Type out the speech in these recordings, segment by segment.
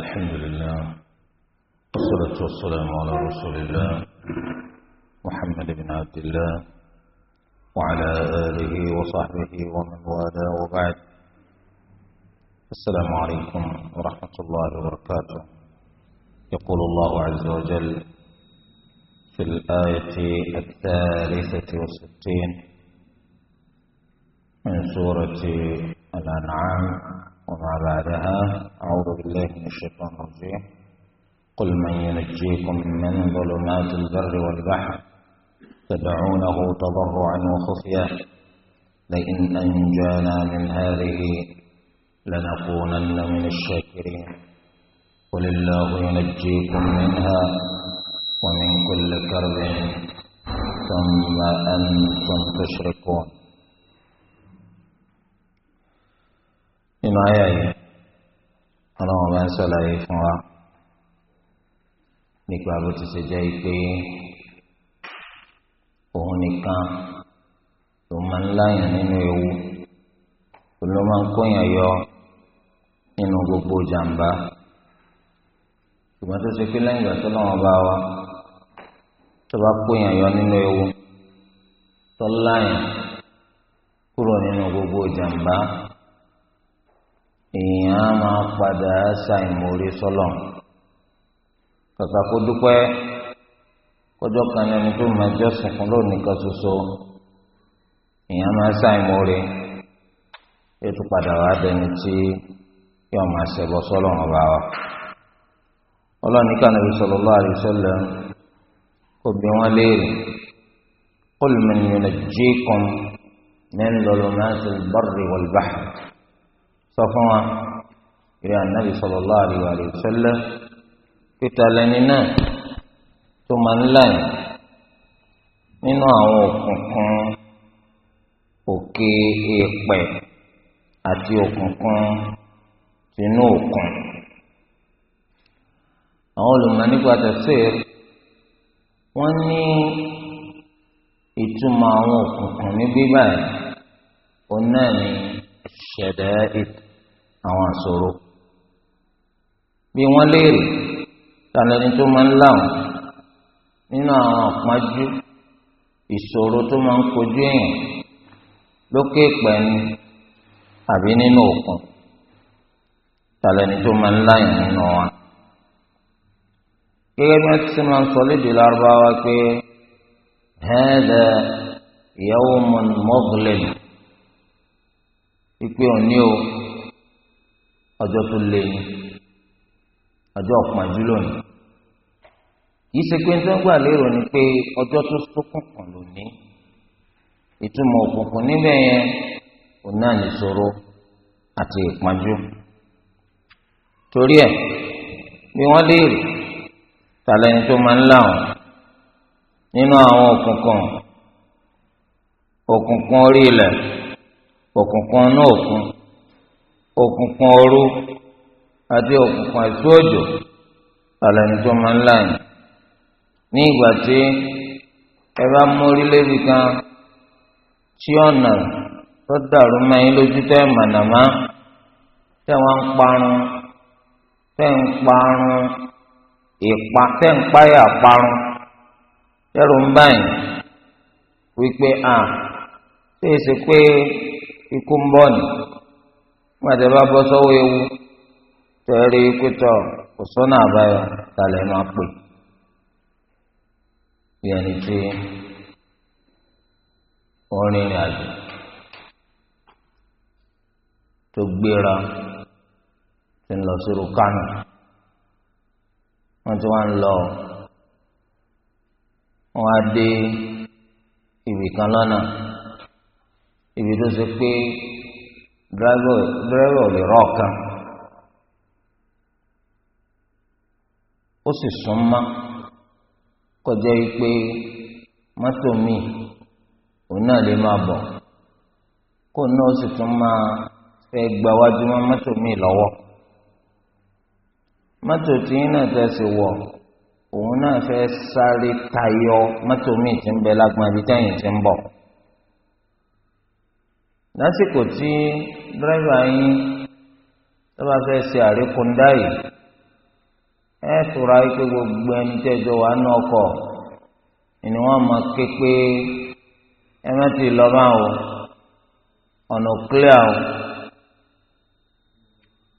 الحمد لله والصلاة والسلام على رسول الله محمد بن عبد الله وعلى آله وصحبه ومن والاه وبعد السلام عليكم ورحمة الله وبركاته يقول الله عز وجل في الآية الثالثة والستين من سورة الأنعام وما بعدها أعوذ بالله من الشيطان الرجيم قل من ينجيكم من ظلمات البر والبحر تدعونه تضرعا وخفيا لئن أنجانا من هذه لنكونن من الشاكرين قل الله ينجيكم منها ومن كل كرب ثم أنتم تشركون nínú àyà yìí ọlọ́run bá ń sọ̀láyé fún wa nípa bó ti ṣe jẹ́ pé òun nìkan ló máa ń láyàn nínú ewu ló máa ń kóyàn yọ nínú gbogbo jàǹbá ṣùgbọ́n tó ṣe pé lẹ́yìn ìgbà tó lọ́wọ́ bá wa tó bá kóyàn yọ nínú ewu tó láyàn kúrò nínú gbogbo jàǹbá èèyàn á máa padà ṣàìmọ̀ọ́rẹ́ sọ́lọ̀ kàkà kó dúpẹ́ kọjọ́ kan ní ẹni tó máa jọ́sìn fún lónìí kan ṣoṣo èèyàn máa ṣàìmọ̀ọ́rẹ́ yóò tún padà wá dẹni tí yóò máa ṣẹbọ sọ́lọ̀ ọba wa ọlọ́ọ̀ni kan nàbí sallallahu alaihi kò bí wọ́n léèrè qul man yunajjikum min dhulumatil barri wal bahri sọ fún wa ìrìn ànábì sallallahu alaihi wa sallam pété alẹ́ni náà tó máa ń láyìn nínú àwọn òkùnkùn òkè èèpẹ̀ àti òkùnkùn tinú òkun àwọn olùmọ̀ nípa tẹ̀síìr wọ́n ní ìtumọ̀ àwọn òkùnkùn ní bíbáyìí òun náà ní ṣẹ̀dá ètò àwọn àṣòro bí wọ́n léèrè tani ẹni tó máa ń láwọn nínú àwọn ọ̀pájú ìṣòro tó máa ń kojú èèyàn lókè pẹ̀lú àbí nínú òkun tani ẹni tó máa ń láyàn nínú wa gẹ́gẹ́ bí wọ́n ti máa ń sọ lédè lárúbáwá pé hẹ́ẹ́dẹ̀ yawmun mọ́gìlẹ̀ ìpè òní o ọjọ́ tó lé ní ọjọ́ ọ̀pọ̀njú lónìí yìí ṣe pé tó ń gbà lérò ni pé ọjọ́ tó ṣókùnkùn lónìí ìtumọ̀ òkùnkùn níbẹ̀ yẹn òun náà nìṣòro àti ìpọ́njú torí ẹ̀ bí wọ́n léèrè tàlẹ́ni tó máa ń láwọn nínú àwọn òkùnkùn òkùnkùn orí ilẹ̀ òkùnkùn náà òkun òkùnkùn òru àti òkùnkùn ẹ̀sùn òjò àlẹ́ni tó máa ń láyìn. ní ìgbà tí ẹ bá mú orílẹ̀-èdè kan tí ọ̀nà tó dàrú mẹ́yìn lójú tẹ́ mànàmá tẹ́ wọ́n ń parun tẹ́ ń parun ìpa tẹ́ ń páyà parun tẹ́rù ń báyìí wípé à ṣé èsì pé ikú ń bọ̀ nìyí wọn àti bá bọ́ sọ́wọ́ ewu tẹ̀rí pétọ́ kò sọ́nà àbáyọ kalẹ̀ máa pè bí ẹni tí wọ́n rìnrìn àjò tó gbéra ti ń lọ sírù kánò wọ́n ti wá ń lọ wọ́n á dé ibì kan lọ́nà ibi tó ṣe pé. drago ò lè rọ ọ̀kan ó sì súnmọ́ kọjá wípé mọ́tò mi òun náà lè máa bọ̀ kó náà ó sì tún máa fẹ́ gba wájú mọ́ mọ́tò mi tí yín náà òun náà sáré tayọ mọ́tò mi ti ń bẹ lágbọ́n ti ń lásìkò tí dírẹ́fà yín tó bá fẹ́ ṣe àríkúndá yìí ẹ tura pé gbogbo ẹni tẹ́jọ wà ní ọkọ̀ ni wọ́n mọ̀ képe pé ẹ má ti lọ bá o ọ̀nà clear o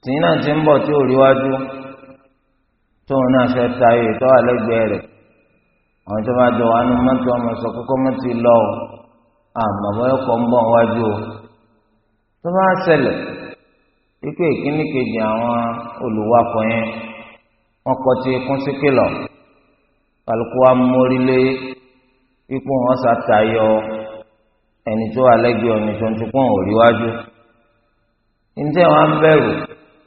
tìyín náà ti ń bọ̀ tí ò ríwájú tóun náà fẹ́ rẹ̀ àwọn tó bá jọ wà ní mọ́tò tó bá ṣẹlẹ̀ wípé ìkíní kejì àwọn olùwakọ̀ yẹn wọ́n kọ́ ti kún sí kìlọ̀ kálukú wa mórí lé ipò wọn ṣàtayọ ẹni tó wà lẹ́gbẹ̀ẹ́ ọ̀nì tó ń tún pọ̀n òríwájú ǹjẹ́ wọn á bẹ̀rù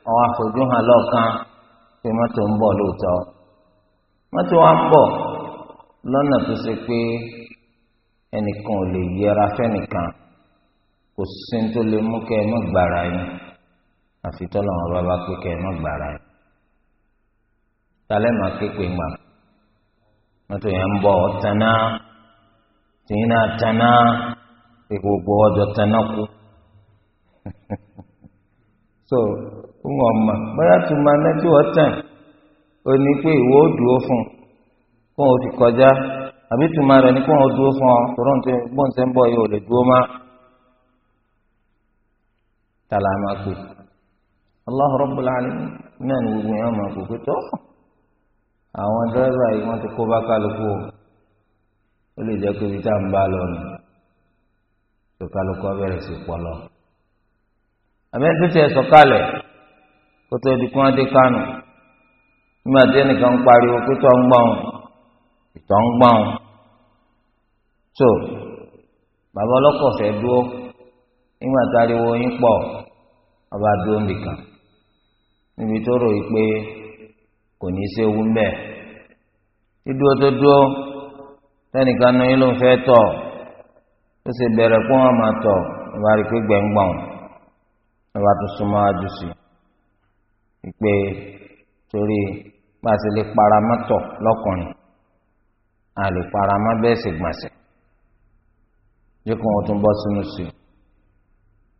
àwọn àfojú hàn lọ́ọ̀kan pé mọ́tò ń bọ̀ lóòótọ́ mọ́tò wa ń bọ̀ lọ́nà tó ṣe pé ẹnìkan ò lè yẹra fẹ́nìkan kò sí tó lè mú kẹ́ ẹ mọ́ gbàrà yín àfi tọ́lọ́wọ́n bá bá pé kẹ́ ẹ mọ́ gbàrà yín. talẹ́ máa ké mọ́tò yẹn ń bọ̀ taná tìyín náà taná gbogbo ọjọ́ taná kú. so wọn mọ bóyá tó máa mẹ́tò ọ̀tàn ó ní pé ìwọ ó dúró fún un kó o fi kọjá àbí tó máa rẹ̀ ní kó o dúró fún ọ tó rọ̀ ní tó ń bọ̀ yìí ò lè dúró máa tala máa pè Allah Rabbul Alamin náà ní gbogbo yẹn máa pè pé tó àwọn dírẹ́bà yìí wọ́n ti kó bá kálukú ó lè jẹ́ pé ibi tá à ń bá lọ ni tó kálukú ọbẹ̀rẹ̀ sí pọ̀ lọ. àbẹ́ntú tiẹ̀ sọ̀kalẹ̀ kó tó di kí wọ́n kánò nígbà tí ẹnìkan ń pariwo pé tó ń gbọ́n ìtọ́ ń gbọ́n tó bàbá ọlọ́kọ̀ fẹ́ dúró nígbà táriwo yín pọ̀ ọba dúró nìkan níbi tó rò yí pé kò ní í ṣe ewu mbẹ dídúró tó dúró tẹnìkan nu yín ló ń fẹ́ tọ̀ ó sì bẹ̀rẹ̀ pé wọ́n máa tọ̀ ọba rí pé gbẹ̀ngbọ̀n ọba tó súnmọ́ ajú sí i pé torí pàṣẹ lè paramọ́tọ̀ lọ́kùnrin a lè paramọ́ bẹ́ẹ̀ sì gbọ̀nsẹ̀ yóò kó tún bọ́ sínú sí i.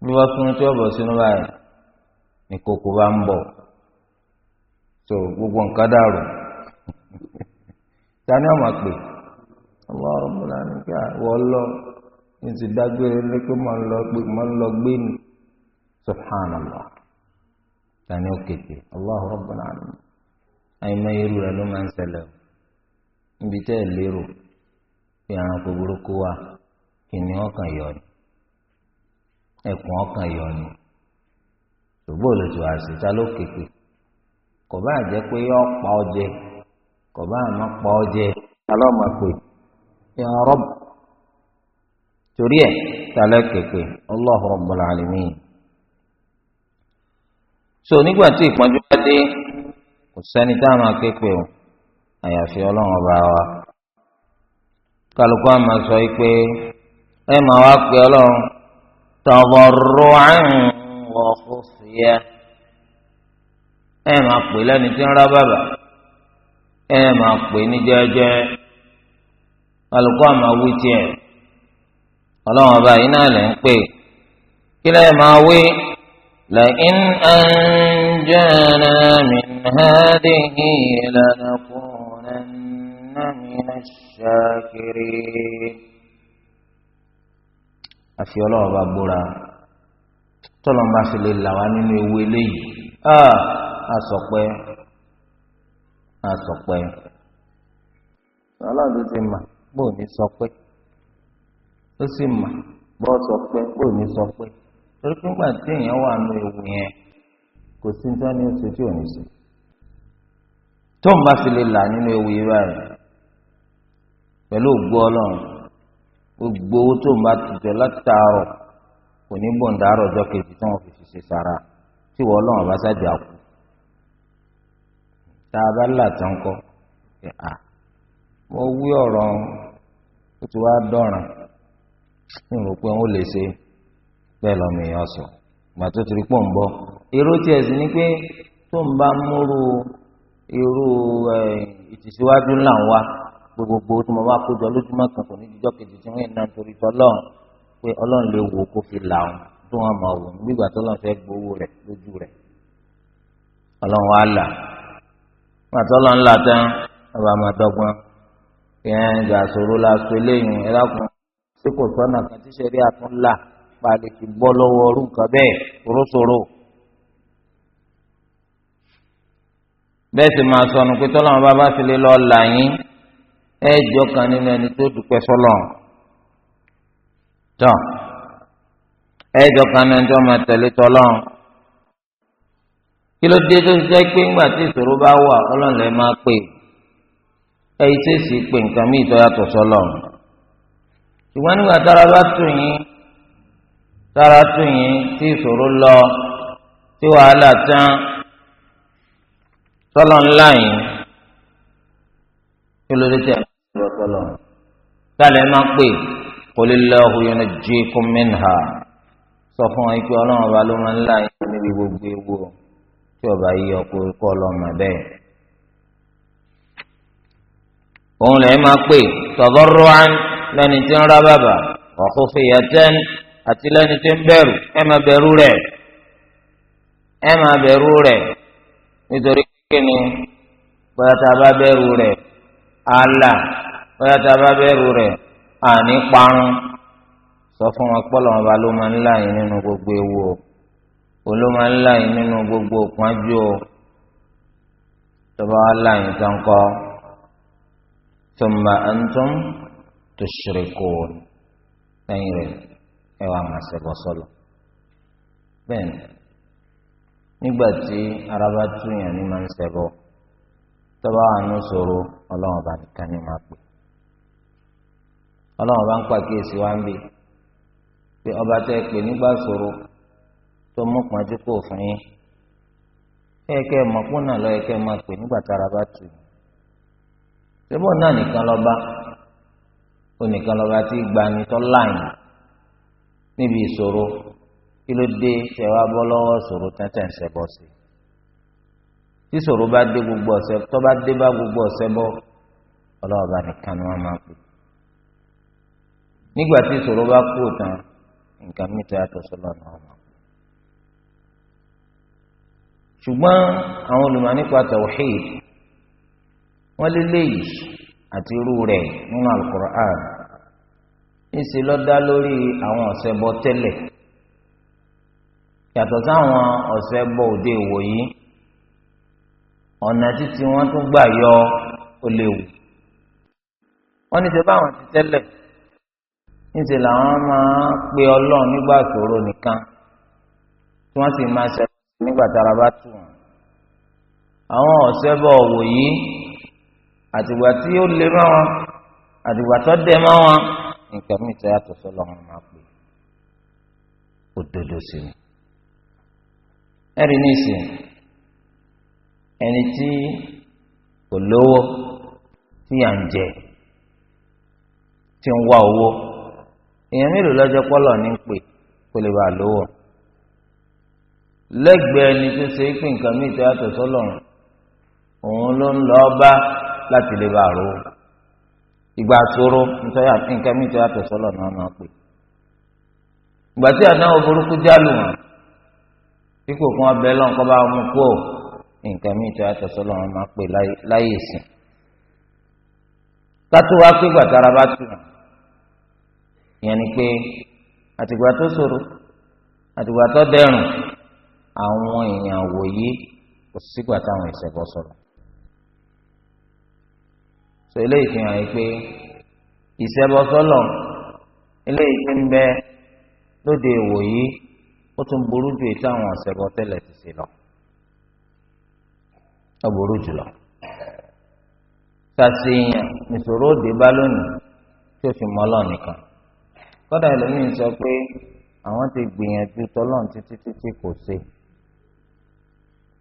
bí wọ́n sún tí ọ̀bọ̀ sínú báyìí so gbogbo nǹkan dàrú tani ọmọ pè ọlọ́run mi là ní kí àwọ̀ lọ ní ti dágbére lé pé mo ń lọ gbé ń lọ gbé ni subhanallah tani ó kété ọlọ́run rọ́bìnrin àná àyìnbá irú rẹ ló máa ń ṣẹlẹ̀ ẹkùn ọkàn yọ ni ṣùgbọ́n olùtò àṣìta ló képe kò bá jẹ́ pé yọ pa ọ jẹ kò bá àmọ́ pa ọ jẹ alọ́mọ pé ya Rabb torí ẹ̀ talẹ́ képe Allahu Rabbul Alamin so nígbà tí ìpọ́njú bá dé kò sẹ́ni tá a o àyàfi ọlọ́run ọba wa kálukú àmà sọ pé ẹ máa wá pé ọlọ́run tadarru'an wa khufyah ẹ máa pè lẹ́ni tí ń rá bàbà ẹ máa pè ní jẹ́jẹ́ alùpùpù àmà wí tiẹ̀ ọlọ́run ọba yìí náà lè ń pè kí lẹ́ẹ̀ máa wí la'in anjana min hadihi lanakunanna minash shakirin àfi ọlọ́run bá gbóra tọ́lọ́n bá fi lè là wá nínú ewu eléyìí á sọpẹ́ á sọpẹ́ ọlọ́run ti mà bó ní sọpẹ́ ó sì mà bó sọpẹ́ bó ní sọpẹ́ torí pé ńgbà tí èèyàn wà nínú ewu yẹn kò sí nítorí ní oṣù tí ò ní sí tọ́lọ́n bá fi lè là nínú ewu yìí báyìí pẹ̀lú ògbó ọlọ́run gbogbo owó tó ń bá ti jọ látàárọ̀ kò ní bọ̀ǹdàárọ̀ ọjọ́ kejì tí wọ́n fi fi ṣe sàrà tí wọ́n lọ́wọ́ bá ṣáàjà kú tá a bá là tán kọ́ ẹ̀ à mo wí ọ̀rọ̀ ó ti wá dọ̀ràn ní ìrò pé wọ́n lè ṣe bẹ́ẹ̀ lọ́mọ èèyàn sọ ìgbà tó ti rí pọ̀ ń bọ́ èrò tiẹ̀ sì ni pé tó ń bá múrú irú ìtìsíwájú ńlá wá gbogbogbò tí mo bá kójọ lójúmọ́ kan kò ní jíjọ́ kejì tí wọ́n ń náà torí tọ́lọ́run pé ọlọ́run lè wò kó fi là wọn tó wọn mọ̀ wò nígbà tọ́lọ́run fẹ́ gbowó rẹ̀ lójú rẹ̀ ọlọ́run wa là wọn àtọ́lọ́run là tán ọba máa ìyẹn ìgbà sòro la so eléyìí ẹ lákùn kò sọ́nà kan tí sẹ́rí àtún là pàdé ti bọ́ lọ́wọ́ ọrú bẹ́ẹ̀ sì máa sọnù pé tọ́lọ́run bá fi lé lọ́ọ́ là yín ẹjọ kan nínú ẹni tó dúpẹ́ sọ́lọ́run tọ ẹjọ kan nínú ẹni tó máa tẹ̀lé tọ́lọ́run kí ló dé tó jẹ́ pé ńgbà tí ìṣòro bá wà Ọlọ́run lè máa pè ẹyí tí èsì pè nǹkan mí ìtọ́yàtọ̀ sọ́lọ́run ṣùgbọ́n nígbà tára bá tù yín tára tù yín tí ìṣòro lọ tí wàhálà tán sọ́lọ́run láyìn kí ló dé tẹ̀ fọlọ́ sálẹ̀ máa pè qulillahu yunajjikum minha sọ fún wọn pé ọlọ́run ọba ló máa ń là yín níbi gbogbo ewu o tí ọba yìí ọkọ kọ́ lọ́mọ bẹ́ẹ̀. òun lè máa pè tadarruan lẹ́ni tí ń rá bàbà wa khufiyatan àti lẹ́ni tí ń bẹ̀rù ẹ máa bẹ̀rù rẹ̀ ẹ máa bẹ̀rù rẹ̀ nítorí kíni pẹ̀lú tá bá bẹ̀rù rẹ̀ Allah bóyá tá a bá bẹ̀rù rẹ̀ àní parun sọ fún wọn pọ́lọ́ wọn bá ló máa ń láyìn nínú gbogbo ewu o olú máa ń láyìn nínú gbogbo òpájú o tọba wa láyìn tán kọ thumma antum tushrikun lẹ́yìn rẹ̀ ẹ wàá máa ṣẹbọ sọlọ bẹ́ẹ̀ nígbà tí ara túyàn ní máa ń ṣẹbọ tọba wa ní sọ̀rọ̀ Ọlọ́run bá nìkan ní máa pè ọlọ́run bá ń pàkíyèsí wa ń bè pé ọba tẹ́ pè nígbà ṣòro tó mú pọ́njú kò fún yín kẹ́kẹ́ mọ̀kúnnà lọ kẹ́kẹ́ máa pè nígbà tára bá tù yín síbò náà nìkan lọ́ba onìkan lọ́ba tí gbani tọ́ láàyè níbi ìṣòro kí ló dé ṣẹ̀wá bọ́ lọ́wọ́ ṣòro tẹ́tẹ̀ ń ṣẹ̀bọ̀ sí tí ṣòro bá dé gbogbo ọ̀sẹ̀ tó bá dé bá gbogbo ọ̀sẹ̀ bọ́ ọlọ́ọ̀ba nìkan ni wọ́n máa pè é nígbà tí ìṣòro bá kú tán nǹkan mìta yàtọ̀ sọ́lọ́ náà mọ̀. ṣùgbọ́n àwọn olùmọ̀ nípa tawhid wọ́n lé léyìí àti irú rẹ̀ nínú alukur'an níṣẹ́ ló dá lórí àwọn ọ̀sẹ̀ bọ tẹ́lẹ̀ yàtọ̀ sáwọn ọ̀sẹ̀ bọ òde ìwòyí ọ̀nà títí wọ́n tún gbà yọ ó léwu wọ́n ní ṣe báwọn ti tẹ́lẹ̀ níṣẹ́ làwọn máa pe ọlọ́run nígbà ìṣòro nìkan tí wọ́n sì máa ṣe nígbà tára bá tù wọ́n. àwọn ọ̀sẹ́ bọ̀ wò yìí àtìgbà tí ó lé mọ́ wọn àtìgbà tó dẹ mọ́ wọn nǹkan mi ìtẹ́ yàtọ̀ sọ́lọ́ wọn máa pè òdodo sí ni. ẹ̀rí nísìn ẹni tí kò lówó tí à ń jẹ tí ń wá owó èèyàn mélòó lọ́jọ́ pọ́lọ̀ ní pè kó lè bàa lówó lẹ́gbẹ̀ẹ́ ni tó ṣe é pé nǹkan míì tó yàtọ̀ sọ́lọ́run òun ló ń lọ bá láti lè bàa rò ìgbà àtòrò nǹkan míì tó yàtọ̀ sọ́lọ́run náà máa pè ìgbà tí àdáwọ̀ burúkú jálù wọn kíkò kún abẹ́ lọ́nkọ́ bá wọn kú ò nǹkan míì tó yàtọ̀ sọ́lọ́run máa pè láyè sìn kátó wá pé gbàtàrà bá tù wọn ìyẹn ni pé àtìgbà tó ṣòro àtìgbà tó dẹrùn àwọn èèyàn wòye kò sígbà táwọn ìṣẹ̀bọ sọ̀rọ̀ sọ eléyìí fi hàn yín pé ìṣẹ̀bọ sọ̀lọ̀ eléyìí ti ń bẹ lóde ìwòye ó tún burú ju èyí táwọn ìṣẹ̀bọ tẹ́lẹ̀ ti ṣe lọ ó burú jùlọ sàṣeyàn nìṣòro òde bá lónìí tí fi mọ́ ọlọ́ọ̀ nìkan kọ́dà ẹlòmíín sọ pé àwọn ti gbìyànjú tọ́lọ́n títí títí kò ṣe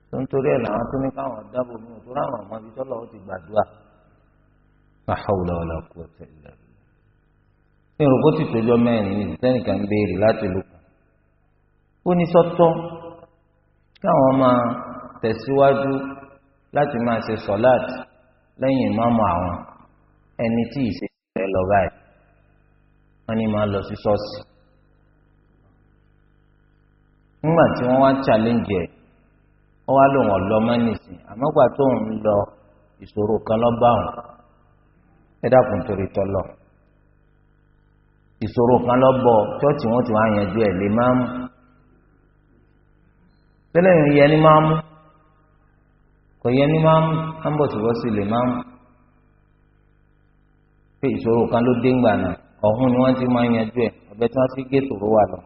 tó ń torí ẹ̀ làwọn tó ní káwọn dábò mí ò tó ráwọn ọmọ ibi tọ́lọ́ ó ti gbàdúrà láhàúlà ọ̀là kú ọ̀tẹ̀ ilẹ̀ mi rò bó ti tójọ́ mẹ́rin ní ìtẹ́nìkan béèrè láti lù kù ó ní sọ́tọ́ káwọn máa tẹ̀síwájú láti máa ṣe sọ́láàtì lẹ́yìn ìmáàmù àwọn ẹni tí ìṣe rẹ̀ lọ wọ́n ní máa lọ sí ṣọ́ọ̀ṣì nígbà tí wọ́n wá challenge ẹ̀ wọ́n wá lòun ọ̀lọ́ mọ́nìsì àmọ́ gbà tó ń lọ ìṣòro kan lọ́ bá òun ẹ dákun torí tọ́lọ̀ ìṣòro kan lọ́ bọ̀ chọ́ọ̀chì wọn ti wá yanjú ẹ̀ lè máa mú tẹ́lẹ̀ yìí yẹ ni máa mú kò yẹ ni máa mú ambọ̀tìbọ̀sì lè máa mú pé ìṣòro kan ló dé ńgbà náà ọ̀hún ni wọ́n ti máa yanjú ẹ̀ ọ̀bẹ tí wọ́n fi gé tòró wà lọ.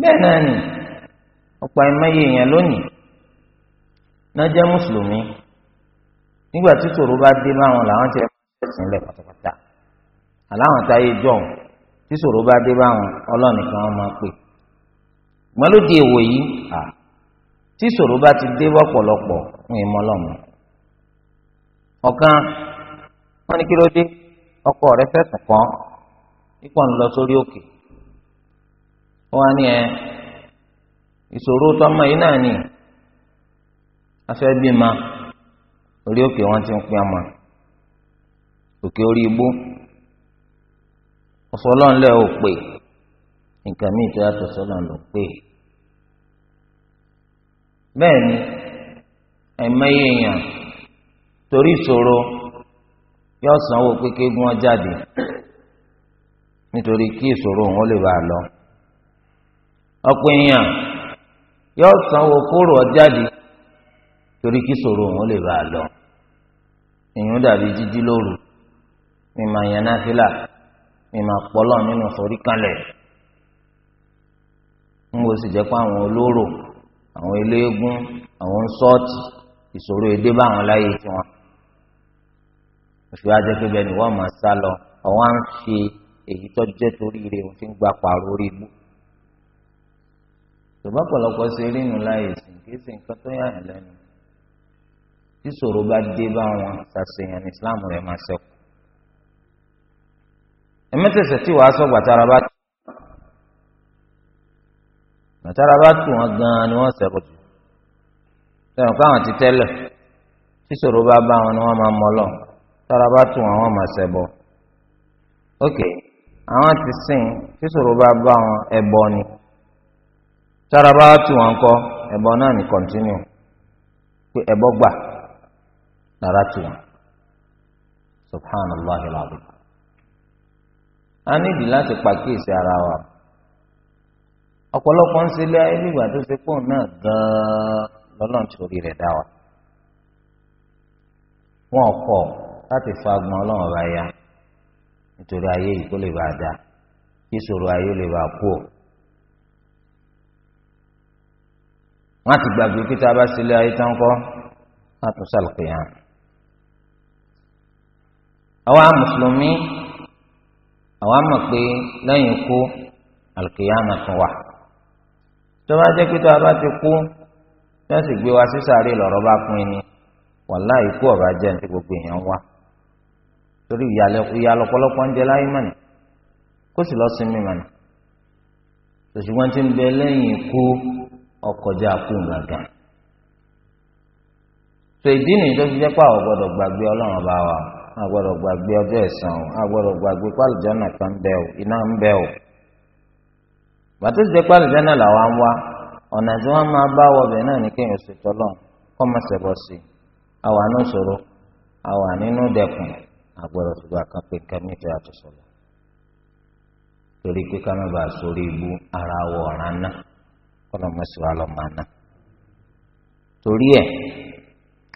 bẹ́ẹ̀ náà ni ọ̀pọ̀ àìmọye èèyàn lónìí náà jẹ́ mùsùlùmí nígbà tí tòró bá dé báwọn làwọn ti ẹ̀sìn lẹ̀ pátápátá àláwọn táyé jọ̀hún tí tòró bá dé báwọn ọlọ́nìkan wọn máa pè ṣùgbọ́n lóde èwò yìí tí ṣòro bá ti dé wọ́pọ̀lọpọ̀ ń ìmọ̀ lọ́mọ. ọ̀kan wọn ni kí ló dé ọkọ rẹ fẹ̀sùn kàn nípò ń lọ sórí òkè wọn á ní ẹ ìṣòro tọmọ yìí náà ni afẹ́ bí orí òkè wọn ti ń pín ọmọ òkè orí igbó ọ̀sọ́lọ́nlẹ̀ ò pè nǹkan míì tó yàtọ̀ sọ́lọ́n ló pè yóò sanwó pé kéegun wọn jáde nítorí kí ìṣòro òun lè bá a lọ ọ̀pọ̀ èèyàn yóò sanwó kóró ọjáde torí kí ìṣòro òun lè bá a lọ èèyàn dàbí jíjí lóru mímọ yanáfílà mímọ pọlọ nínú foríkanlẹ̀ ń wo sì jẹ́ pé àwọn olóró àwọn eléégún àwọn sọọtì ìṣòro èdè bá àwọn láyé tiwọn òṣùwà jẹ́ pé bẹ́ẹ̀ ni wọ́n máa sá lọ ọ̀wọ́n á ń fi èyí tó jẹ́ torí rẹ̀ òun fi ń gba pààrọ̀ orí ibú. ṣùgbọ́n pọ̀lọpọ̀ ṣe rí ìrìn láàyè sí kí sì nǹkan tó yà ní lẹ́nu. tí ṣòro bá dé bá wọn ṣàṣeyàn Islam rẹ̀ máa ṣẹ́kù. ẹ̀mẹ́tẹ̀sẹ̀ tí wàá sọ gbàtara bá tù gbàtara bá tù wọn gan-an ni wọ́n ṣẹ́kù jù. sẹ́wọ̀n káwọn ti tẹ́lẹ̀ tí ṣòro bá bá wọn ni wọ́n máa mọ́ ọlọ́run tára bá tún àwọn máa ṣẹbọ ok àwọn ti sìn tí sòrò bá bá wọn ẹbọ ni tára bá tún wọn kọ ẹbọ náà ní kọ́ntínú pé ẹbọ gbà lára tún wọn a nídìí láti pàkíyèsí ara wa ọ̀pọ̀lọpọ̀ ń ayé nígbà tó ṣe náà gan-an torí rẹ̀ dá wa wọn láti fa agbọn ọlọ́run ọba ya nítorí ayé yìí kó lè bá a dá kí ìṣòro ayé ó lè bá a kú ọ. wọn ti gbàgbé pé tá a bá sílé ayé tán kọ́ wọn tún sàlùkù yàn. àwa mùsùlùmí àwa mọ̀ pé lẹ́yìn ikú àlùkìyàmà tún wà. tó bá jẹ́ pé tá a bá ti kú tí wọ́n sì gbé wa sí sàárè lọ́rọ́ bá pín in ni wàláhì ikú ọ̀bá jẹ́ ní gbogbo èèyàn wá torí ìyàlọ́ pọ̀lọpọ̀ ń jẹ láyé mọ̀nà kó sì lọ sinmi mọ̀nà ṣùgbọ́n tí ń bẹ lẹ́yìn ikú ọkọjá kú gàgàn. tó ìdí nìyí tó fi jẹ́ pé àwọn gbọ́dọ̀ gbàgbé ọlọ́run bá wa a gbọ́dọ̀ gbàgbé ọjọ́ ẹ̀san o a gbọ́dọ̀ gbàgbé pálíjọ́nà kan ń bẹ o iná ń bẹ o. bàtó ti jẹ́ pálíjọ́nà làwa ń wá ọ̀nà tí wọ́n máa bá wọ bẹ̀ náà ní kéèyàn ṣètọ́lọ̀ kọ́ máa ṣẹ̀bọ̀ sí i àwa nínú ṣòro àwa nínú dẹkùn agbọ́dọ̀ fi gbà kan pé nǹkan mìíràn tó yàtọ̀ sọ̀rọ̀ torí pé ká má bàa sórí ibú ara wọ̀ ọ̀ràn náà kọ́nà mọ́síwá lọ́ máa ná torí ẹ̀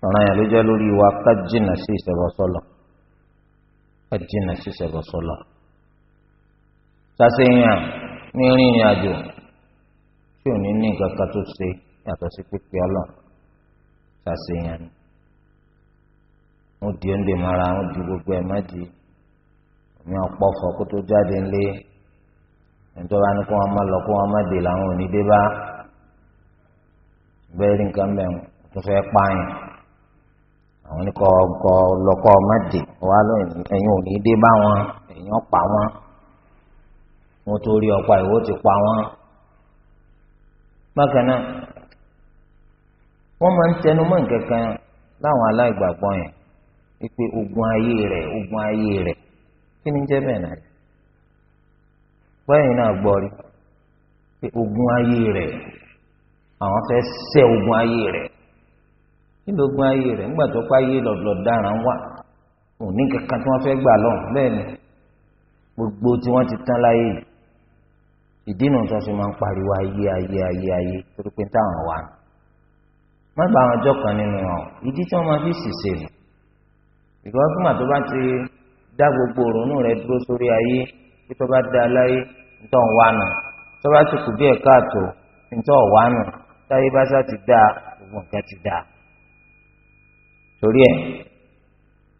ọ̀ràn yẹn ló jẹ́ lórí wa ká jìnnà sí ìṣẹ̀bọ̀ sọ́lọ̀ ká jìnnà sí ìṣẹ̀bọ̀ sọ́lọ̀ sásẹ̀yìn ní rìnrìn àjò tí ò ní ní nǹkan kan tó ṣe yàtọ̀ sí pípẹ́ ọlọ́run sásẹ̀yìn ni wọn di ń lè mara wọn di gbogbo ẹ má di omi ọpọfọ kó tó jáde ńlé ìjọba ni kó wọn má lọ kó wọn má dè làwọn ò ní dé bá bẹ́ẹ̀ rí nǹkan bẹ́ẹ̀ tó fẹ́ pààyàn àwọn ní kọ ọkọ lọkọ má dè wà lóyún ẹ̀yin ò ní dé bá wọn ẹ̀yin ọpa wọn wọn tó rí ọpa ìwọ ti pa wọn bákan náà wọn máa ń tẹnu nǹkan kan láwọn aláìgbàgbọ́ yẹn. wípé ogun ayé rẹ ogun ayé rẹ kí ni jẹ́ bẹ́ẹ̀ náà báyìí náà gbọ́ rí pé ogun ayé rẹ̀ àwọn fẹ́ sẹ́ ogun ayé rẹ̀ kí ogun ayé rẹ̀ nígbà tó pa ayé lọ́dọ̀ dára wà òní kankan tí wọ́n fẹ́ gbà lọ́n ni gbogbo tí wọn ti tán láyé ìdí nu tó fi máa ń pariwo ayé ayé ayé ayé torí pé because fún àti bá ti dá gbogbo òrònú rẹ dúró sórí ayé kí tó bá dá aláyé nítorí òun wà nù tó bá ti kù bí ẹ̀ka àtò nítorí òun wà nù táyé bá sá ti dá gbogbo nǹkan ti dá torí ẹ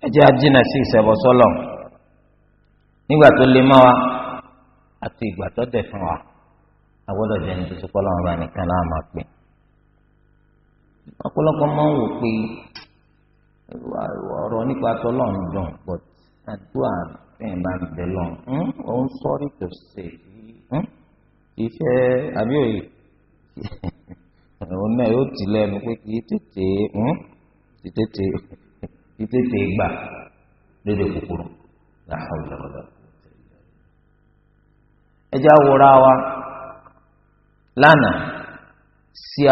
ẹ jẹ́ ajínà sí ìṣẹ̀bọ̀sọ́lọ̀ nígbà tó lè mọ́ wa àti ìgbà tó dẹ̀ fún wa agbọ́dọ̀ jẹ́ ní tuntun kọ́ lọ́wọ́ bá nìkan láwọn máa pè ọ̀pọ̀lọpọ̀ máa ń wò pé ọ̀rọ̀ nípa tọ́lọ̀ ń but àdúrà fẹ́ẹ̀ máa ń bẹ̀ lọ òun hm, sọ́rí tó ṣe hm, iṣẹ́ àbí òye òun náà yóò ti lẹ́nu pé kì í tètè hm, kì í tètè kì í tètè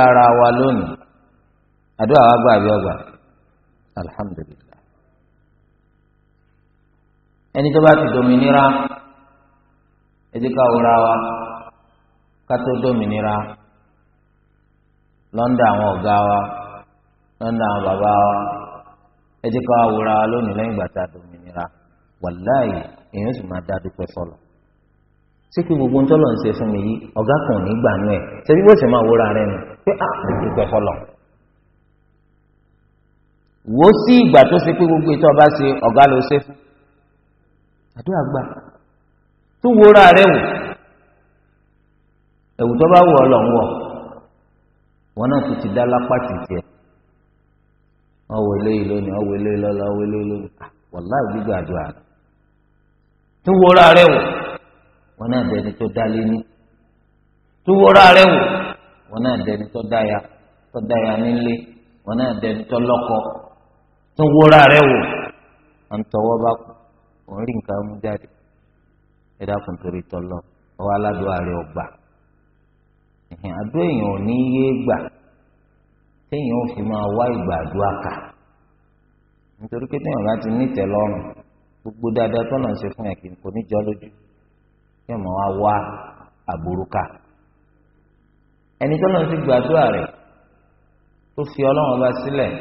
ara wa lónìí àdúrà wa gbà bí ọgbà. alhamdulilah ẹni tó bá ti dominira ẹdí ká wúra wa ká tó dominira lọ́ndà àwọn ọ̀gá wa lọ́ndà àwọn bàbá wa ẹdí ká wúra wa lónìí lẹ́yìn ìgbà tá a dominira wàláyé èèyàn sì máa dá dúpẹ́ sí kí gbogbo ńtọ́lọ̀ ń ṣe fún mi yìí ọ̀gá kan ò ní gbà nú ẹ̀ ṣe bí wọ́n sì máa wúra rẹ̀ nù pé a ah, dúpẹ́ sọ́lọ̀. wò ó sí ìgbà tó ṣe pé gbogbo ètò ọba ṣe ọ̀gá ló ṣe fún àdúrà gbà tó wúra rẹ wò ẹ̀wù tó bá wù ọ lọ ń wọ wọn náà tó ti dá lápá tìtìẹ ọwọ eléyìí lónìí ọwọ eléyìí lọlá ọwọ eléyìí lónìí ah, wàláì gbígbà àdúrà tó wúra rẹ wò wọn náà dẹni tó dá lé ní tó wúra rẹ wò wọn náà dẹni tó dá ya tó dá ya nílé wọn náà dẹni tó lọ́kọ. tó wúra rẹ̀ wò à ń tọwọ́ bá kú ò tọlọ ọwọ́ aládùúgbò rẹ̀ ọgbà àdúrà èèyàn ò ní yé gbà téèyàn ò fi máa wá ìgbà àdúrà kà nítorí pé téèyàn ti gbogbo dáadáa tó náà ṣe fún kì kò ní jọ lójú wá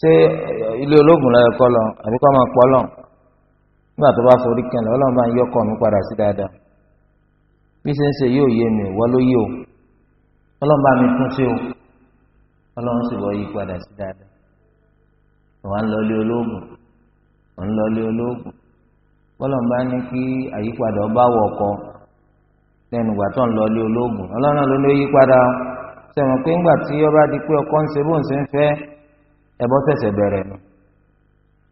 ṣé eh, ilé ológun lọ́yọ̀ kọ́ lọ àbí kọ́ máa pọ́ lọ nígbà tó bá forí ọlọ́run bá ń yọkọ mi padà sí dáadáa bí ṣe ń ṣe yóò yé mi ìwọ ló yé o ọlọ́run bá mi sí o ọlọ́run sì wọ́ yí padà sí dáadáa wọ́n lọ ilé ológun lọ ilé ológun bá ní kí àyípadà ọba wọ̀ ọkọ lẹ́nu ìgbà tó ń lọ ilé ológun ọlọ́run ló yí padà pé ńgbà tí ọba di pé ọkọ ń ṣe bó ń ṣe ń ẹbọ ṣẹ̀ṣẹ̀ bẹ̀rẹ̀ ni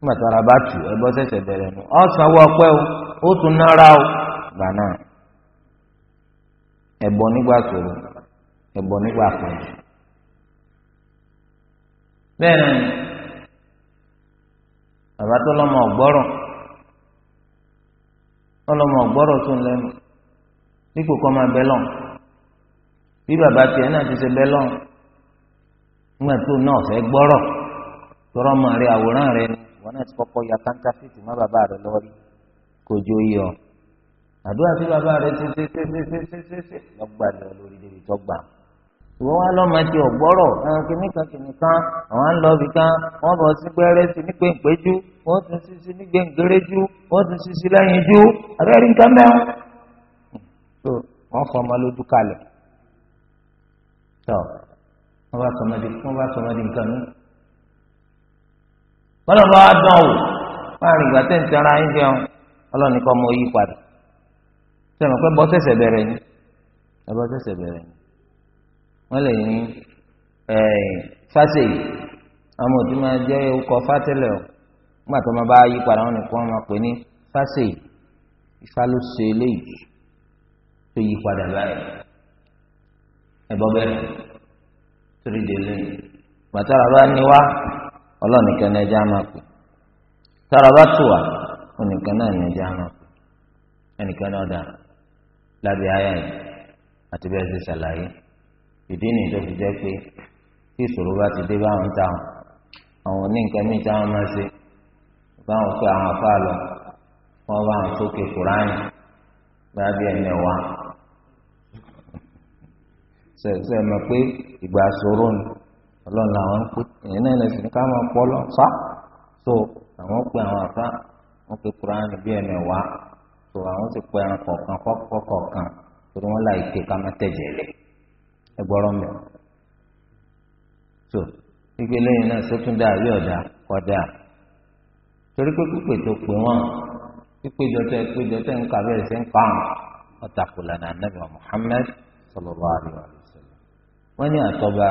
nígbà tí ara bá tù ẹbọ ṣẹ̀ṣẹ̀ bẹ̀rẹ̀ ni ọ sanwó o ó tún nára o gbà náà ẹbọ nígbà sòrò ẹbọ nígbà pẹ̀lú bẹ́ẹ̀ náà bàbá tó lọ́mọ ọ̀gbọ́rọ̀ tó ń tọrọ ọmọ rẹ àwòrán rẹ ni wọn náà ti kọ́kọ́ ya kántáfìtì má bàbá rẹ lórí kò jó yìí ọ àdúrà tí bàbá rẹ ti ṣe ṣe ṣe ṣe ṣe ṣe ṣe lọgbà lọ lórí débi tó gbà ìwọ wa lọmọ ti ọgbọrọ ẹran kìnnì kan kìnnì kan àwọn ń lọ ibì kan wọn bọ sí gbẹrẹ sí ní gbẹǹgbẹjú wọn tún sí sí ní gbẹǹgẹrẹjú wọn tún sí sí lẹ́yìn jú abẹ́rẹ́ nǹkan mẹ́wọ́n. so wọn fọ ọmọ lójú kalẹ̀ tọ́ wọn bá sọmọdé wọn bá sọmọdé nǹkan mìíràn wọn lọ́nà wá dán o láàrin ìgbà tẹ̀ ń tẹ̀ ara yín jẹun ọlọ́ni kọ́ mọ yí padà sẹ́mi pé bọ́ sẹ̀sẹ̀ bẹ̀rẹ̀ ni ẹ bọ́ sẹ̀sẹ̀ bẹ̀rẹ̀ ni wọ́n lè ní fáseyì àwọn òtún máa jẹ́ orúkọ fátẹ́lẹ̀ o nígbà tó máa bá yí padà wọn nìkan máa pè ní fáseyì ifá ló eléyìí tó yí padà báyìí ẹ bọ́ bẹ̀rẹ̀ torí délé bàtà bàbá ni wá ọlọ́run nìkan ní ẹja máa pè tára bá tù wá onìkan náà ní ẹja máa pè ẹnìkan náà dà lábẹ́ àyà yìí àti bẹ́ẹ̀ ṣe ṣàlàyé ìdí nìyí tó fi jẹ́ pé tí ìṣòro bá ti dé báwọn táwọn àwọn oníǹkan míì táwọn máa ṣe báwọn pé àwọn afá lọ wọn bá wọn sókè kúránì bá bí ẹ̀mẹ̀ wá ṣe ṣe mọ̀ pé ìgbà ṣòro ni ọlọ́run làwọn ń pè èyí náà lè sì ní ká máa pọ́ lọ fa so àwọn pe àwọn àfa wọn pe Quran bí ẹnu ẹ̀ wá so àwọn ti pe ẹran kọ̀ọ̀kan kọ̀ọ̀kan torí wọn láì pé ká má tẹ̀jẹ̀ lẹ̀ ẹ gbọ́rọ̀ mi so gbígbé lẹ́yìn náà sótún dá àbí ọ̀dà kọ̀dà torí pé pípé tó pè wọ́n pípéjọ tẹ pípéjọ tẹ ń kà bẹ́ẹ̀ sí ń pa àwọn ọ̀tàkùlà náà nàbẹ̀wò Muhammad sallallahu alaihi wa sallam àtọ́ba.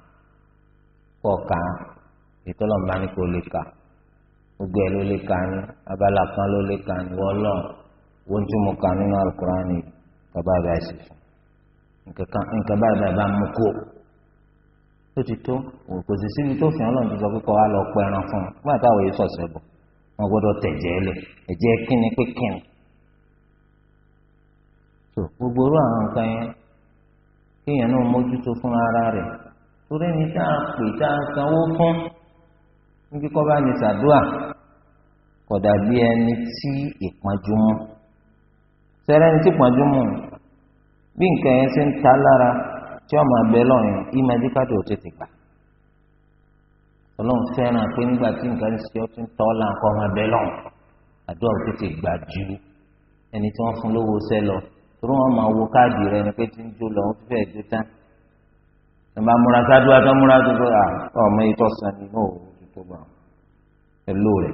kọ́ ka ètò ọlọ́mọba lè ka gbogbo ẹ̀ ló lè ka ni abala kan ló lè ka ni wọ́n lọ tún mú ka nínú alukóran ni bá ṣe fún nǹkan bá bá bá mú kó tó ti tó kò sì tó fi tó sọ pé kọ́ wa lọ fún un nígbà táwọn yìí sọ̀sẹ̀ bọ̀ wọ́n gbọ́dọ̀ tẹ̀jẹ́ lẹ̀ ẹ̀jẹ̀ so gbogbo orú àwọn nǹkan yẹn náà mójútó fún torí ẹni tá a pè tá a sanwó fún ní kíkọ́ bá ní sàdúà kò dàbí ẹni tí ìpọ́njú mú sẹ́rẹ́ ẹni tí ìpọ́njú mú bí nǹkan yẹn ṣe ń ta lára tí ọmọ abẹ lọ́yìn ìmọ̀ ẹ̀dí káàdì ò tètè gbà ọlọ́run fẹ́ràn pé nígbà tí nǹkan ṣe ọ́ ti ń tọ́ la nǹkan ọmọ abẹ lọ́hùn àdúrà ò tètè gbà ju ẹni tí wọ́n fún lówó sẹ́ lọ torí wọ́n máa wo káàdì rẹ ni pé tí ń jó lọ wọ́n fẹ́ẹ́ jó tán nígbà múra sáájú àtọ́ múra tó à ọmọ ìtọ́ ni ó ti tó bá pẹ̀lú rẹ̀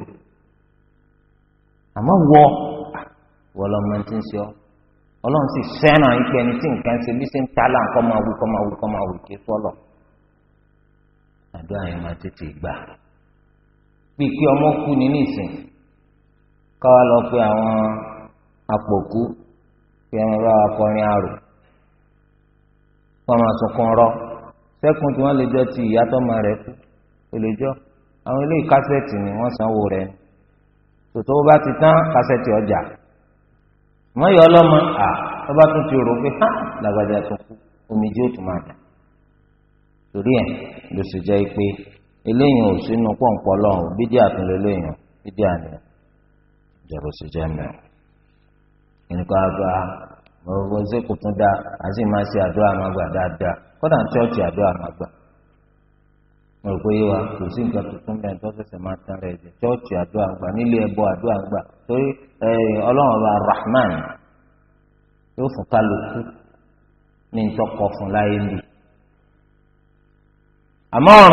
àmọ́ wọ wọ́n lọ́mọ tí ń ṣe ọ́ ọlọ́run sì fẹ́ràn ìpè ẹni tí nǹkan ṣe bí ṣe ń ta là ń kọ́ máa wù kọ́ máa wù kọ́ máa wù kí sọ́lọ̀ àdúrà yẹn máa tètè gbà bí ọmọ kú ní nísìn káwa lọ pé àwọn apòkú pé ẹ máa àrò wọ́n máa sunkún rọ́ sẹ́kùn tí wọ́n lè jọ ti ìyá tọ́mọ rẹ̀ kú olùjọ́ àwọn ilé kásẹ̀tì ni wọ́n sanwó rẹ̀ tòtò bá ti tán kásẹ̀tì ọjà wọ́n yọ ọlọ́mọ à tó bá tún ti rò pé hàn làgbàjà tó kú omijé ó tún máa dà torí ẹ̀ ló sì jẹ́ pé eléyìí ò sínú pọ̀npọ̀ lọ́hùn bídí àtúnlé eléyìí bídí àná ìjọba sì jẹ́ mẹ́rin ẹnìkan àgbà gbogbo ṣé tún dá a sì amagba dada àdúrà máa gbà amagba kódà chọ́ọ̀chì àdúrà máa gbà mo rò pé yé wa kò sí nǹkan tuntun bẹ́ẹ̀ tó ṣẹ̀ṣẹ̀ máa tán amagba nílé ẹbọ torí ọba rahman yóò fún kálukú ní fún láyé àwọn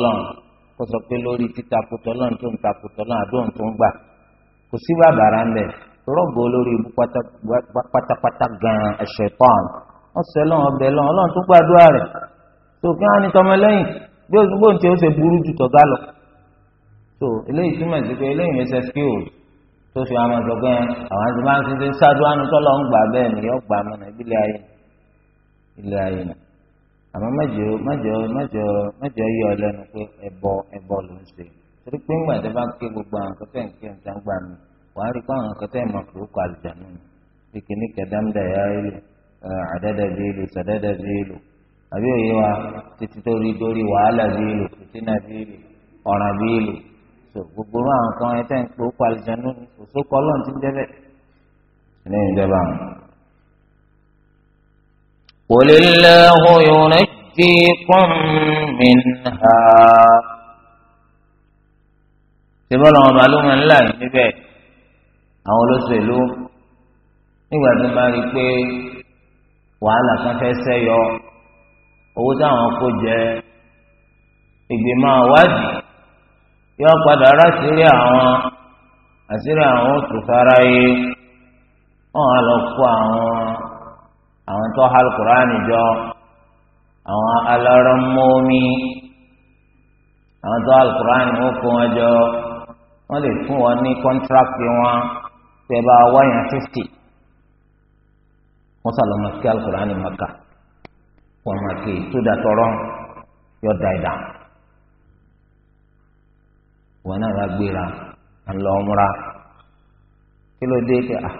náà kó sọ pé lórí títa kutọ náà tó ń ta kutọ náà àdó tó ń gbà kò sí bàbàrà ń bẹ rọgbọ lórí ibú pátápátá gan ẹsẹ pọn wọn sẹ lọhùn ọbẹ lọhùn Ọlọ́run tó gbàdúrà rẹ tó kí wọn ní tọmọlẹ́yìn bí o gbóhùn tí o ṣe burú jù tọgá lọ tó eléyìí túmọ̀ sí pé eléyìí ẹsẹ̀ skills tó fi àwọn ọ̀dọ́gbọ́n àwọn àti máa ń ṣe ṣáájú àánú tọ́lọ́ ń gbà bẹ́ẹ̀ ni yọ àmọ́ mẹ́jọ mẹ́jọ mẹ́jọ mẹ́jọ yọ ọ lẹ́nu pé ẹbọ ẹbọ ló ń ṣe torí pé ńgbà tó bá ké gbogbo àwọn kẹtẹ nǹkan ìjà ń gbà mí wàá rí kó àwọn kẹtẹ ìmọ̀ kúrò bí kìíní yá bí bí eh, àbí òye wa títí tó rí dórí wàhálà bí bí ọ̀ràn bí so gbogbo àwọn kan ń kò قل الله ينجيكم منها sibọ́lá wọn bá lóun ńlá yìí níbẹ̀ àwọn olóṣèlú nígbà tó máa rí i pé wàhálà kan fẹ́ sẹ́yọ owó táwọn kó jẹ ìgbìmọ̀ àwádìí yóò padà ráṣírí àwọn àṣírí àwọn òtúfara yìí wọn á lọ kó àwọn àwọn tó hal kuraani jọ àwọn alọ́rọ̀ mọ́mí àwọn tó hal kuraani wọ́n kó wọn jọ wọ́n lè fún wọn ní kọ́ntrakì wọn tẹ́ bá wáyàn fífítì wọ́n sàlọ́ máa kí hal kuraani máa kà wọ́n yọ da ìdá wọn náà gbéra ńlọmúra kí ló dé tẹ à. Ah,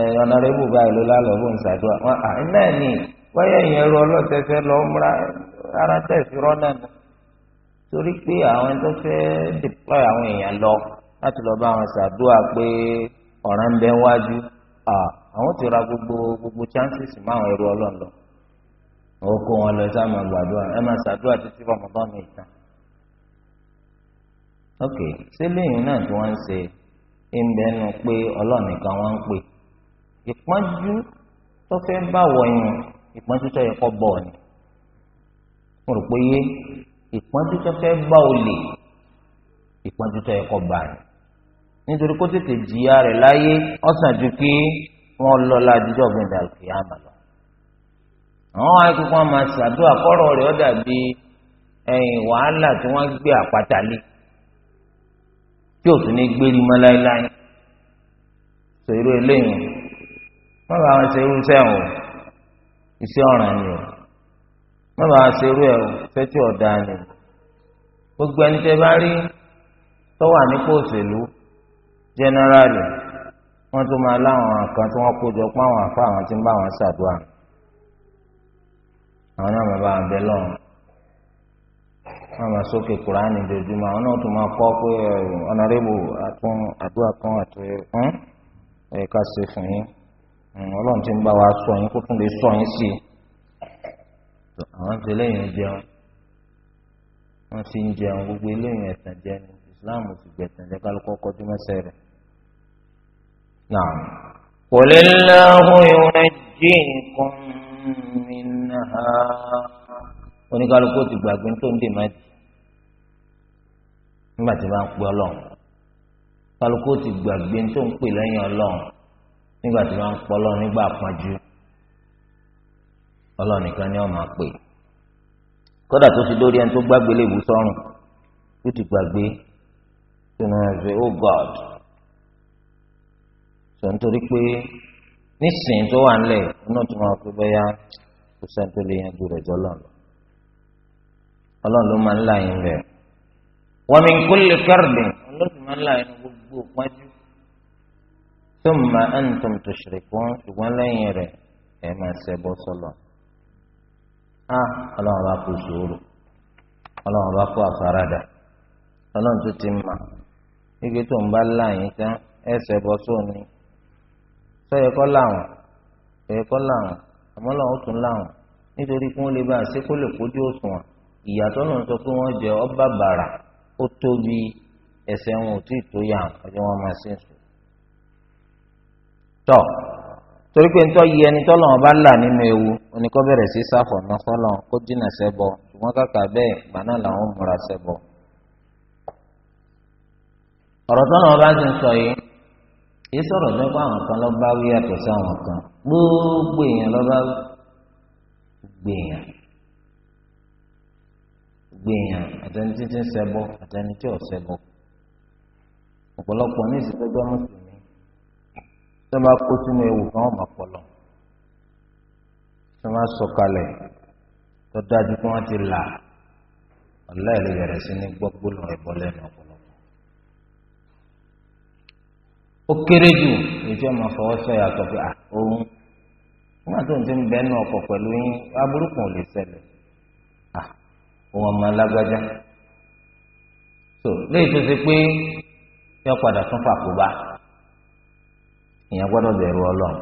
ọ̀nàrẹ́bù báyìí ló lálọ́ bó ń ṣàdúrà wọn à náà ni wáyà ìyẹn ru ọlọ́tẹ̀fẹ́ lọ múra ara tẹ̀sí rọ́nà nù torí pé àwọn tó fẹ́ deploy àwọn èèyàn lọ láti lọ bá wọn ṣàdúrà pé ọ̀ràn ń bẹ wájú àwọn ti ra gbogbo gbogbo chances mọ́ àwọn ẹrú ọlọ́run lọ ó kó wọn lọ sáà máa gbàdúrà ẹ máa ṣàdúrà títí rọmọdán mi tán ok ṣé lẹ́yìn náà tí wọ́n ń ṣe ń bẹnu pé ọlọ́run nìkan wọ́n ń pè ìpọ́njú tó fẹ́ bá wọ̀nyìn ìpọ́njú tó yẹ kọ́ bọ̀ ni mo rò pé yé ìpọ́njú tó fẹ́ bá olè ìpọ́njú tó yẹ kọ́ bá ni nítorí kó tètè jìyà rẹ̀ láyé ọ̀sán ju kí wọ́n lọ ládùúgbò gbẹ̀dà òkè àmà lọ. àwọn akẹ́kọ̀ọ́ wọn máa ṣàdúrà kọ́rọ̀ rẹ̀ ó dàbí ẹ̀yìn wàhálà tí wọ́n gbé àpáta lé tí ò tún ní gbérí mọ́ láéláé. sọ irú eléyìí má bàa wọn ṣe irú sẹ́wọ̀n o iṣẹ́ ọ̀ràn ni o má bàa ṣe irú ẹ̀ o fẹ́tí ọ̀dà ni gbogbo ẹni tẹ́ bá rí tọ́wà nípò òṣèlú jẹ́nẹ́rálì wọ́n tún máa láwọn kan tí wọ́n kójọ pé àwọn àfa àwọn tí ń bá wọn ṣàdúrà àwọn náà máa bá wọn bẹ lọ́rùn wọ́n máa sókè kúránì dojúmọ́ àwọn náà tún máa kọ́ pé ọ̀nàrẹ́bù àtún àdúrà kan àti hmm, ẹ̀ka ṣe fún yín ọlọ́run ti ń bá wa sọ yín kó tún lè sọ yín sí i àwọn ti lẹ́yìn jẹun wọ́n ti ń jẹun gbogbo eléyìn ẹ̀sìn jẹun Islam ti gbẹ̀sìn jẹ kálukọ́ kọjú mẹ́sẹ̀ rẹ̀. قل الله ينجيكم منها oníkálukú ti gbàgbé tó ń dè má nígbà tí wọ́n á pè ọlọ́run kálukú ti gbàgbé tó ń pè lẹ́yìn ọlọ́run nígbà tí wọ́n ń pọ lọ nígbà pọ́njú ọlọ́nìkan ni wọ́n máa pè kódà tó fi lórí ẹni tó gbàgbé léwu sọ́run tó ti gbàgbé tó náà ṣe oh God sọ nítorí pé nísìnyí tó wà nílẹ̀ náà tó máa pé bẹ́yà kò sẹ́ni tó lè yanjú rẹ̀ jọ lọ́nà ọlọ́run ló máa ń là yín bẹ̀ wọ́n kó lè kẹ́rìndín ọlọ́run máa ń là gbogbo pọ́njú. ثم أنتم تشركون ولن يرى إما سيبو صلى آه الله راكو سورو الله راكو أفرادا الله تتمع igi tó ń bá láyìn tán ẹsẹ̀ bọ́ sóni sọyẹ kọ́ làwọn sọyẹ kọ́ làwọn àmọ́ làwọn tún làwọn nítorí ìyàtọ̀ náà sọ pé wọ́n ọba bàrà ó tóbi ẹsẹ̀ wọn ò tí ì tọ torí pé ntọ́ yẹ ẹni tọ́ lọ́wọ́ bá là nínú ewu oníkọ́ bẹ̀rẹ̀ sí sáfọ̀ náà fọlọ́ kó dínà sẹ́bọ̀ ṣùgbọ́n kàkà bẹ́ẹ̀ gbà náà làwọn múra sẹ́bọ̀. ọ̀rọ̀ tọ́ lọ́wọ́ bá ti ń sọ yìí yìí sọ̀rọ̀ nípa àwọn kan lọ́ wí yàtọ̀ sí àwọn kan gbogbo èèyàn lọ́ bá gbé èèyàn gbé àtẹni títí sẹ́bọ̀ àtẹni tí ò sẹ́bọ̀ ọ̀pọ̀lọpọ̀ ní ìsìnkú tí wọ́n bá kó sínú ewu kan wọ́n máa pọ̀ lọ tí wọ́n bá sọ̀kalẹ̀ tó dájú pé wọ́n ti là ọ̀la ìlú bẹ̀rẹ̀ sí ní gbọ́gbó lọ ẹ̀bọ lẹ́nu ọ̀pọ̀lọpọ̀ ó kéré jù ètò ẹ̀ máa fọwọ́ sọ yàtọ̀ pé òun nígbà tó ń ti ń bẹ́ẹ̀ nù ọkọ̀ pẹ̀lú yín aburú kan ò lè ṣẹlẹ̀ òun ọmọ alágbájá so léyìí tó ṣe pé yọ padà tún fàkóbá. èèyàn gbọ́dọ̀ bẹ̀rù ọlọ́run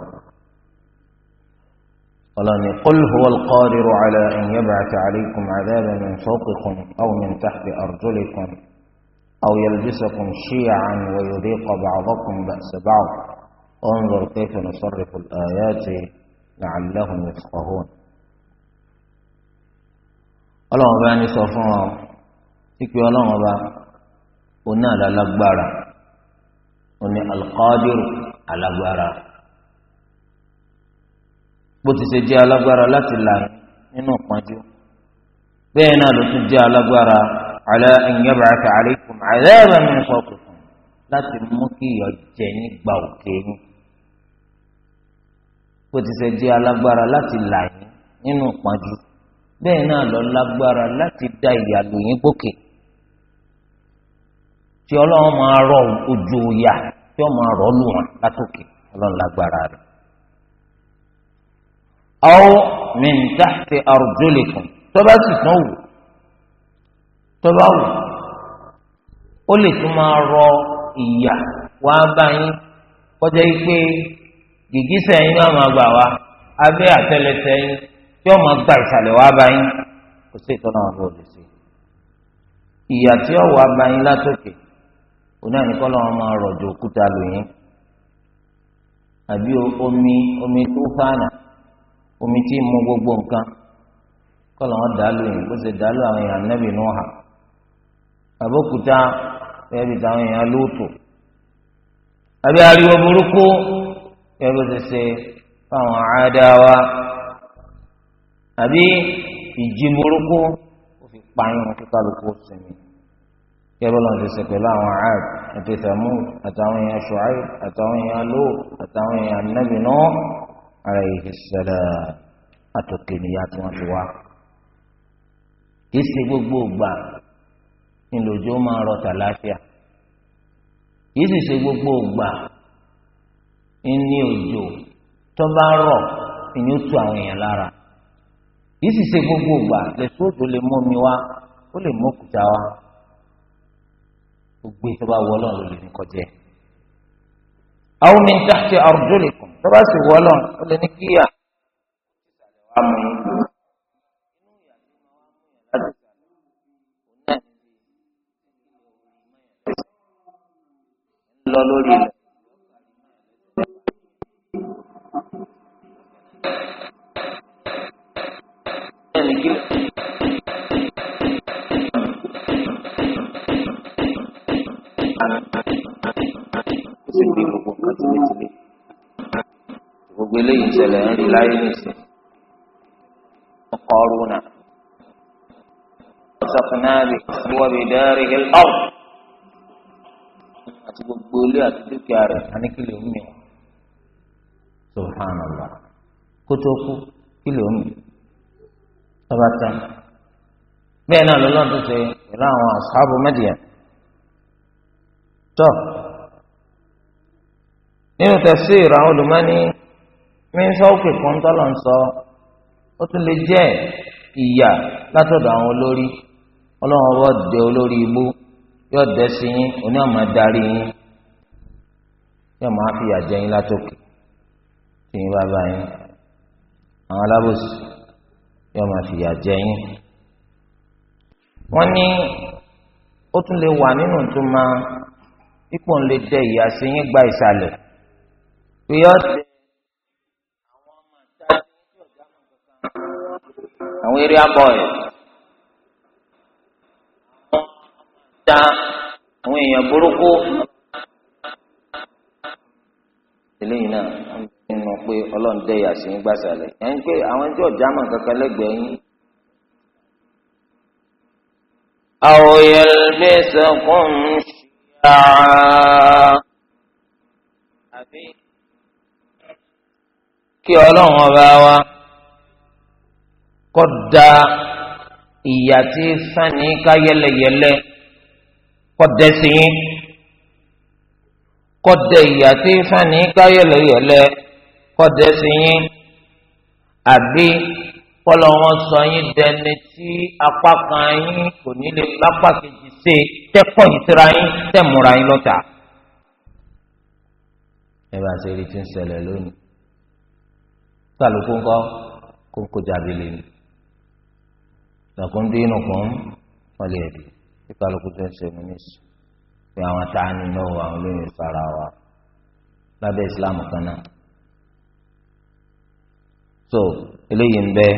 ọlọ́run ni qul huwa al-qadiru ala an yab'atha alaykum 'adhaban min fawqikum aw min tahti arjulikum aw yalbisakum shi'an wa yudhiqa ba'dakum ba'sa ba'd انظر كيف نصرف الآيات لعلهم يفقهون ọlọ́run ọba ní sọ fún ọ pípẹ́ ọlọ́run ọba oní àlálágbára oní alqadiru alágbára bó ti ṣe jẹ́ alágbára láti là nínú ìpọ́njú bẹ́ẹ̀ náà ló tún jẹ́ alágbára ala an yab'atha alaykum 'adhaban min fawqikum láti mú kí ìyà jẹ yín gba òkè yín bó ti ṣe jẹ́ alágbára láti là nínú ìpọ́njú bẹ́ẹ̀ náà lọ lágbára láti dá ìyàlú yín tí ọlọ́run máa rọ ojú ya tí wọ́n máa rọ́ọ̀lù wọn látòkè ọlọ́run lágbára rẹ̀. aw min tahti arjulikum tọ́ba sì tán wù tọ́ba wù ó lè tún máa rọ ìyà wá bá yín kọjá yìí pé gìgísẹ̀ yín náà máa gbà wá abẹ́ àtẹlẹsẹ̀ yín tí wọ́n máa gba ìsàlẹ̀ wá bá yín kò sí ìtọ́nà wọn bó lè ṣe ìyà tí ó wà bá yín látòkè. oní àníkọ́ lọ́wọ́ máa rọ̀jò òkúta abi omi omi tó omi tí gbogbo nǹkan kọ́ lọ́wọ́ dàálù yìí da sì dàálù àwọn èèyàn nẹ́bì nùhà àbókúta ẹbí táwọn èèyàn lóòtò àbí ariwo burúkú ẹbí ti ṣe fáwọn àádáwa àbí ìjì burúkú ó fi pààyàn yẹ́bọ́lọ́n ti sè pẹ̀lú àwọn Aad àti Thamud àtàwọn èèyàn Shu'aib àtàwọn èèyàn Lut àtàwọn èèyàn Nabi Nuh alayhi salam àtòkè níyà tí wọ́n ti wá. kìí ṣe gbogbo ògbà ńlòjó máa rọ tàlàáfíà kìí sì ṣe gbogbo ògbà ní òjò tó bá rọ̀ ìyẹn ó tu àwọn èèyàn lára kìí sì ṣe gbogbo ògbà lè sóòtú lè mú mi wá ó lè mú òkúta wá gbogbo ètò bá wọ ọlọ́run ló lè ní kọjá ẹ̀. àwọn mi ń tàṣe arjulikum tó bá sì wọ ọlọ́run ó lè ní kíyà. lọ lórí ilẹ̀. ìṣẹ̀lẹ̀ ń rí láyé nìsín ọkọọrùnà ọsàkùnàbì ìwọbi dárí hil ọrù àti gbogbo ilé àti dúkìá rẹ̀ àníkìlì omi subhanallah kótó kú kìlì omi tọba tán bẹ́ẹ̀ náà lọlọrun tó ṣe pẹ̀lú àwọn asáàbù mẹdìyà tọ nínú tẹsí ìràwọn olùmọ ní mínísọ́ọ̀kì kan tọ́lọ̀ ń sọ ó tún lè jẹ́ ìyà látọ̀dọ̀ àwọn olórí ọlọ́run ọwọ́ dé olórí ibú yóò dẹ́ sí yín oní ọ̀mà darí yín yóò máa fìyà jẹ yín látòkè tí yín bá bá yín àwọn alábòsí yóò máa fìyà jẹ yín. wọ́n ní ó tún lè wà nínú tó máa ipò ń lè dẹ ìyà sí yín gba ìsàlẹ̀ àwọn eré abọ́ọ̀lù da àwọn èèyàn burúkú eléyìí náà ń mọ pé ọlọ́run dẹ́yà sí ń gbàsàlẹ̀ ẹ̀ ń pé àwọn ẹjọ́ jámọ̀ kankan lẹ́gbẹ̀ẹ́ yín. أو يلبسكم شيعا àbí kí ọlọ́run ọba wa kọ́da ìyà sani ká yẹlẹyẹlẹ kọ́dẹ sí yín kọ́dẹ sani ká yẹlẹyẹlẹ kọ́dẹ sí yín àbí kọ́lọ̀ wọn sọ yín dẹni tí apá kan yín kò ní lè lápá kejì ṣe tẹ́kọ̀ yìí tẹ́ra yín tẹ́múra yín lọ́tà. ẹ bá ṣe rí ti ń ṣẹlẹ̀ lónìí. sálùkù ńkọ́ kó ń kó jáde lé ní lọkùn dínú kún wọn lè dì tí kálukú tó ń ṣe mí níṣì pé àwọn táàní náà wà àwọn olóyún fara wa lábẹ́ ìsìláàmù kan náà. so eléyìí ń bẹ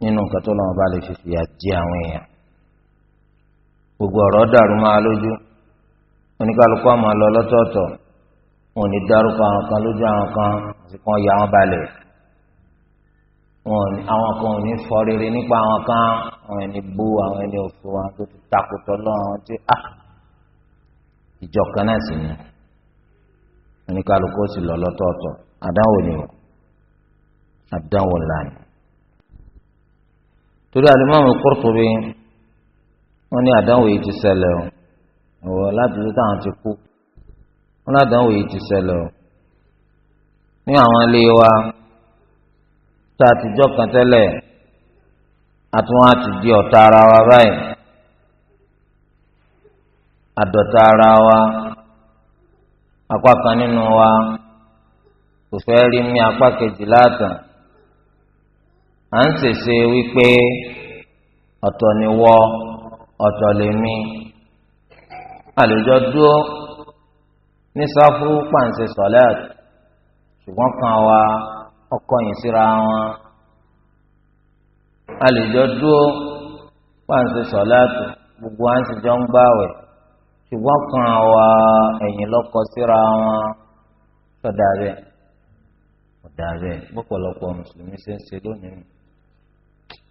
nínú nǹkan tó lọ́wọ́ bá lè fi fìyà jẹ àwọn èèyàn gbogbo ọ̀rọ̀ dàrú máa lójú oníkálukú àmọ́ lọ lọ́tọ̀ọ̀tọ̀ wọn ò ní dárúkọ àwọn kan lójú àwọn kan àti kan yà wọn balẹ̀ àwọn kan ò ní fọ rere nípa àwọn kan àwọn ẹni bú àwọn ẹni òfò àwọn tó ti takòtò lọ àwọn tí a ah! ìjọ kan náà sì ni oníkálukú sì lọ lọ́tọ̀ọ̀tọ̀ àdáwò ni o àdáwò láàyè torí alimami Qurtubi wọn ní àdáwò yìí ti ṣẹlẹ̀ o ọwọ láti fi táwọn ti kú wọn ní àdáwò yìí ti ṣẹlẹ̀ o ní àwọn ilé wa tá a ti jọ kan tẹ́lẹ̀ àtúnwá ti di ọ̀tá ara wa báyìí àdọ̀tá ara wa apá kan nínú wa kò fẹ́ rí mi apá kejì látàn à ń ṣèṣe wípé ọ̀tọ̀ ni wọ́ ọ̀tọ̀ lèmi àlejò dúró ní sáfù pàǹsẹ̀ sọ̀lẹ́t ṣùgbọ́n kan wa ọkọ yìí síra wọn a lè jọ dúró pàǹsẹ sọláàtù gbogbo wa ń sì jọ ń gbààwẹ̀ ṣùgbọ́n kan wa ẹ̀yìn lọ́kọ síra wọn sọdà bẹ́ẹ̀ ọ̀dà bẹ́ẹ̀ gbọ́pọ̀lọpọ̀ mùsùlùmí ṣe ń ṣe lónìí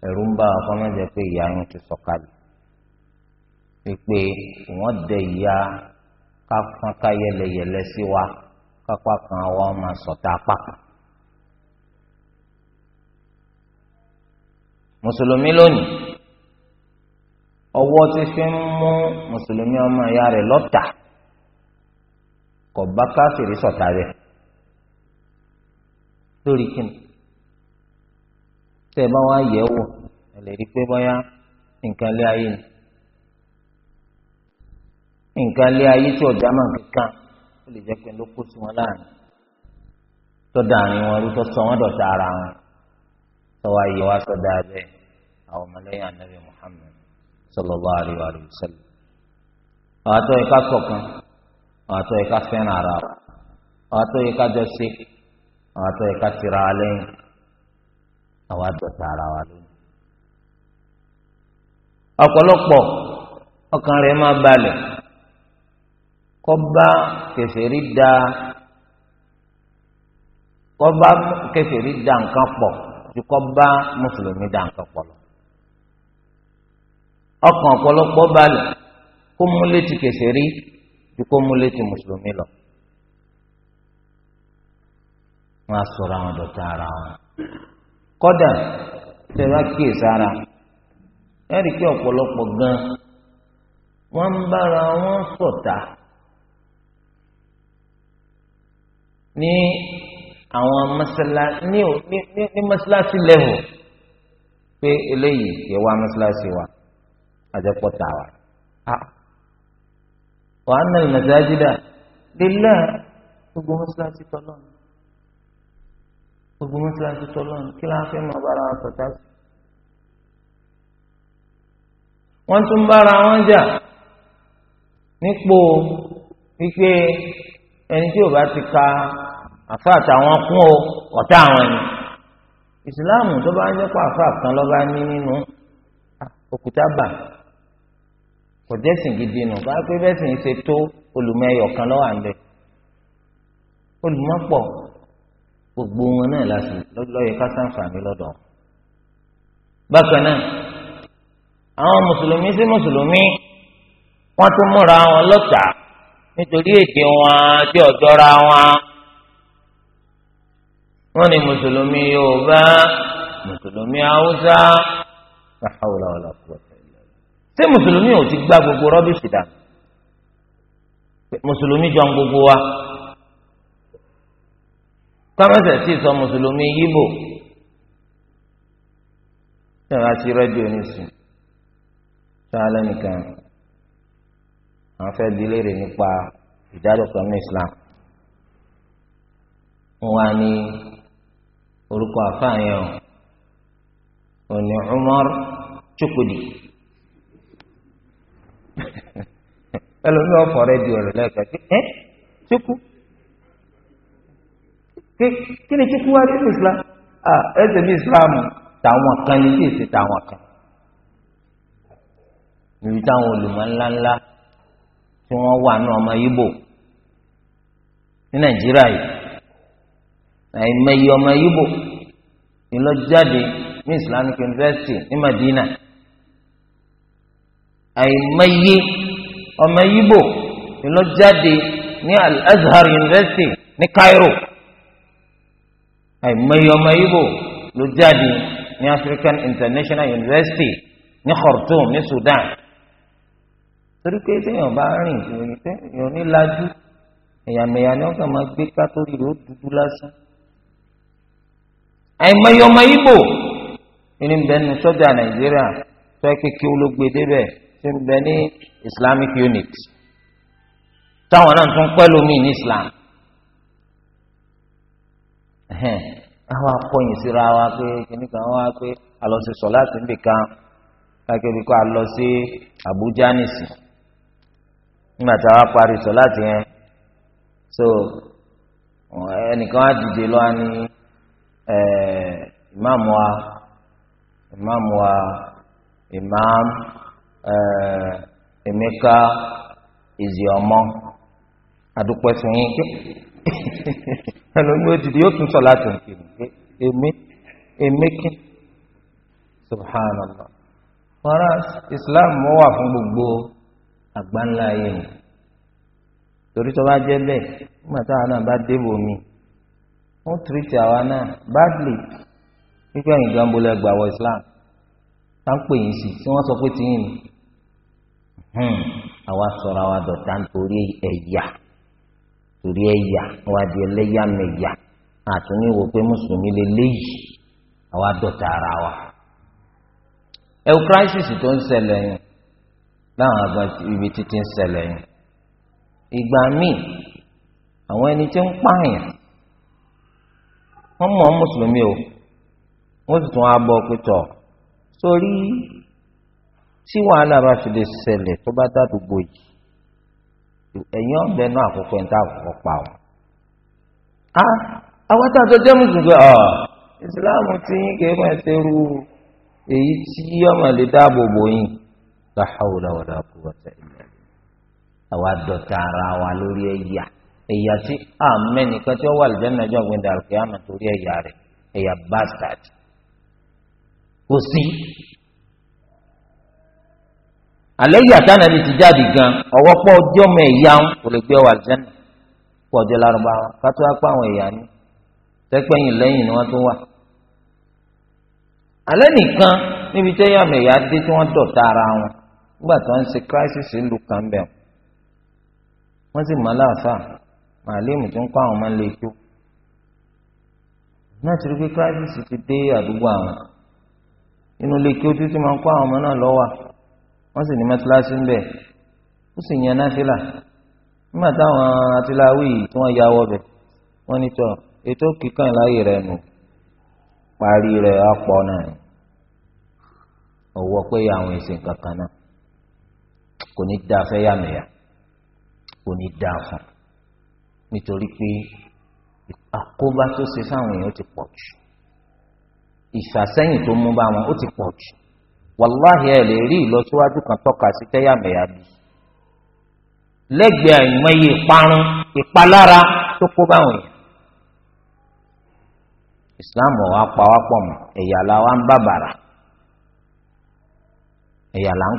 ẹ̀rù ń bá afọ́nàjẹ pé ìyá yín ti sọ̀kalẹ̀ pípé wọ́n dẹ ìyá káfọ́n káyẹlẹyẹlẹ sí wa kápá wa máa sọ̀tà apá mùsùlùmí lónìí ọwọ́ ti fi ń mú mùsùlùmí ọmọ ìyá rẹ̀ lọ́tà kò bá káfíìrì sọ̀tà rẹ̀ lórí kíni tẹ́ ẹ bá wá yẹ̀ wò ẹ lè rí i pé bóyá nǹkan lé ayé ni nǹkan lé ayé tí ọjà máa kankan ó lè jẹ́ pé ló kó sí wọn láàrin tó dàrin wọn ló tó sọ wọn dọ̀tá ara wọn tọ́wọ́ ayé wa sọ̀dọ̀ abẹ́ àwọn ọmọlẹ́yìn anabi muhammed sallallahu alayhi wa sallam. àwọn àtọ́ yìí ká ṣọ̀kan àwọn àtọ́ yìí ká fẹ́ràn ara wa àwọn àtọ́ yìí ká jọ ṣe àwọn àtọ́ yìí ká tira wa lẹ́yìn àwọn ara wa lónìí. ọ̀pọ̀lọpọ̀ ọkàn rẹ̀ máa balẹ̀ kọ́ba kẹsìrì da kọ́ba kẹsìrì da nǹkan pọ̀ àfi kọ́ bá mùsùlùmí dà nǹkan pọ̀lọ́ ọkàn ọ̀pọ̀lọpọ̀ balẹ̀ kó múlé ti kẹsẹ̀ rí ju kó múlé ti mùsùlùmí lọ. wọ́n á sọ̀rọ̀ àwọn dọ̀tá ara wọn. kọ́dà tẹ bá kíyè sára ẹ pé ọ̀pọ̀lọpọ̀ gan wọ́n ń bára wọn ṣọ̀tá ní àwọn ní mọ́sálásí lẹ́hùn pé eléyìí yẹ wá mọ́sálásí wa àjẹpọ̀ tà wá. Ah. wàá nà ìmọ̀sáájídà lílẹ̀ gbogbo mọ́sálásí tọ́lọ́ ni gbogbo mọ́sálásí tọ́lọ́ ni kí láwọn fẹ́ máa bára wọn sọ̀tá sí. wọ́n tún bára wọn jà nípò wípé ẹni tí ò bá ti ka àfa àtàwọn kún o ọ̀tá àwọn ni ìsìláàmù tó bá ń jẹ́ pé àfa kan ló bá ní nínú òkúta bà kò dẹ́sìn gidi nù bá pé bẹ́sìn ṣe tó olùmẹ̀yọ̀ kan lọ́wọ́ à ń bẹ̀ olùmọ̀pọ̀ gbogbo wọn náà lásì lọ́yẹ ká sàǹfààní lọ́dọ̀ bákan náà àwọn mùsùlùmí sí mùsùlùmí wọ́n tún múra wọn lọ́tà nítorí èdè wọn àti ọ̀dọ́ra wọn wọ́n ní mùsùlùmí yorùbá mùsùlùmí haúsá ṣàhàwùlà wàlà kúwàtà ṣé mùsùlùmí ò ti gbá gbogbo rọ́bìsì dà mùsùlùmí jọ ń gbogbo wa kámẹ́sẹ̀ sì sọ mùsùlùmí yíbò ṣẹ̀rọ àti rẹ́díò nísìn ṣáálẹ́ nìkan àwọn fẹ́ di léèrè nípa ìdájọ́ ní Islam wọn á ní orúkọ àfààyàn òní Umar Chukwudi ẹlòmíì ọ̀fọ̀ rẹ́díò rẹ̀ lẹ́ẹ̀kan ẹ́ Chukwu kí ni Chukwu wá nínú Islam ẹsẹ̀ bí Islam tàwọn kan ní kí èsì tàwọn kan níbi táwọn olùmọ̀ ńláńlá tí wọ́n wà ní ọmọ Ìgbò ní Nàìjíríà yìí ẹ̀ẹ́mẹ̀yẹ ọmọ yíbò ìlọ́jáde ní Islamic University ní Madina ẹ̀ẹ́mẹ̀yẹ ọmọ yíbò ìlọ́jáde ní Al-Azhar University ní Cairo ẹ̀ẹ́mẹ̀yẹ ọmọ yíbò ìlọ́jáde ní African International University ní Khartoum ní Sudan torí pé téèyàn bá rìn ìròyìn ní lajú ẹ̀yàmẹ̀yà ni wọ́n kàn máa gbé ká torí ó dúdú lásán àìmọye ọmọ Ìgbò ní bẹ́ẹ̀ ní sọ́jà Nàìjíríà tó ẹ pé kí ó ló gbé débẹ̀ tí ń bẹ ní Islamic unit táwọn náà tún pẹ́ lómi ní Islam àwọn akọ̀yìn síra wa pé kìnnì kan wá pé àlọ́ sí sọ láti ń bì kan káàkiri kó a lọ sí Abuja nìsín nígbà tá a wá parí sọ láti yẹn so ẹnìkan á dìde lọ́wọ́ ni. Eh, imam wa imam wa imam eh, Emeka Eziomo adúpẹ́ fún yín pé ẹlòmí òdìdí yóò tún sọ islam wà fún gbogbo àgbáńlá yẹn torí tó bá jẹ́ bẹ́ẹ̀ nígbà náà wọ́n tìrìtì àwa náà badly wípé ẹ̀yìn gbàǹbọ̀lẹ̀ ẹgbà wọ Islam tá ń pè yín sí tí wọ́n sọ pé ti tìyín ni hmm, àwa sọ̀rọ̀ àwa dọ̀tà nítorí ẹ̀yà torí ẹ̀yà wọ́n di ẹlẹ́yàmẹ̀yà àtúní wò pé mùsùlùmí lè léyìí àwa dọ̀tà ara wa. ẹ̀wù crisis tó ń ṣẹlẹ̀ yẹn láwọn àgbà ibi títí ń ṣẹlẹ̀ yẹn ìgbà míì àwọn ẹni tí ń pààyàn wọ́n mọ̀ ọ́n mùsùlùmí o wọ́n sì tún á bọ́ pé tọ̀ sórí tí wàhálà bá fi lè ṣẹlẹ̀ tó bá dàdúgbò yìí ẹ̀yin ọ̀bẹ náà àkókò ẹ̀ ń tà àkókò pa o. a àwọn tá a tó jẹ́ mùsùlùmí ọ̀ ìsìláàmù ti yín kì í máa ṣe rú èyí tí ọmọ lè dáàbò bò yín la hawla wala quwwata illa ara wa lórí ẹ̀yà ẹ̀yà tí àmẹ́ nìkan tí ó wà lẹ́nu ẹjọ́ gbẹ̀dẹ̀ àlùkìyàmọ̀ torí ẹ̀yà rẹ̀ ẹ̀yà bastard kò sí. àlẹ́ yìí àtànà ni ti jáde gan ọwọ́ pọ̀ ọjọ́ mọ ẹ̀yà ń kò lè gbé ọwọ́ àlùjẹ́nà pọ̀ ọjọ́ lárúbáwá kátó apá àwọn ẹ̀yà ni tẹ́pẹ́yìn lẹ́yìn ni wọ́n tún wà. àlẹ́ nìkan níbi tẹ́ yà mọ̀ dé tí wọ́n dọ̀tá ara wọn nígbà tí wọ́n ń ṣe crisis ìlú kan bẹ̀ wọ́n sì mọ̀ aláàfáà màálímù tó ń kọ́ àwọn ọmọ ilé tó náà ti rí pé kíláàsì ti dé àdúgbò àwọn inú ilé kí ó títí máa ń kọ́ àwọn ọmọ náà lọ́wọ́ wọ́n sì ní mẹ́tíláṣí ń bẹ̀ ó sì yan náfìlà nígbà táwọn atiláwì tí wọ́n ya wọbẹ̀ wọ́n ní tọ́ ètò kíkàn láàyè rẹ̀ nù parí rẹ̀ ọ̀pọ̀ náà ọ̀wọ́ pé àwọn ẹ̀sìn kankan náà kò ní dáa fẹ́ yàmẹ̀yà kò ní dáa fún un. nítorí pé àkóbá tó ṣe sáwọn èèyàn ti pọ̀ jù ìfàsẹ́yìn tó mú bá wọn ó ti kan tọ́ka sí tẹ́yàmẹ̀yà lẹ́gbẹ̀ẹ́ àìmọye ìparun ìpalára tó kó islam wa pawapọ̀ mọ́ ẹ̀yà la wa ń bàbàrà ẹ̀yà la ń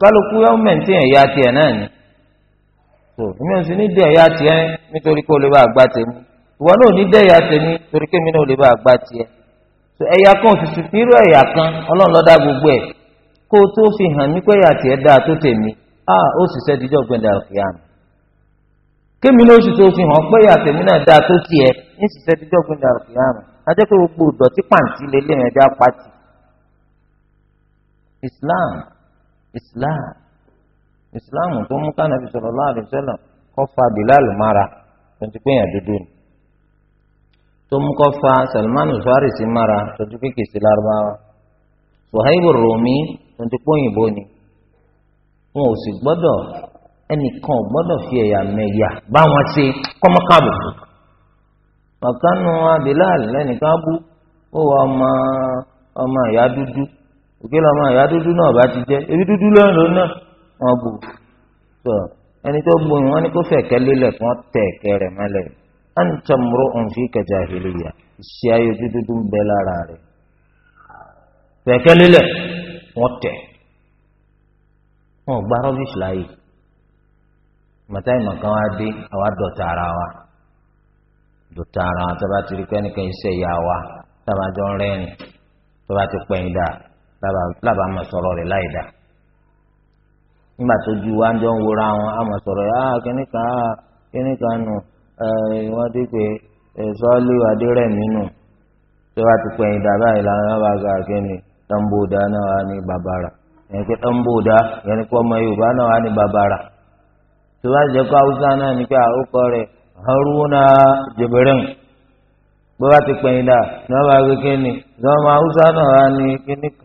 kálukú yọ ẹ̀ya ẹ̀yà tiẹ̀ náà ni tó èmi ò sì ní dé ẹ̀yà tiẹ̀ nítorí kó o lè bá àgbà tèmi ìwọ náà ò ní dé ẹ̀yà tèmi torí kémi náà ò lè tiẹ̀ tó kan ò sì sì kan ọlọ́run o tó fi hàn mí pé ẹ̀yà tiẹ̀ dáa tó tèmi a ó sì kémi náà ó sì tó fi hàn pé tó Islam islam islam tó mú kánàbí sallallahu alaihi wasallam kọ́ fa bilal mara tuntun pé yẹn dúdú ni tó mú kọ́ fa salman farisi mara tuntun pé kìsì lárúbáwá suhaibu rumi tuntun pé òyìnbó ni wọn ò sì gbọ́dọ̀ ẹnìkan ò gbọ́dọ̀ fi ẹ̀yà mẹ̀yà bá wọn ṣe kọ́mọ́kàbù ọ̀kanu abilal lẹ́nìkan bú ó wà ọmọ ọmọ ìyá dúdú òkè lọ́mọ ìyá dúdú náà bá ti jẹ́ ebi dúdú lọ́rùn ló ná wọn bù tó ẹni tó bù wọn ni kó fẹ̀kẹ́ lélẹ̀ kí wọ́n tẹ̀ ẹ̀kẹ́ rẹ̀ mọ́lẹ̀ ẹni tó múrò òun fi kẹjà ìlúyà ìṣe ayé ojú dúdú ń bẹ lára rẹ̀ fẹ̀kẹ́ lélẹ̀ wọ́n tẹ̀ wọn gbá rọ́bìṣì láàyè màtá ìmọ̀kan wá dé àwa dọ̀tà ara wa dọ̀tà ara wa tó bá ti rí pẹ́ẹ́nìkan iṣẹ́ ìyá wa tábàjọ́ rẹ́rìn tó bá ti pẹ́yìn dáa lábà máa sọ̀rọ̀ rẹ̀ láì dá nígbà tó ju wa ń jọ ń wora wọn a máa sọ̀rọ̀ yà ah, á kíní kan á ah, kíní kan nù wọ́n ti pè sọ́ọ́lì adérẹ̀ nínú tí wọ́n ti pẹ̀yìn dàbá ìlànà bá ga kíni tọ́ḿbòdà náà wà ní bàbàrà yẹn pé tọ́ḿbòdà yẹn pé ọmọ yorùbá náà wà ní bàbàrà tí wọ́n jẹ́ kó haúsá náà ní pé àrùkọ rẹ̀ haruna jibirin bó bá ti pẹ̀yìn dà náà bá gbé kíni ìjọba haúsá náà wà ní kíní kan.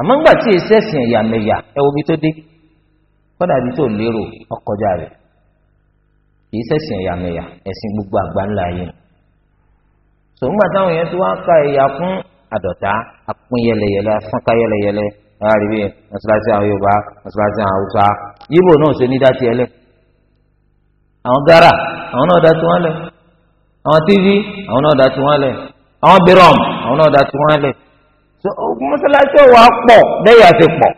àmọ́ ńgbà tí èsì ẹ̀sìn ẹ̀yàmẹ̀yà ẹ wo bí tó dé kọ́dà bí tó lérò ọkọjá rẹ̀ kìí ṣẹ̀sìn ẹ̀yàmẹ̀yà ẹ̀sìn gbogbo àgbà ńlá yìí sòǹgbà táwọn èèyàn ti wá ka ẹ̀yà fún àdọ̀tá apín yẹlẹyẹlẹ afọ́nká yẹlẹyẹlẹ láàrin mọ́sálásí àwọn Yorùbá mọ́sálásí àwọn Haúsá yíbò náà ṣe ní dátì ẹlẹ́ àwọn gara àwọn náà dá tiwọn lẹ̀ àwọn tv àwọn náà dá tiwọn lẹ̀ àwọn bírọ̀m àwọn náà dá tiwọn lẹ̀ so mọ́sálásí ọ̀wà pọ̀ bẹ́ẹ̀ yà ti pọ̀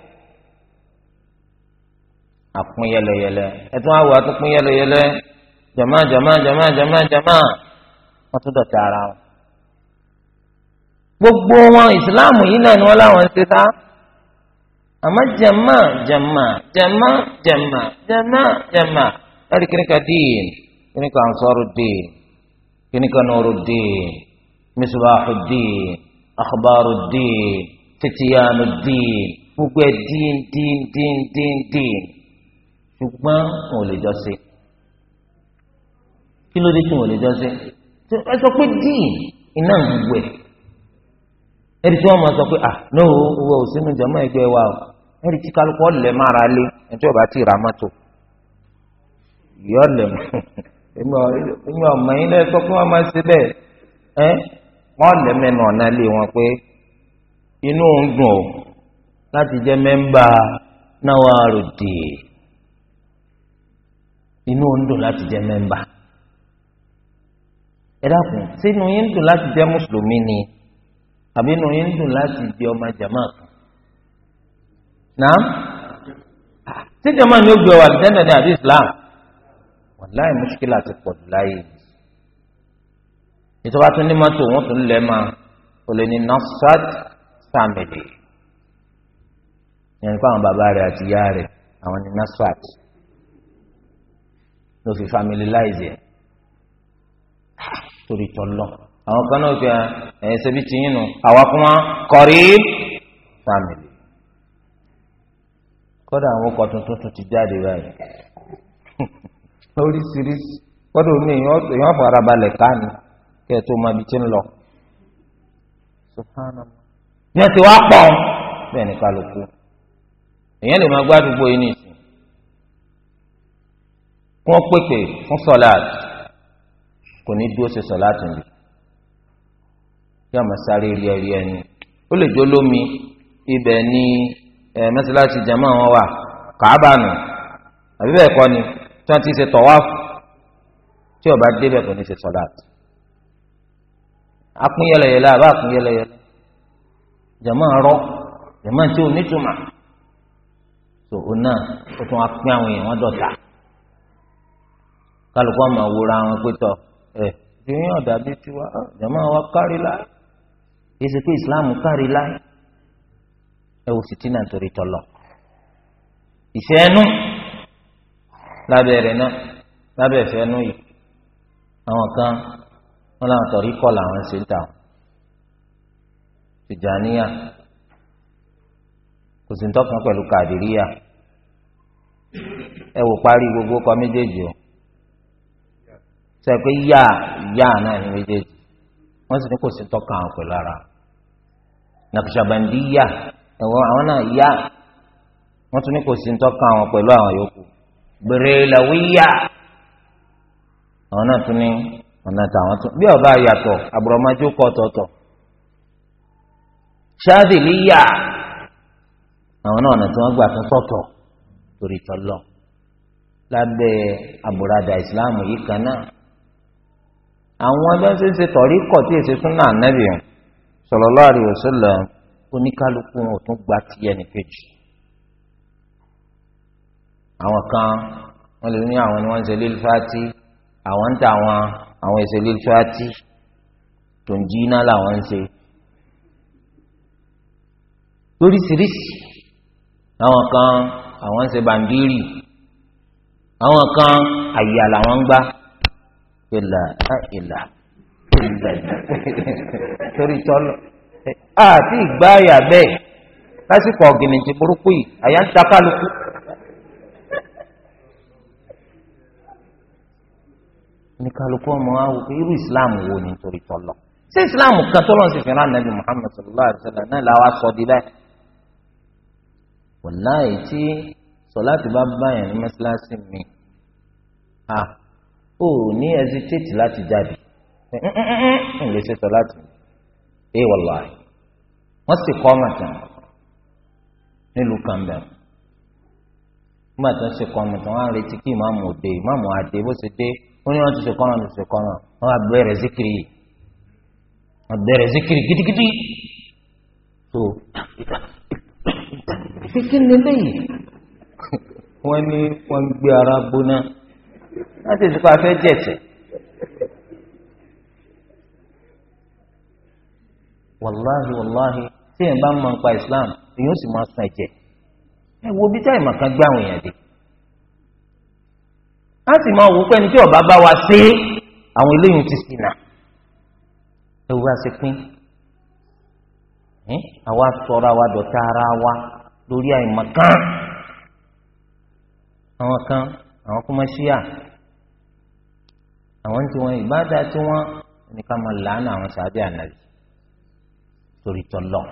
àpín yẹlẹyẹlẹ ẹtún àwọ̀ àtúpín yẹlẹyẹlẹ jama jama jama jama jama wọ́n tún dọ̀tí ara wọn. gbogbo wọn ìsìláàmù yìí náà ni wọ́n láwọn ń ṣe ká àmọ́ jama jama jama jama jama jama láti kíníkà dín kíníkà ansọ́rù dín kíníkà nọ́ọ̀rù dín misbahu dín akhbaru diin titiyanu diin gbogbo ẹ diin diin diin diin diin ṣùgbọ́n wọn ò lè jọ ṣe kí ló dé tí wọn ò lè jọ ṣe ẹ sọ pé diin iná gbogbo ẹ ẹni tí wọn máa sọ pé ah no owó òsínú jẹmọ ẹgbẹ wa o ẹni tí kálukọ lẹ mára lé ẹni tí wọn bá ti ra mọ́tò yọ lẹ mọ èmi ọmọ yín lẹ sọ pé wọn máa ṣe bẹ́ẹ̀ ẹ wọ́n lẹ́ mẹ́nu ọ̀nà ilé wọn pé inú ń dùn ó láti jẹ́ mẹ́mbà Nawaruddi inú ń dùn láti jẹ́ mẹ́mbà ẹ dákun sínú yín ń dùn láti jẹ́ mùsùlùmí ni àbí inú yín ń dùn láti jẹ́ ọmọ jama kan náà tí jama ni ó gbé wa àbí dandan ní àbí Islam wàláì mùsùlùmí láti pọ̀ láyé ìtọ́ba tún ní mọ́tò wọn tún lẹ́ máa kò lè ní nọ́sát sàmìlì yẹn nípa àwọn bàbá rẹ̀ àti ìyá rẹ̀ àwọn ní nọ́sát ló fi famililáìzì ẹ̀ torí tọ́lọ́ àwọn kan náà fi ẹ̀ ṣẹbi ti yín nu àwa kún wọn kọrí sàmìlì kọ́dà àwọn ọkọ̀ tuntun tún ti jáde báyìí oríṣiríṣi kọ́dà omi èèyàn fara balẹ̀ ká ni kí ẹ tó máa bi tí ń lọ. ní ẹsẹ̀ wá pọ̀ bẹ́ẹ̀ ni kálukú èèyàn lè máa gbádùgbò yìí nìsín kí wọ́n pèpè fún sọ́láàtì kò ní dúró ṣe sọ́láàtì nìyí kí a máa sáré rí ẹrí ẹni ó lè jó lómi ibẹ̀ ni mẹ́sàlásì jama wọn wà kàábà àbí bẹ́ẹ̀ kọ́ ni tí wọ́n ti ṣe tọ̀wáfù tí ó bá kò ní ṣe sọ́láàtì akún yẹlẹyẹlẹ àbá akún yẹlẹyẹlẹ jama rọ jama tí o nítumà tó o náà o tún apín àwọn èèyàn wọn dọ̀tà kálukú àmà wúra àwọn pétọ ẹ ìyẹn ọ̀dà bíi tiwa ah, jama wa kárí láì èsì pé ìsìláàmù kárí láì ẹ wò fìtínà nítorí tọlọ ìfẹ́ ẹnu lábẹ́ rẹ̀ náà lábẹ́ ìfẹ́ ẹnu yìí àwọn kan wọn làwọn tọ̀rí kọ́ làwọn ṣe ń tà wọn tìjàníyà kò sì ń tọ́kàn pẹ̀lú kàdìríyà ẹ wò parí gbogbo kọ méjèèjì o sọ pé yá yá náà ní méjèèjì wọn sì ní kò sí tọ́kàn àwọn pẹ̀lú ara nàkùsàbàndíyà ẹ̀wọ̀n àwọn náà yá wọn tún ní kò sí tọ́kàn àwọn pẹ̀lú àwọn yòókù bèrè làwíyà àwọn náà tún ní ọ̀nà tàwọn tún bí ọba yàtọ̀ àbùrọ̀májú kọ́ tọ̀tọ̀ ṣáàdìlíyà àwọn náà ọ̀nà tí wọ́n gbà tún tọ̀tọ̀ torí tọ́lọ̀ lábẹ́ àbùradà ìsìláàmù yìí kan náà àwọn ẹgbẹ́ ṣe ń ṣe tọ̀rí kọ̀ tí èsì súnà ànábì sallallahu alaihi wasallam oníkálukú wọn ò tún gba ti ẹnìkejì àwọn kan wọn lè ní àwọn ni wọn ń ṣe lílfàtì àwọn ń ta àwọn àwọn ẹsẹ̀ lílfàtì tó ń jí iná làwọn ń ṣe lóríṣiríṣi àwọn kan àwọn ń ṣe bàǹdírì àwọn kan àyà làwọn ń gbá ìlà ìlà ìlà torí tọ́lọ̀ àti ìgbà àyà bẹ́ẹ̀ lásìkò ọ̀gìnìjì burúkú yìí àyà ń ta kálukú. ní kálukú ọmọ wa wò pé irú islam wo ni nítorí tọlọ ṣé islam kan tọlọ sì fi rán nàbì muhammed sallallahu alayhi wa sallam náà làwa sọ di báyìí. wàláyé tí sọláàtì bá báyàn ní mọ́ṣáláṣí mi a ò ní hesitate láti jáde n lè ṣe sọláàtì ẹ wàláyé wọ́n sì kọ́ ọmọ tán nílùú kan nígbà tó ń ṣe kọ́ ọmọ tán wọ́n á retí kí ìmáàmù òde ìmáàmù àdé bó ṣe dé ó ní wọn ti sèkọ́nà ti sèkọ́nà wọn wá bẹ̀rẹ̀ zikiri wọn bẹ̀rẹ̀ zikiri kitikiti tó kíkín nílé yìí wọn ní wọn gbé ara gbóná láti sèkọ afẹ́ jẹ̀tẹ̀. wàláhi wàláhi tí èèyàn bá ń mọ̀ nípa Islam èèyàn sì máa san ẹ̀jẹ̀ ẹ wo bí táyì màkà gbá àwọn èèyàn dé á sì máa wò pé ẹni tí ọba bá wa ṣe àwọn eléyìí ti sì nà ewu á ṣe pín àwa sọra wa dọ̀tá ara wa lórí àìmọ̀ kan àwọn kan àwọn kọ́mọ ṣíà àwọn tí wọn ìbáda tí wọn nìkan máa làánà àwọn sàbẹ̀ ànàlì torí tọ́lọ̀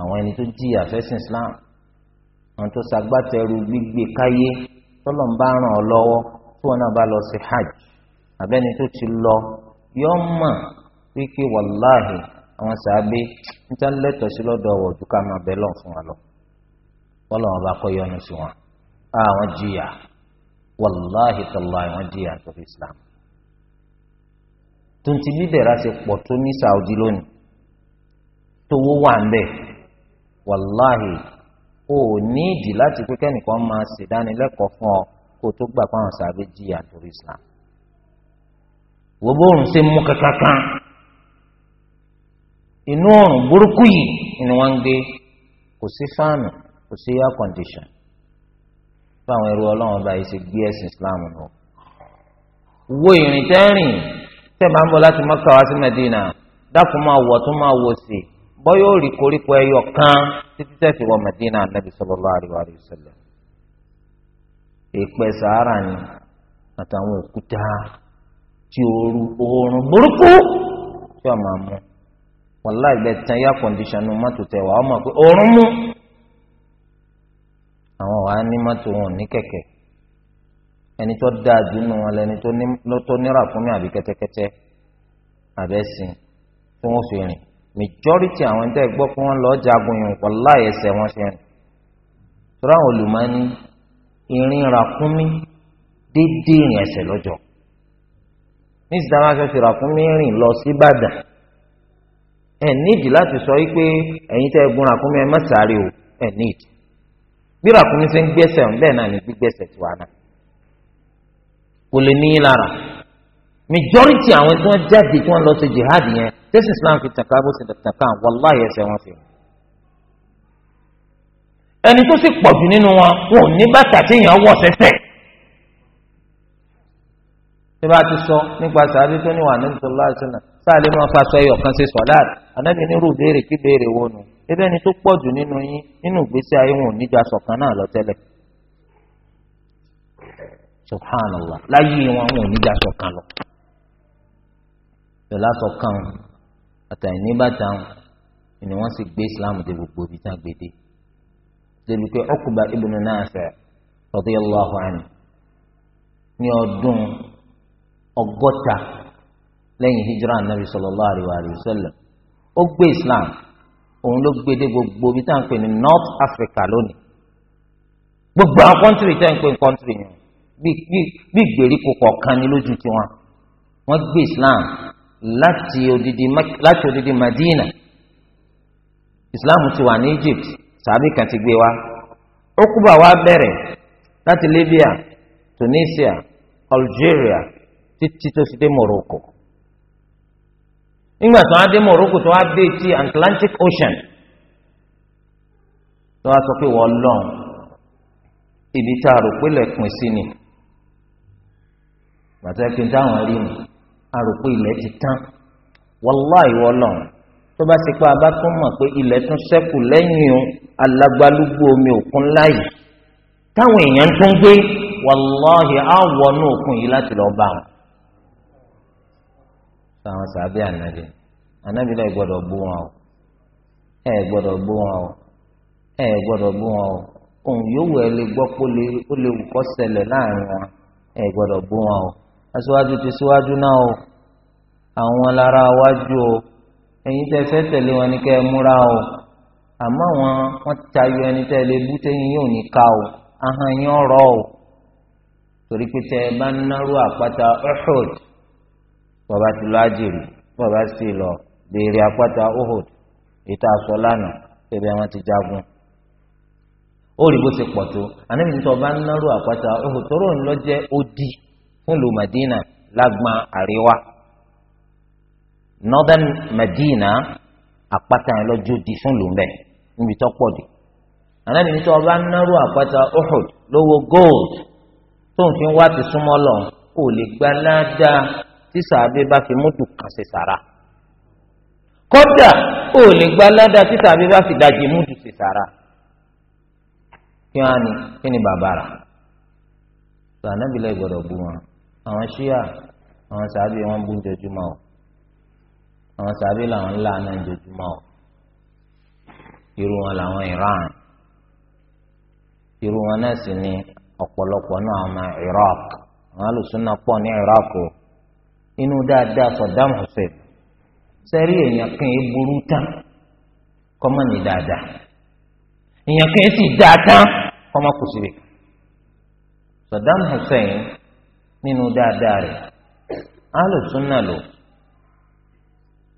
àwọn ẹni tó jìyà fẹ́sìn Islam àwọn tó ṣagbátẹrù gbígbé káyé. tọ́lọ̀ ń bá ràn ọ́ lọ́wọ́ tí hajj àbẹ́ni tó ti lọ yọ mọ̀ wíkí wàláhì àwọn sàábé níta lẹ́tọ̀ọ́ sí lọ́dọ̀ ọ̀wọ̀ ju ká máa lọ fún wa lọ bọ́lá bá kọ́ yọnu sí wọn àwọn jìyà wàláhì tọlọ àwọn jìyà nítorí islam tonti bí ṣe pọ̀ tó ní o ò ní ìdí láti pé kẹ́nìkan máa ṣèdánilẹ́kọ̀ọ́ fún ọ kó o tó gbà pé àwọn sàbẹ̀ jìyà torí Islam wò bóòrùn ṣe mú kankan inú ọ̀rùn burúkú yìí ni wọ́n ń gbé kò sí fáànù kò sí air condition fáwọn ẹrú ọlọ́run báyìí ṣe gbé ẹ̀sìn Islam nù wo ìrìn tẹ́rìn tẹ́ bá ń bọ̀ láti Mọ́kà wá sí Mẹ́dínà dákun máa wọ̀ tún máa wọ̀ sí i bọ́ yóò rí koríko ẹyọ kan títí tẹ̀sí wọ Madina anabi sallallahu alaihi wa sallam èèpẹ̀ sahara ni àtàwọn òkúta tí ooru oorun burúkú tí wọ́n máa mú wàlá ìgbẹ́ tán yá kọ̀ǹdíṣánù mọ́tò tẹ̀ wá ọmọ pé oorun mú àwọn wàá ní mọ́tò wọn ní kẹ̀kẹ́ ẹni tó dáa jù nù wọn lẹni tó ní ràkúnmí àbí kẹ́tẹ́kẹ́tẹ́ àbẹ́sìn tí wọ́n fi rìn majority àwọn tẹ́ gbọ́ pé wọ́n lọ jagun yìí wàláhì ẹsẹ̀ wọn ṣe rìn tóra àwọn olùmọ́ni ìrìn ràkúnmí déédéé ìrìn ẹsẹ̀ lọ́jọ́ ní ìsìdáwọ́ aṣọ ti ràkúnmí rìn lọ sí Ìbàdàn ẹ nídìí láti sọ wípé ẹ̀yin tẹ́ gun ràkúnmí ẹ má sáré o ẹ nídìí bí ràkúnmí ṣe ń gbẹ́sẹ̀ bẹ́ẹ̀ náà ní gbígbẹ́sẹ̀ tiwa náà kò lè ní í lára majority àwọn tí wọ́n jáde tí wọ́n lọ sí jihad yẹn tẹ́sí islam fi tàkà bó ti tàkà wàláyé ẹsẹ̀ wọn fi hàn ẹni tó sì pọ̀ jù nínú wọn wọn ò ní bàtà tí èèyàn wọ̀ sẹ́sẹ̀. tí bá ti sọ nípa sàbí tó níwà ní nítorí láti nà sáàlì máa fa sọ ẹyọkan sí sọláàdì ànábì nírú béèrè kí béèrè wo nu ebe ẹni tó pọ̀ jù nínú yín nínú ìgbésí ayé wọn ò ní ju aṣọ kan náà lọ tẹ́lẹ̀. subhanallah láyé wọn wọn ò ní ju aṣọ kan lọ. pẹ̀lú aṣọ kan ni wọ́n sì gbé islam dé gbogbo ibi tá a gbé dé débi pé Uqba ibn Nafi' radiyallahu anhu ní ọdún ọgọ́ta lẹ́yìn hijra anabi sallallahu alayhi wa sallam ó gbé islam òun ló gbé dé gbogbo ibi tá à pè ní north africa lónìí gbogbo àwọn kọ́ńtìrì ń pè ní kọ́ńtìrì yẹn bí kọ̀ọ̀kan islam láti odidi láti odidi Madina Islam ti wà ní Egypt sàbí kan ti gbé wa Okuba wa bẹ̀rẹ̀ láti Libya Tunisia Algeria títí tó fi dé Morocco nígbà tó wá dé Morocco tó wá dé ti Atlantic Ocean tó wá sọ pé wọ́n lọ́n ibi tá a rò pé lè sí ni bàtà pé rí mi. àròpé ilẹ̀ ti tán wàláì wọlọ tó bá ti pa abá mọ̀ pé ilẹ̀ tún sẹ́kù lẹ́yìn omi òkun láyì táwọn èèyàn tún gbé wàláì àwọnú òkun yìí láti lọ bá wọn. táwọn ànábì ànábì náà wọn o ẹ wọn o ẹ wọn o yóò wẹ̀ aṣíwájú ti síwájú náà o àwọn lára wájú o ẹ̀yin tẹ́ fẹ́ tẹ̀lé wọn ni kẹ́ ẹ múra o àmọ́ àwọn wọn tayọ ẹni tẹ́ lè bú tẹ́yìn yóò ní ká o ahọ́n yín ọ̀rọ̀ o torí pé tẹ́ ẹ bá ń náró àpáta Uhud bàbá ti lọ àjèrè bàbá sì lọ béèrè àpáta Uhud ètò àṣọ lánàá bẹ́ẹ̀ wọn ti jagun ó rí bó ti pọ̀ tó ànábìyí tó bá ń náró àpáta Uhud tó rò ń odi nílùú Madina lágbọn àríwá northern Madina àpáta yẹn lọ́jọ́ di fún lùmẹ̀ níbi tó pọ̀ dé ànábi ní tí wọ́n bá ń náró àpáta Uhud lówó gold tó ń fi wá ti súnmọ́ lọ kò lè gba ládàá tí sàbẹ bá fi múdù kan ṣe sàrà kódà kò lè gba ládàá tí sàbẹ bá fi dajì múdù ṣe sàrà kí wọ́n á ní kí ni bàbá rà sọ ànábi bú wọn. àwọn ṣíà àwọn sàbí wọn bú jojúmọ́ o àwọn sàbí làwọn ńlá náà jojúmọ́ o irú wọn làwọn Iran irú wọn náà sì ni ọ̀pọ̀lọpọ̀ náà ọmọ Iraq àwọn alùsùnà pọ̀ ní Iraq o inú dáadáa Saddam Hussein sẹ́rí èèyàn kan é burú tán kọ́mọ ní dáadáa èèyàn kan é sì dáa tán kọ́mọ kù síbi Hussein. nínú dáadáa rẹ̀ alùsùnà lò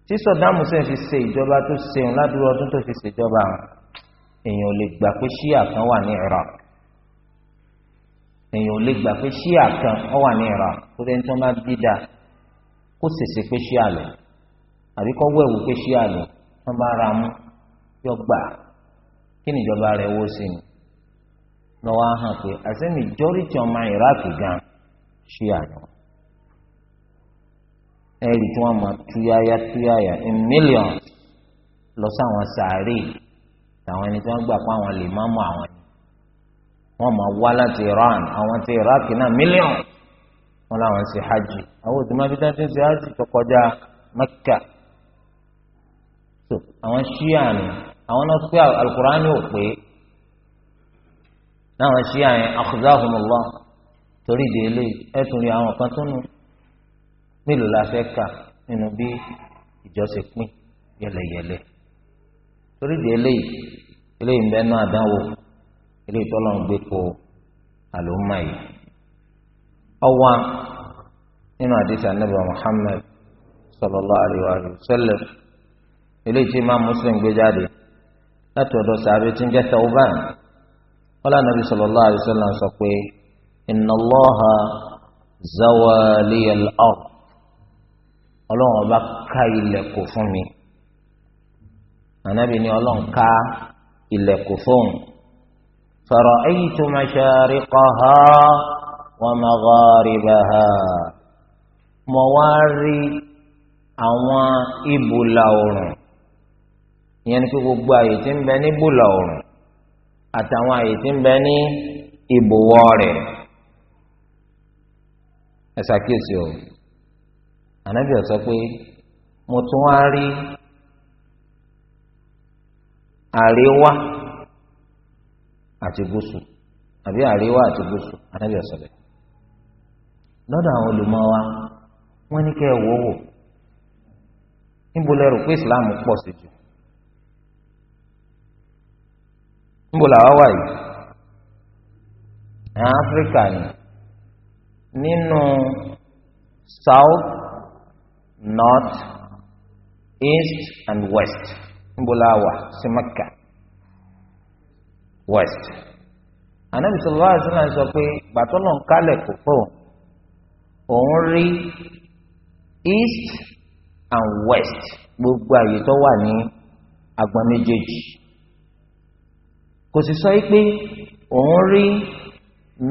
tí sọdáàmù sẹ fi ṣe ìjọba tó ṣeun ládùúgbò ọdún tó fi ṣèjọba èèyàn ò lè gbà pé ṣíà kan wà ní Iraq èèyàn ò lè gbà pé ṣíà kan ọ wà ní Iraq tó lẹ́ni tó máa bí dáa kó ṣèṣe pé ṣíà lò àbí kó wẹ̀wù pé ṣíà lò wọ́n bá ra mú yọ gbà kí ni ìjọba rẹ̀ wó sí ni lọ́wọ́ á hàn pé àṣẹ majority ọmọ Iraq gan ṣíà ni wọn ẹ̀rí tí wọ́n máa túyáyá túyáyá in millions lọ sáwọn sàárè táwọn ẹni tí wọ́n gbà pé àwọn lè má mọ àwọn ni wọ́n máa wá láti Iran àwọn ti Iraq náà millions wọ́n làwọn ṣe hajj àwọn òtún máa fi dáńtẹ́ ṣe hajj tó kọjá Mẹ́kà so àwọn ṣíà ni àwọn náà pé alukur'an yóò pé náà ṣíà yẹn akhzahumullah. torí ìdí eléyìí ẹ tún rí àwọn kan tó nù mélòó la fẹ́ kà nínú bí ìjọsìn pín yẹlẹyẹlẹ torí ìdí eléyìí eléyìí ń bẹ nú àdánwò eléyìí tọ́lọ́ ń gbé po àlòmá yìí ọwọ́ nínú sallallahu alaihi wa eléyìí tí Muslim gbé jáde láti ọ̀dọ̀ sàbẹ̀ tí ń jẹ́ wọ́n lánàá bí inna الله zawaliyal ard ọlọ́run ọba ká ilẹ̀kùn fún mi ànábì ni ọlọ́run ká ilẹ̀kùn fún fara'aytu mashariqaha wa magharibaha mo wá rí àwọn ibùlà oòrùn ìyẹn ni gbogbo àyè tí ń bẹ ní ibùlà oòrùn àtàwọn àyè tí ń bẹ ní ibùwọ̀ rẹ̀. ẹ ṣàkíyèsí o ànábì ó pé mo tún wá rí àríwá àti gúúsù àbí àríwá àti gúúsù ànábì ó bẹ́ẹ̀ lọ́dọ̀ àwọn olùmọ̀ wa wọ́n ní kẹ́ ẹ wò wò níbo lẹ rò islam pọ̀ sí jù níbo làwa ni. nínú south north east and west nbolawa sí Mẹ́kà west anabi sallallahu alaihi wasallam sọ pé gbàtọ́nà kálẹ̀ kò fò òun rí east and west gbogbo àyè tó wà ní agbọn méjèèjì kò sì sọ pé òun rí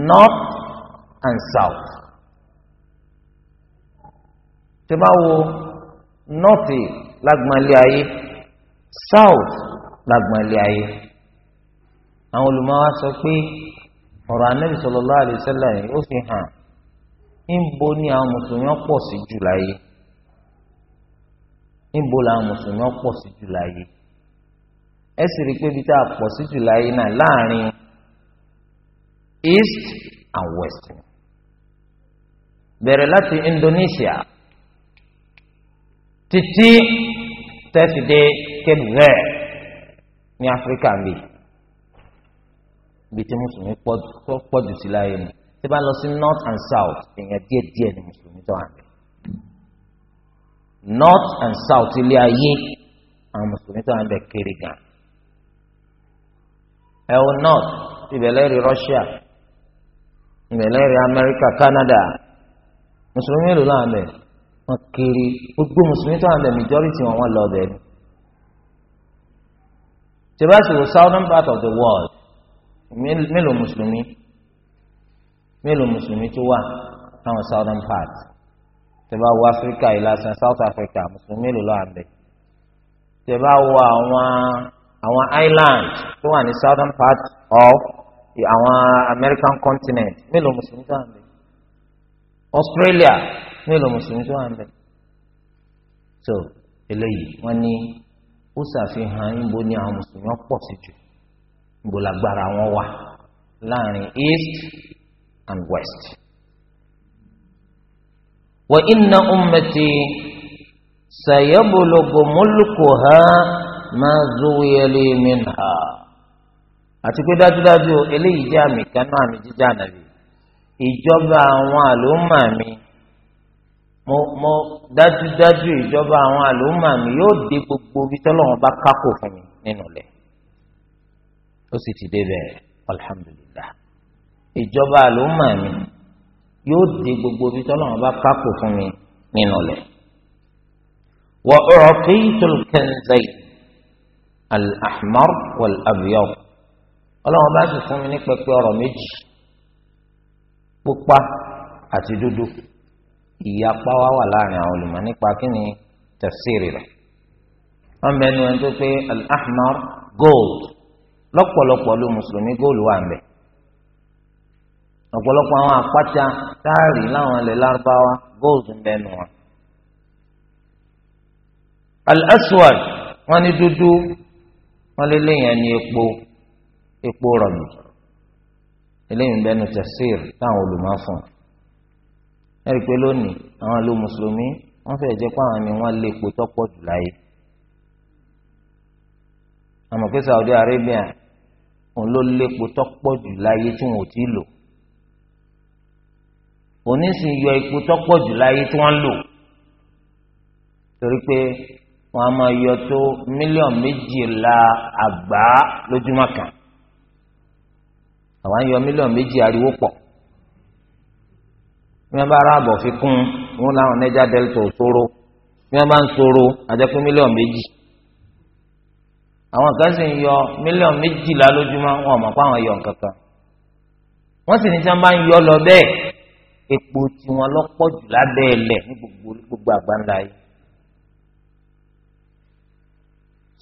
north and south. tó bá wo nọ́ọ̀tì south lágbọ̀nlé ayé àwọn olùmọ̀wá sọ pé ọ̀rọ̀ anábì sallallahu alaihi wasallam yìí ó fi hàn níbo ni àwọn mùsùlùmí pọ̀ sí jù láyé níbo làwọn mùsùlùmí pọ̀ sí jù láyé ẹ sì rí i pé ibi tá a pọ̀ sí jù láyé náà láàrin east and west ni bẹ̀rẹ̀ láti Indonesia títí tẹ́sídẹ̀ Cape Verde ní Áfíríkà ń bì ibi tí mùsùlùmí pọ̀ jù sí láyé ni tí bá lọ sí north and south èèyàn díẹ̀ díẹ̀ ni mùsùlùmí tó hàn north and south ilé ayé àwọn mùsùlùmí tó hàn bẹ̀ kéré gan ẹ north ibẹ̀ lẹ́rìí Russia ibẹ̀ lẹ́rìí America Canada mùsùlùmí èlò náà bẹ̀ wọ́n kiri gbogbo mùsùlùmí tó wà bẹ̀ majority wọn wọ́n lọ bẹ̀ ni. wò southern part of the world mélòó mùsùlùmí mélòó mùsùlùmí tó wà táwọn southern part tìbá wo Africa yìí lásán South Africa mùsùlùmí èlò náà bẹ̀ tìbá wo àwọn àwọn island tó wà ní southern part of àwọn American continent mélòó mùsùlùmí tó wà bẹ̀. Australia mélòó mùsùlùmí tó so eléyìí wọn ní ó ṣàfihàn níbo ni àwọn mùsùlùmí pọ̀ sí jù níbo wọn east and west. wa inna ummati sayabulugu mulkuha ma zuwiyeli minha àti pé dájúdájú eléyìí jẹ́ àmì kan náà àmì jíjẹ́ ìjọba àwọn àlòmà mi mo mo dájúdájú ìjọba àwọn àlòmà mi yóò dé gbogbo bí tọ́lọ́wọ́n bá kákò fún mi nínú rẹ̀ ó sì ti débẹ̀ alhamdulillah ìjọba àlòmà mi yóò dé gbogbo bí tọ́lọ́wọ́n bá kákò fún mi nínú rẹ̀ wà ọ̀rọ̀ kéyìtò kẹ́ńzẹ́yì al-ahmar wal-abyad ọlọ́wọ́n bá sì fún mi ní pẹpẹ ọ̀rọ̀ méjì pupa àti dúdú ìyapa wa wà láàrin àwọn olùmọ̀ nípa kí ni tafsiri rẹ̀ wọ́n bẹ ní ẹni tó pé al-ahmar gold lọ́pọ̀lọpọ̀ ló mùsùlùmí gold wà mbẹ̀ ọ̀pọ̀lọpọ̀ àwọn àpáta táàrí láwọn ilẹ̀ lárúbáwá gold ń bẹ nù wọn. al-aswad wọ́n ní dúdú wọ́n lé lẹ́yìn ẹni epo epo rọ̀bì eléyìí bẹ́ẹ̀ nu tafsir táwọn olùmọ̀ fún ẹ rí i pé lónìí àwọn ìlú mùsùlùmí wọ́n fẹ́ẹ́ jẹ́ pé àwọn ni wọ́n lé epo tọ́pọ̀ jù láyé àmọ́ pé Saudi Arabia òun ló lé epo tọ́pọ̀ jù láyé tí wọn ò tí ì lò onísìn yọ epo tọ́pọ̀ jù láyé tí wọ́n lò torí pé wọ́n á máa yọ tó mílíọ̀nù méjìlá àgbá lójúmọ́ kan àwọn yọ mílíọ̀nù méjì ariwo pọ̀ bí wọ́n bá ra fi kún wọn láwọn nẹ́jà delta òṣòro bí wọ́n bá ń ṣòro àjẹpẹ́ mílíọ̀nù méjì àwọn kan sì ń yọ mílíọ̀nù méjìlá lójúmọ́ wọn ò mọ̀ pé àwọn yọ nǹkan kan sì ní tí bá ń yọ lọ bẹ́ẹ̀ epo tiwọn lọ́pọ̀ jù lábẹ́ ẹlẹ̀ ní gbogbo gbogbo àgbáńlá yìí.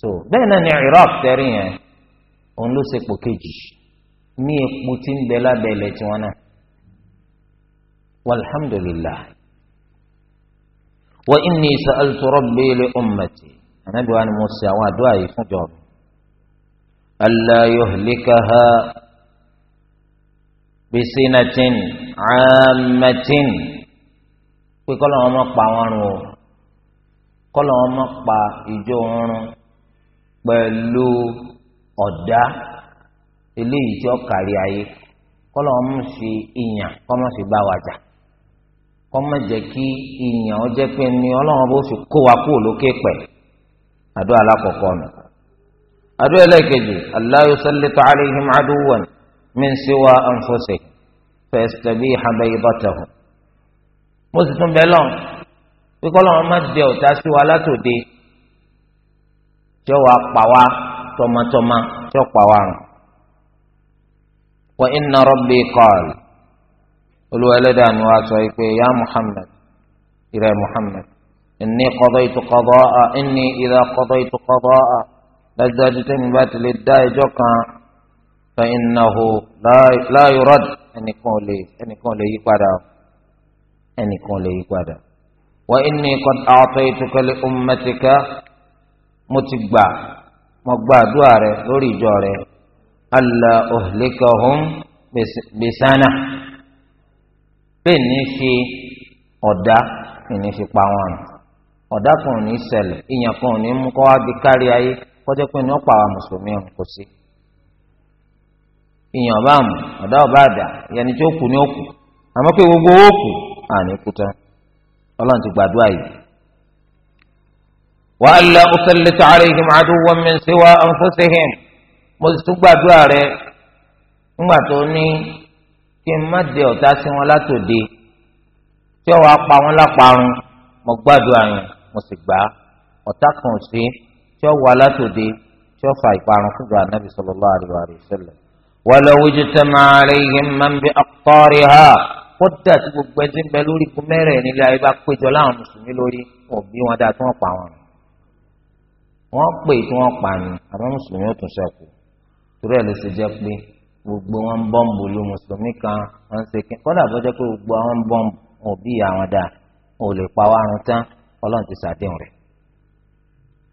so bẹ́ẹ̀ náà ni Iraq tẹ́rì yẹn òun ló ṣe pò kejì ní epo tí ń bẹ lábẹ́ ilẹ̀ tiwọn náà walhamdulillah wa inni sa'altu rabbi li ummati anabi wa ni mo ṣe àwọn àdúrà yìí fún jọ alla yuhlikaha bisinatin amatin pé kọ́lọ́ wọn pa wọn rún o kọ́lọ́ wọn pa ìjọ wọn rún pẹ̀lú ọ̀dá eléyìí tí ó kárí ayé kọ́lọ́ ọmú fi ìyàn kọ́mọ́ fi bá wa jà kọ́mọ́ jẹ́ kí ìyàn ó jẹ́ pé ní ọlọ́run bó fi kó wa kúrò lókè pẹ̀ àdúrà alákọ̀ọ́kọ́ nù. àdúrà ẹlẹ́ẹ̀kejì Allah yusallitu alayhim aduwan min siwa anfusihim fayastabiha baydatahum. mo sì tún bẹ́ẹ̀ lọ́n pé kọ́lọ́ wọn má jẹ ọ̀tá sí wa látòde tí ó wàá pa wá tọmọtọmọ tí ó pa wá rùn wa inna rabbi qaal olùwẹ̀lẹ́dàá ni wàá sọ pé ya muhammad ìrẹ muhammad inni qadaytu qada'a inni idha qadaytu qada'a dájúdájú tẹ́mi bá ti lè dá ẹjọ́ kan fa innahu la yurad ẹnìkan ò lè ẹnìkan lè yí padà ẹnìkan lè yí padà wa inni qad a'taytuka li ummatika mo ti gbà mo gbà àdúrà rẹ lórí ìjọ rẹ. Ala uhlikahum bisana bẹ́ẹ̀ ní fi ọ̀dà ní fi pa wọn ọ̀dà kan ò ní ṣẹlẹ̀ ìyàn kan ò ní mú kọ́ wá bí kárí ayé kọ́jọ́ pé ní ọ̀pọ̀ àwọn mùsùlùmí ọ̀hún kò sí. ìyàn ọba àmù ọ̀dà ọba àdà ìyẹn tí ó kù ní òkù àmọ́ pé gbogbo owó kù àní kú tán ọlọ́run ti gbàdúrà yìí. wa alla usallita mo sì tún gbàdúrà rẹ ńgbà tó ní kí n má de ọ̀tá sí wọn látòde tí ọ̀wọ́ apá wọn láparun mo gbàdúrà yẹn mo sì gbà á ọ̀tá kan sí tí ọ̀wọ́ alátòde tí ó fa ìparun fún ìgbà anábì sallallahu alaihi wasallam. walaw ijtama alaihim man bi aqtariha kódà tí gbogbo ẹtí ń bẹ lórí ikú mẹ́rẹ̀ẹ́ nílé ayé bá péjọ láwọn mùsùlùmí lórí wọn bí wọn dáa tí wọ́n pa wọn. wọ́n pè tí wọ́n pa ni àwọn mùsùlùmí ó tún ṣẹ́kù torí ẹ̀ ló ṣe jẹ́ pé gbogbo wọn bọ́ǹbù lu mùsùlùmí kan wọn ṣe kí kọ́dà bọ́ jẹ́ pé gbogbo àwọn bọ́ǹbù òbí àwọn dà ò lè pa wá run tán ọlọ́run ti ṣàdéhùn rẹ̀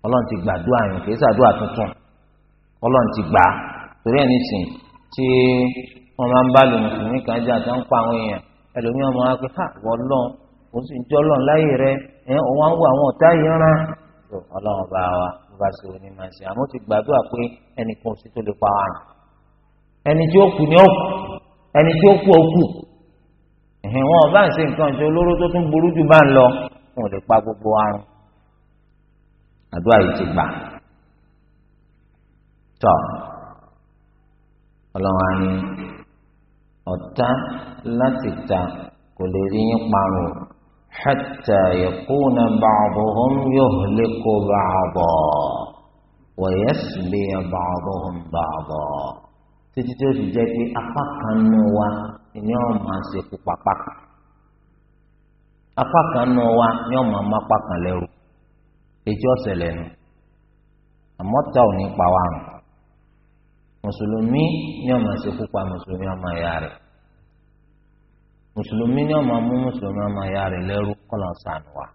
ọlọ́run ti gbàdúrà yẹn kì í ṣàdúrà tuntun ọlọ́run ti gbà á torí ẹ̀ nísìnyí tí wọ́n máa ń bá lu mùsùlùmí kan jà tó ń pa àwọn èèyàn ẹlòmíràn máa wá pé ha wọ́n lọ́n òun sì jọ́ lọ́n láyè rẹ̀ ẹ̀ wọ́n á wọ àwọn ọ̀tá yìí rán ọlọ́run bá wa bá ṣe òní máa ṣe àmọ́ ti gbàdúrà pé ẹnìkan ò sí tó lè pa àrùn ẹni tí ó kù ni ó kù ẹni tí ó kù ó kù ẹ̀hìn wọn bá ń ṣe nǹkan ṣe olóró tó tún burú jù bá ń lọ wọn ò pa gbogbo àrùn àdúrà yìí ti gbà tọ́ ọlọ́run á ọ̀tá láti ta kò lè rí yín parun حتى يكون بعضهم يهلك بعضا ويسبي بعضهم بعضا títí tí ó fi jẹ́ pé apá wa ni wọ́n máa ṣe kú papá kan apá kan nù wa ni wọ́n máa má apá kan lẹ́rú ètí mùsùlùmí ni ọmọ mú mùsùlùmí ọmọ ya rẹ̀ lẹ́rú kọlọ sànù wa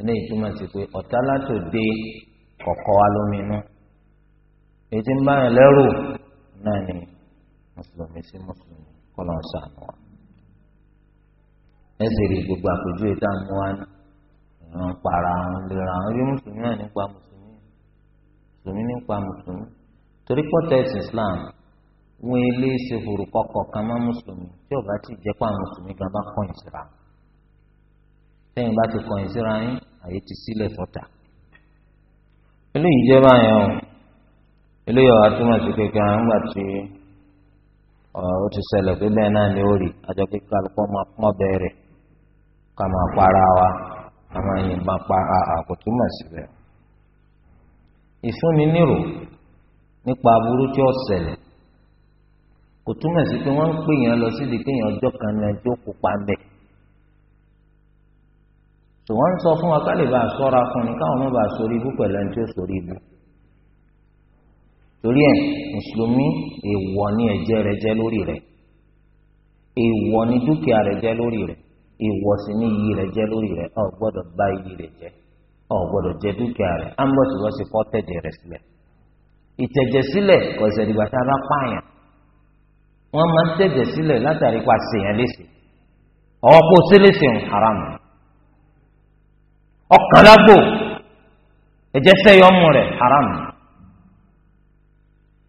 eléyìí túmọ̀ sí pé ọ̀tá látòde kọ̀kọ́ wa lómi inú èyí tí ń bá yàn lẹ́rù náà ni mùsùlùmí sí mùsùlùmí kọlọ sànù wa ẹ sì rí gbogbo àpèjúwe tá a mú wa ní ìran para àwọn ìlera àwọn ibi mùsùlùmí náà nípa mùsùlùmí nípa mùsùlùmí torí pọ́tẹ́sì Islam. wọn ilé ṣe kọkọ kọ̀ọ̀kan má mùsùlùmí tí ò bá ti jẹ́ pa mùsùlùmí gan bá kọ̀yìn síra bá ti kọ̀yìn síra yín àyè ti sílẹ̀ eléyìí o eléyìí ọ̀rọ̀ àtúmọ̀ sí kékeré àwọn àgbà tí ọ̀rọ̀ ti sẹlẹ̀ pé bẹ́ẹ̀ náà ni ó rí àjọ bẹ̀rẹ̀ ká máa para wa ká máa kò túmọ̀ sí pé wọ́n ń pè yàn lọ síbi kéèyàn ọjọ́ kan náà jó kópa ń bẹ̀. tò wọ́n ń sọ fún wa ká lè bá a sọ́ra fún ni káwọn má bàa sórí ibú pẹ̀lú ẹni tí ó sórí ibú. torí ẹ̀ mùsùlùmí èèwọ̀ ni ẹ̀jẹ̀ rẹ̀ jẹ́ lórí rẹ̀ èèwọ̀ ni dúkìá rẹ̀ jẹ́ lórí rẹ̀ èèwọ̀ sì ni iyì rẹ̀ jẹ́ lórí rẹ̀ ọ̀ gbọ́dọ̀ bá iyì rẹ̀ jẹ́ ọ̀ gbọ́dọ̀ jẹ dúkìá rẹ̀ ambọ̀sibọ̀sì kọ́ tẹ̀jẹ̀ rẹ̀ sílẹ̀ ìtẹ̀jẹ̀ sílẹ̀ kọ̀ọ̀sẹ̀ dìgbà tá a bá pààyàn wọ́n máa ń tẹ̀jẹ̀ sílẹ̀ látàrí pa sèyàn léṣe ọwọ́ kó ń haram ọkàn lágbo ẹ̀jẹ̀ sẹ́yọ̀ ọmọ rẹ̀ haram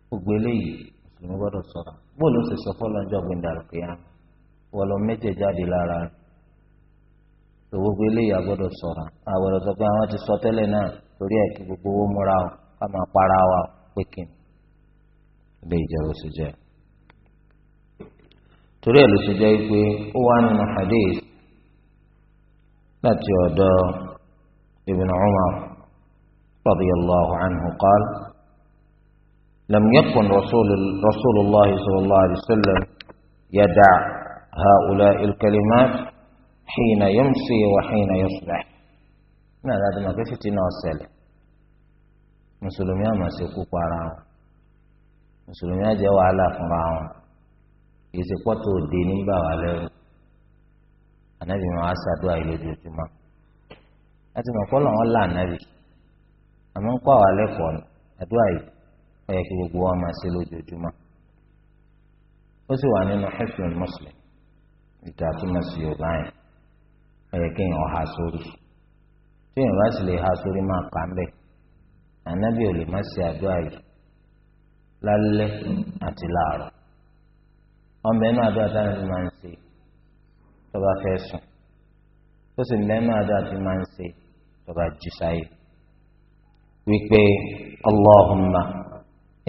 gbogbo eléyìí mùsùlùmí gbọ́dọ̀ ṣọ́ra bó ló ṣe sọ fọlọ́njọ́ gbẹ̀ndàrú kìíyà wọ́n lọ méje jáde lára gbogbo eléyìí agbọ́dọ̀ pé gbogbo owó múra ká máa para wa pé kí torí ẹ̀ ló ṣe jẹ́ pé ó wà nínú hadith láti ọ̀dọ̀ ibn umar radiyallahu anhu qaal lam yakun rasulillah sallallahu alayhi wa sallam yada haula ilkalimat xiina yamsi wa xiina yasbax ní àdáda máa kẹ́sì tí náà ṣẹlẹ̀ mùsùlùmí àmàṣe kú para wọn mùsùlùmí àjẹ́ wàhálà fúnra wọn. kì í ṣe pọ́tò òde nígbà wà lẹ́rù ànábì máa ṣàdúrà yìí láti mọ̀ kọ́ lọ́wọ́ là ànábì àmọ́ ń kọ́ àwa lẹ́kọ̀ọ́ ni àdúrà yìí ó yẹ kí gbogbo wa máa ṣe lójoojúmọ́ ó sì wà nínú hifnul muslim ìtà àtúmọ̀ sí yorùbá yẹn ó yẹ kí èèyàn ha sórí tí èèyàn sì lè ha sórí máa kà ń bẹ̀ ànábì ò lè má ṣe àdúrà yìí lálẹ́ àti ọmọ ẹ̀ náà àdúrà táwọn ti máa ń ṣe tó bá fẹ́ sùn tó sì lẹ́nu àdúrà tí máa ń ṣe tó bá jù sáyé wípé allahumma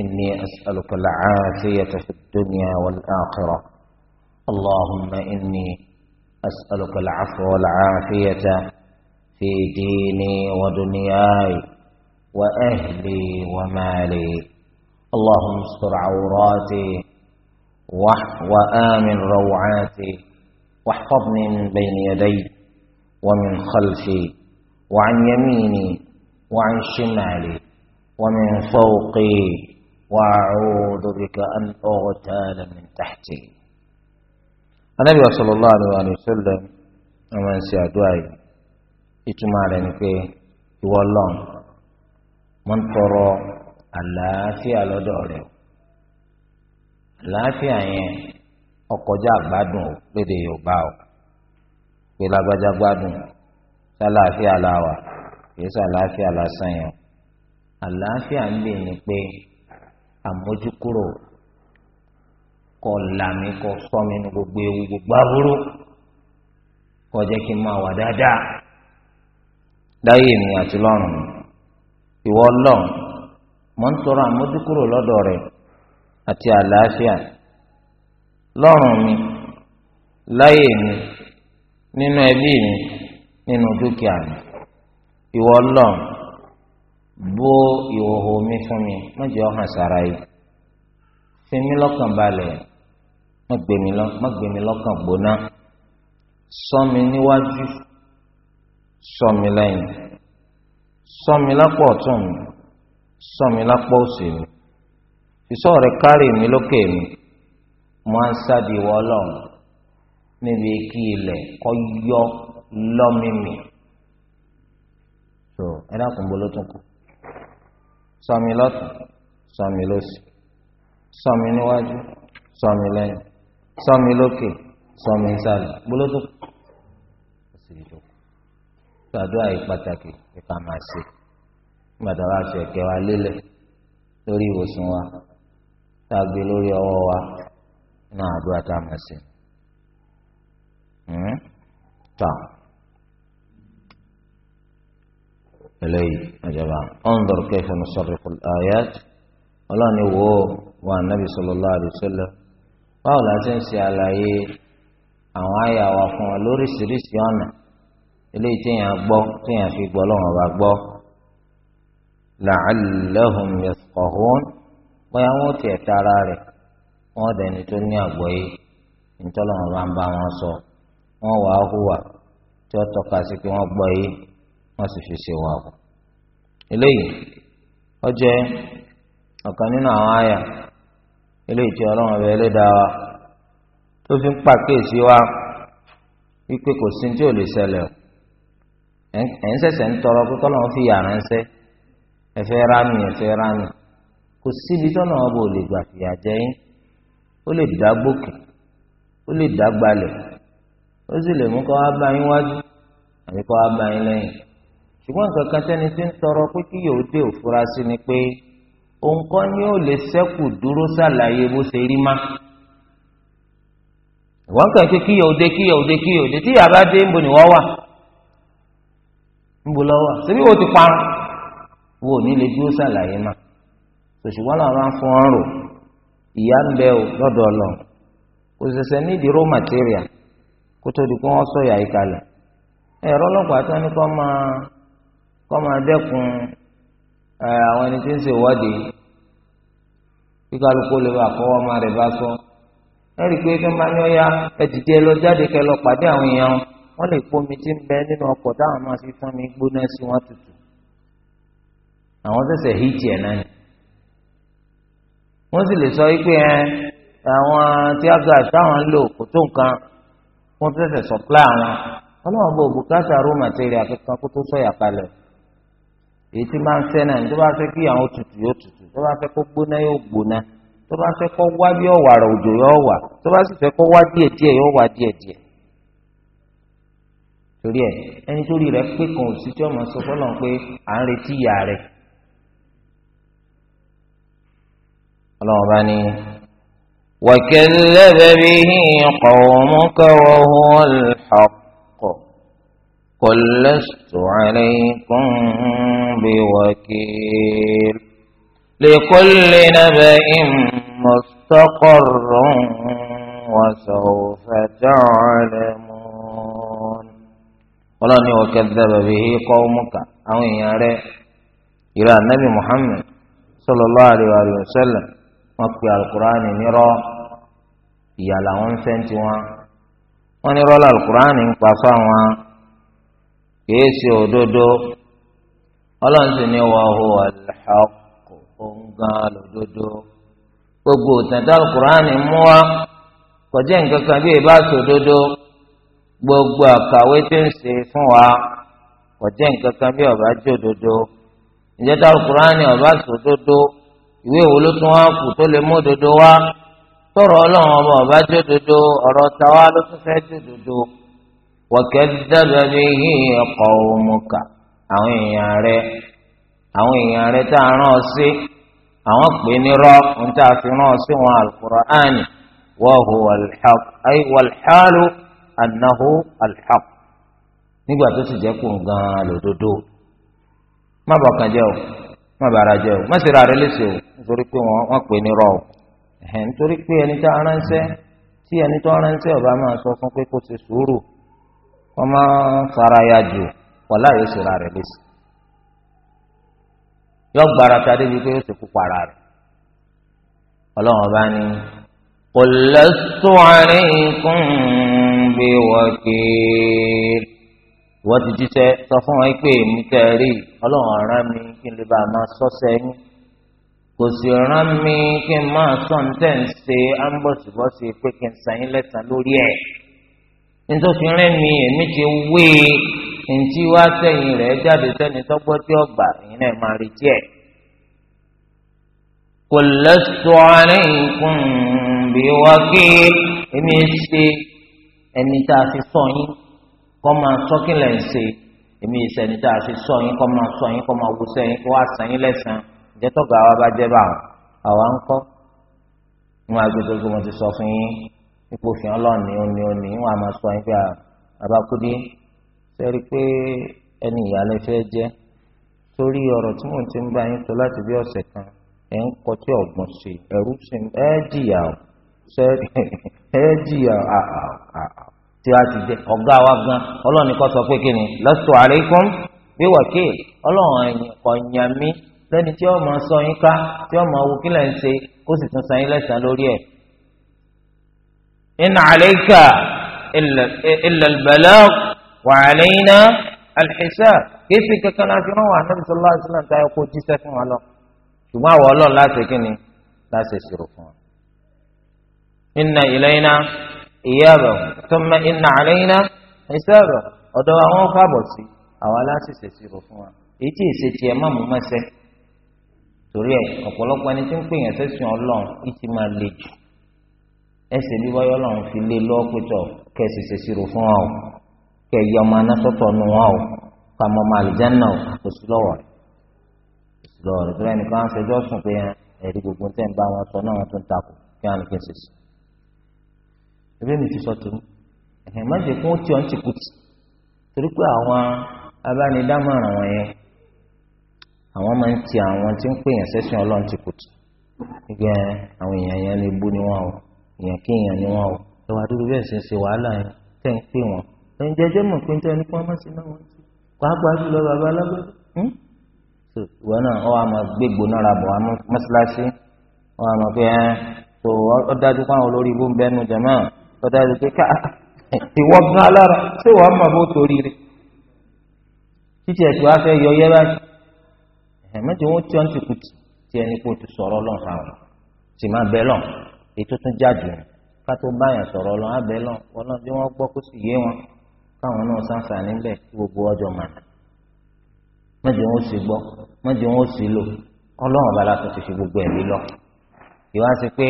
inni as'aluka al-'afiyata fi dunya wal-akhirah allahumma inni as'aluka al-'afwa wal-'afiyata fi dini wa dunyai wa ahli wa mali allahumma istur 'awrati. وآمن روعاتي واحفظني من بين يدي ومن خلفي وعن يميني وعن شمالي ومن فوقي وأعوذ بك أن أغتال من تحتي النبي صلى الله عليه وسلم أما سيدعي ìtumọ̀ rẹ̀ ni pé ìwọ lọ́n mọ̀ ń àlàáfíà yẹn ọkọjá àgbádùn ò péde yorùbá o pé lágbájá gbádùn sálàáfíà la kìí sàlàáfíà lásán yẹn àlàáfíà ń bè ní pé àmójúkúrò kọ làmì kọ sọmi ní gbogbo ewu gbogbo aburú kọ lọ ń àti àlàáfíà lọ́rùn mi láyé mi nínú ẹbí mi nínú dúkìá mi ìwọ Ọlọ́run bó ìhòhò mi fún mi má jẹ́ ó hàn sára yìí fi mí lọ́kàn balẹ̀ má gbé mi lọ́kàn gbóná ṣọ́ mi níwájú ṣọ́ mi lẹ́yìn ṣọ́ mi lápò ọ̀tún mi ṣọ́ mi lápò òsì mi ìsọ rẹ kárì mi lókè mi mo ń sáàdì ìwọ níbi kí ilẹ̀ kọ yọ lọmímì so ẹ dákun bó ló tún kù sọmi lọ́tùn sọmi lósì sọmi níwájú sọmi lẹ́yìn sọmi lókè sọmi sálẹ̀ bó ló tún kù sàdúrà yìí pàtàkì ìka máa ṣe nígbà tá a lórí ìwòsàn wa tá a gbé lórí ọwọ́ wa nínú àdúrà tá a máa ṣe. Hmm? tà eléyìí ọjọba ọ̀ndọ̀rọ̀ kẹfẹ́ ní sọ̀rọ̀kọ̀ ayat ọlọ́ọ̀ni wo wa nabi sallallahu alaihi wasallam báwo la ṣe ń ṣe àlàyé àwọn àyà wa fún wa lóríṣiríṣi ọ̀nà eléyìí téèyàn gbọ́ téèyàn fi gbọ́ lọ́wọ́n bá gbọ́ la'allahum yafqahun. bóyá wọn ò tiẹ̀ tara rẹ̀ wọn dẹni tó ní àgbọ́yé ntọ́lọ́wọ́n bá ń bá wọn sọ wọn wà á hùwà tí wọn tọ́ka sí pé fi ṣe wà o. eléyìí ó jẹ ọ̀kan nínú àwọn àyà eléyìí tí ọlọ́run wa tó fi ń pàkíyèsí wa wípé kò sí tí ò lè o ẹ̀ ń ń tọrọ pé kò síbi tọ́nà ọba ò lè gbà fìyà jẹ yín ó lè dá gbòkè ó lè dá gbalẹ̀ ó sì lè mú kọ́ wá bá yín wájú àbí kọ́ wá bá yín lẹ́yìn ṣùgbọ́n nǹkan kan tẹ́ni tí ń tọrọ pé kí yòó dé òfurá ni pé òun kọ́ ni ó lè sẹ́kù dúró ṣàlàyé bó ṣe rí má wọ́n kàn ṣe kí yòó dé kí yòó dé kí yòó dé tí yàrá dé ń ni wọ́n wà ń bo lọ́wọ́ síbí wo ti parun wo ò ní lè dúró ṣàlàyé náà. sòṣùgbọ́n làwọn máa fún ọrùn ìyá ń bẹ o lọ́dọ̀ ọlọ kò ṣẹ̀ṣẹ̀ nídìí raw material kó tó di pé wọ́n sọ̀yà ìkàlẹ̀ ẹ̀rọ ọlọ́pàá tó ní kọ́ máa kọ́ máa dẹ́kun àwọn ẹni tí ń ṣe ìwọ́de kí kálukú lè bá fọwọ́ ọmọ rẹ̀ bá sọ pé wọ́n sì lè sọ wípé àwọn tíágà táwọn ń lò kò tó nǹkan wọ́n tẹ̀sẹ̀ sọ̀pláì àwọn ọlọ́run bò bùkátà ró màtẹ́rì kankan kó tó sọ̀yà kalẹ̀ èyí tí máa ń fẹ́ náà tó bá fẹ́ kí àwọn òtútù yóò tutù tó bá fẹ́ kó gbóná yóò gbóná tó bá fẹ́ kó wá bí ọ̀wàrà òjò yóò wà tó bá sì fẹ́ kó wá díẹ̀ díẹ̀ yóò wá díẹ̀ díẹ̀ torí ẹ ẹni tó rí rẹ pé kàn ó sí tí ọmọ sọ fọlọ́n pé à ń retí ìyá rẹ̀ ọlọ́ọ̀bání وكذب به قومك وهو الحق قل لست عليكم بوكيل لكل نبأ مستقر وسوف تعلمون ولن وكذب به قومك أو يا إلى النبي محمد صلى الله عليه وسلم wọn pe alukur'ani nírọ́ ìyà làwọn ń sẹ́ńtì wọn wọ́n ní rọ́lá alukur'ani ń pa fáwọn kìí ṣe òdodo ọlọ́run sì ní al òun gan lòdodo gbogbo òtẹ̀tẹ̀ mú wa kọjá nǹkan gbogbo àkàwé tí ń ṣe fún wa kọjá nǹkan kan ọba ìwé wo ló tún wá kù tó lè mú òdodo wá tọ̀rọ̀ Ọlọ́run ọmọ ọba jẹ́ òdodo ọ̀rọ̀ tàwa ló tún fẹ́ jẹ́ òdodo wọkẹ dábàá bí yìí ọkọ òmùkà àwọn èèyàn rẹ àwọn èèyàn rẹ tá a rán ọ sí àwọn pè ní rọ ohun tá a fi rán ọ sí wọn al-Qur'an wọhù al-haq ay nígbà tó sì jẹ́ kó ń gan-an má bàa kàn jẹ́ o má bàrà jẹ o má sì ra rẹ léṣe o nítorí pé wọ́n pè ní rọ o ẹ̀hẹ̀ nítorí pé ẹni tá a ránṣẹ́ tí ẹni tó ránṣẹ́ ọba máa sọ fún pé kó ṣe sùúrù kó má faraya jù wàhálà yóò sì ra rẹ léṣe yọ gbàrà tá débi pé yóò sì kú para rẹ ọlọ́run ọba ni kò lẹ́sùn àárín kún bí wọ́n kéé wọ́n ti jíṣẹ́ sọ fún wọn pé èmi tẹ́ ẹ rí ọlọ́run rán mi kí n lè bá a máa sọ́sẹ́ yín kò sì rán mi kí n máa sọ ǹtẹ̀ ń ṣe pé kí n sàyín lẹ́tàn lórí ẹ̀ nítorí rẹ̀ mi èmi ti wé e ntí wá sẹ́yìn rẹ̀ jáde sẹ́ni tọ́gbọ́ tí ó gbà ìyẹn náà máa retí ẹ̀. kò lẹ́sọ̀ àárẹ̀ nǹkan bí wọ́n ké èmi ṣe ẹni tá a fi sọ yín kọ́ máa sọ kí lẹ̀ ń ṣe èmi ìṣẹ̀ni tá a fi sọ yín kọ́ máa sọ yín kọ́ máa wú sẹ́yìn kó wá sàn yín lẹ́sàn-án ìjẹ́ tọ́gà wa bá jẹ́ bá wọn àwa ń kọ́ wọn àgbẹ̀dẹ tó wọn ti sọ fún yín ipò fi hàn lọ́ọ̀ni òní òní wọn a sọ yín pé àbákúdé sẹ́rí pé ẹni ìyàlẹ́ fẹ́ jẹ́ torí ọ̀rọ̀ tí mò ń ti ń bá yín sọ láti bí ọ̀sẹ̀ kan ẹ̀ ń kọ tí ọ̀gbọ̀n sí ẹ̀rú sí ẹ̀ tí wàá ti jẹ ọ̀gá wa gan ọlọ́ọ̀ni kọ́ sọ pé kí ni lọ́sọ̀ àríkún wíwọ̀ kí ọlọ́ọ̀n ẹ̀yìn ọ̀yàn mi lẹ́ni tí ọmọ sọ yín ká tí ọmọ wò kí lẹ̀ ń ṣe kó sì tún san yín lẹ́sàn-án lórí ẹ̀. in alayka illa al-balag wa kìí sì kankan láti rán wa nàbì sallallahu alaihi wasallam kó jíṣẹ́ fún wa lọ ṣùgbọ́n àwọn ọlọ́ọ̀ láti kí ni láti ṣèrò إيابه ثم إن علينا حسابه ọ̀dọ̀ àwọn kábọ̀ sí àwọn aláṣẹṣẹ sí rò fún wa èyí tí èsì tiẹ̀ má mú mẹ́sẹ̀ torí ẹ̀ ọ̀pọ̀lọpọ̀ ẹni tí ń pèèyàn sẹ́sìn ọlọ́run yìí ti máa le jù ẹsẹ̀ bí wáyé ọlọ́run fi lé lọ́pẹ̀tọ̀ kẹ́ ẹ̀ ṣẹṣẹ sí rò fún wa o kẹ́ ẹ̀ yọ ọmọ anásọ́tọ̀ nu wa o kà ọmọ àlìjáná o kò sí lọ́wọ́ rẹ̀ kò sí lọ́wọ́ rẹ̀ torí ẹnìkan á fẹjọ́ sùn pé ẹ̀rí gbogbo tẹ̀ ń bá wọn sọ náà wọn tó ń takò kí wọn kẹ́ ẹ̀ ṣẹṣẹ ẹbí mi ti sọ tèmi ẹ̀hìn má jẹ́ kó tí ọ̀ ń ti kùtì torí pé àwọn abánidámọ̀ràn wọ̀nyẹn àwọn máa ń ti àwọn tí ń pè yàn sẹ́sìn ọlọ́run ti kùtì nígbà àwọn èèyàn yẹn lè bú ni wọn o èèyàn kí èèyàn ni wọn o ẹwà dúró bẹ́ẹ̀ sì ń ṣe wàhálà yẹn tẹ̀ ń pè wọn ẹ̀yin jẹjẹ́ mọ̀ pé nítorí nípa ọmọ sí náà wọ́n ti kó àgbà jùlọ bàbá alábẹ́ hmm? ìwọ náà ọ wà máa gbégbó náà ra bọ̀ wá ọ wà máa pé ẹ ọ dájú pé olórí ibú ń bẹ́nu jẹ̀mọ́ ọ̀dà rẹ̀ pé ká ìwọ gan alára ṣé wàá mọ̀ bó torí rẹ̀ títí ẹ̀ tí wàá fẹ́ yọ yẹ́rà ẹ̀ mẹ́tí wọ́n tí wọ́n ti kú tí ẹni kó ti sọ̀rọ̀ lọ́n fáwọn sì máa bẹ́ lọ́n ètò tún jáde ká tó báyàn sọ̀rọ̀ lọ́n á bẹ́ lọ́n wọn náà bí wọ́n gbọ́ kó sì yé wọn káwọn náà sáǹsà níbẹ̀ kí gbogbo ọjọ́ màná mẹ́tí wọ́n sì gbọ́ mẹ́tí wọ́n sì lò ọlọ́run bá láti fi gbogbo ẹ̀mí lọ ìwá sí pé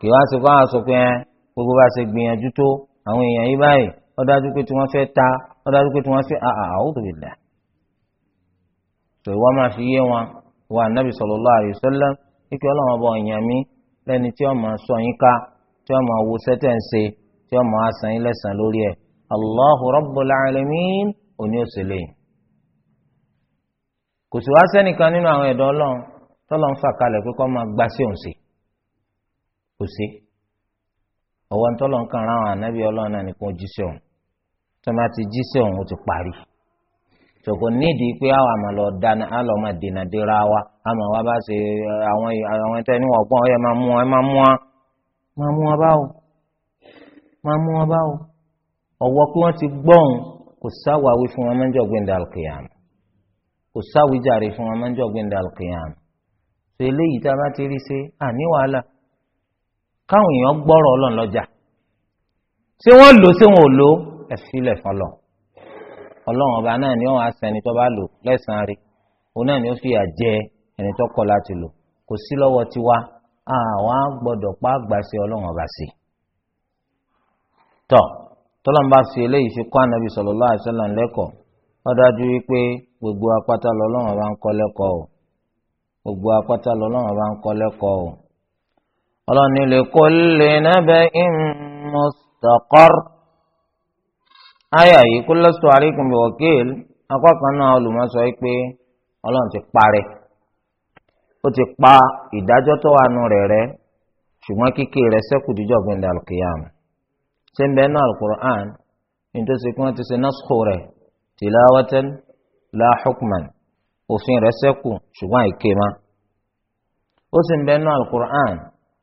kì wá sí kó àwọn sọ pé ah, ẹ gbogbo bá ṣe gbìyànjú tó àwọn èèyàn yìí báyìí ó dájú pé tí wọ́n fẹ́ ta ó dájú pé tí wọ́n fẹ́ a'udhu billah. tó ìwọ máa fi yé wọn wà nábì sallallahu alaihi wasallam kíkí ọlọ́run ọba ọ̀yàn mi lẹ́ni tí wọ́n máa sọ yín ká tí wọ́n máa wo sẹ́tẹ̀ ń ṣe tí wọ́n máa san yín lẹ́sàn lórí ẹ̀ Allahu rabbul alamin òní òṣèlè yìí. kò sí wá sẹ́nìkan nínú àwọn ẹ̀dọ́ ọlọ́run tọ́lọ́ ń fà kalẹ̀ pé kọ́ máa gbá sí òun sí kò sí ọwọ́ ntọ́lọ́ nǹkan ra àwọn ànábì ọlọ́run náà nìkan jíṣẹ́ òun tó máa ti jíṣẹ́ òun ó ti parí tòkò nídìí pé àwọn àmọ́ lọ dáná á lọ máa dènà dèrò wa àmọ́ wa bá ṣe àwọn àwọn ẹ̀tọ́ ẹni wọ̀ gbọ́n ẹ máa mú wọn ẹ máa mú wọn máa mú wọn báwo máa mú wọn báwo ọ̀wọ́ pé wọ́n ti gbọ́n kò sáwàwí fún wọn mẹ́jọ gbẹ̀ndà alkiyam kò sáwìjàre fún wọn mẹ́jọ gbẹ̀ndà alkiyam ṣe eléyìí tá a bá ti rí ṣe àní wàhálà káwọn èèyàn gbọ́rọ̀ ọlọ́run lọ́jà ṣé wọ́n lò ṣé wọn ò lò ẹ sílẹ̀ fọlọ́ ọlọ́run ọba náà ni wọ́n á sẹni tó bá lò lẹ́sàn-án rí òun náà ni ó fìyà jẹ ẹni tó kọ̀ láti lò kò sí lọ́wọ́ tiwa àwọn á gbọ́dọ̀ pa àgbàṣe ọlọ́run ọba sí. tọ́ tọ́lọ́mbà fi eléyìí fi kọ́ ànábì sallallahu alaihi wasallam lẹ́kọ̀ọ́ ó ọlọ́ni li kulli naba'in mustaqar. àyà yìí kul lastu alaykum bi wakil apá kan náà olùmọ̀sọ yìí pé ọlọ́run ti parẹ́ ó ti pa ìdájọ́ tó wà nù rẹ̀ rẹ́ ṣùgbọ́n kíkì rẹ̀ sẹ́kù díjọ́ gbẹ̀ndẹ̀ alùkìyàm ṣé ń bẹ náà alukur'an nítòsí kí wọ́n ti ṣe násìkò rẹ̀ tìláwọ́tẹ́n la hukman òfin rẹ̀ sẹ́kù ṣùgbọ́n àìkéma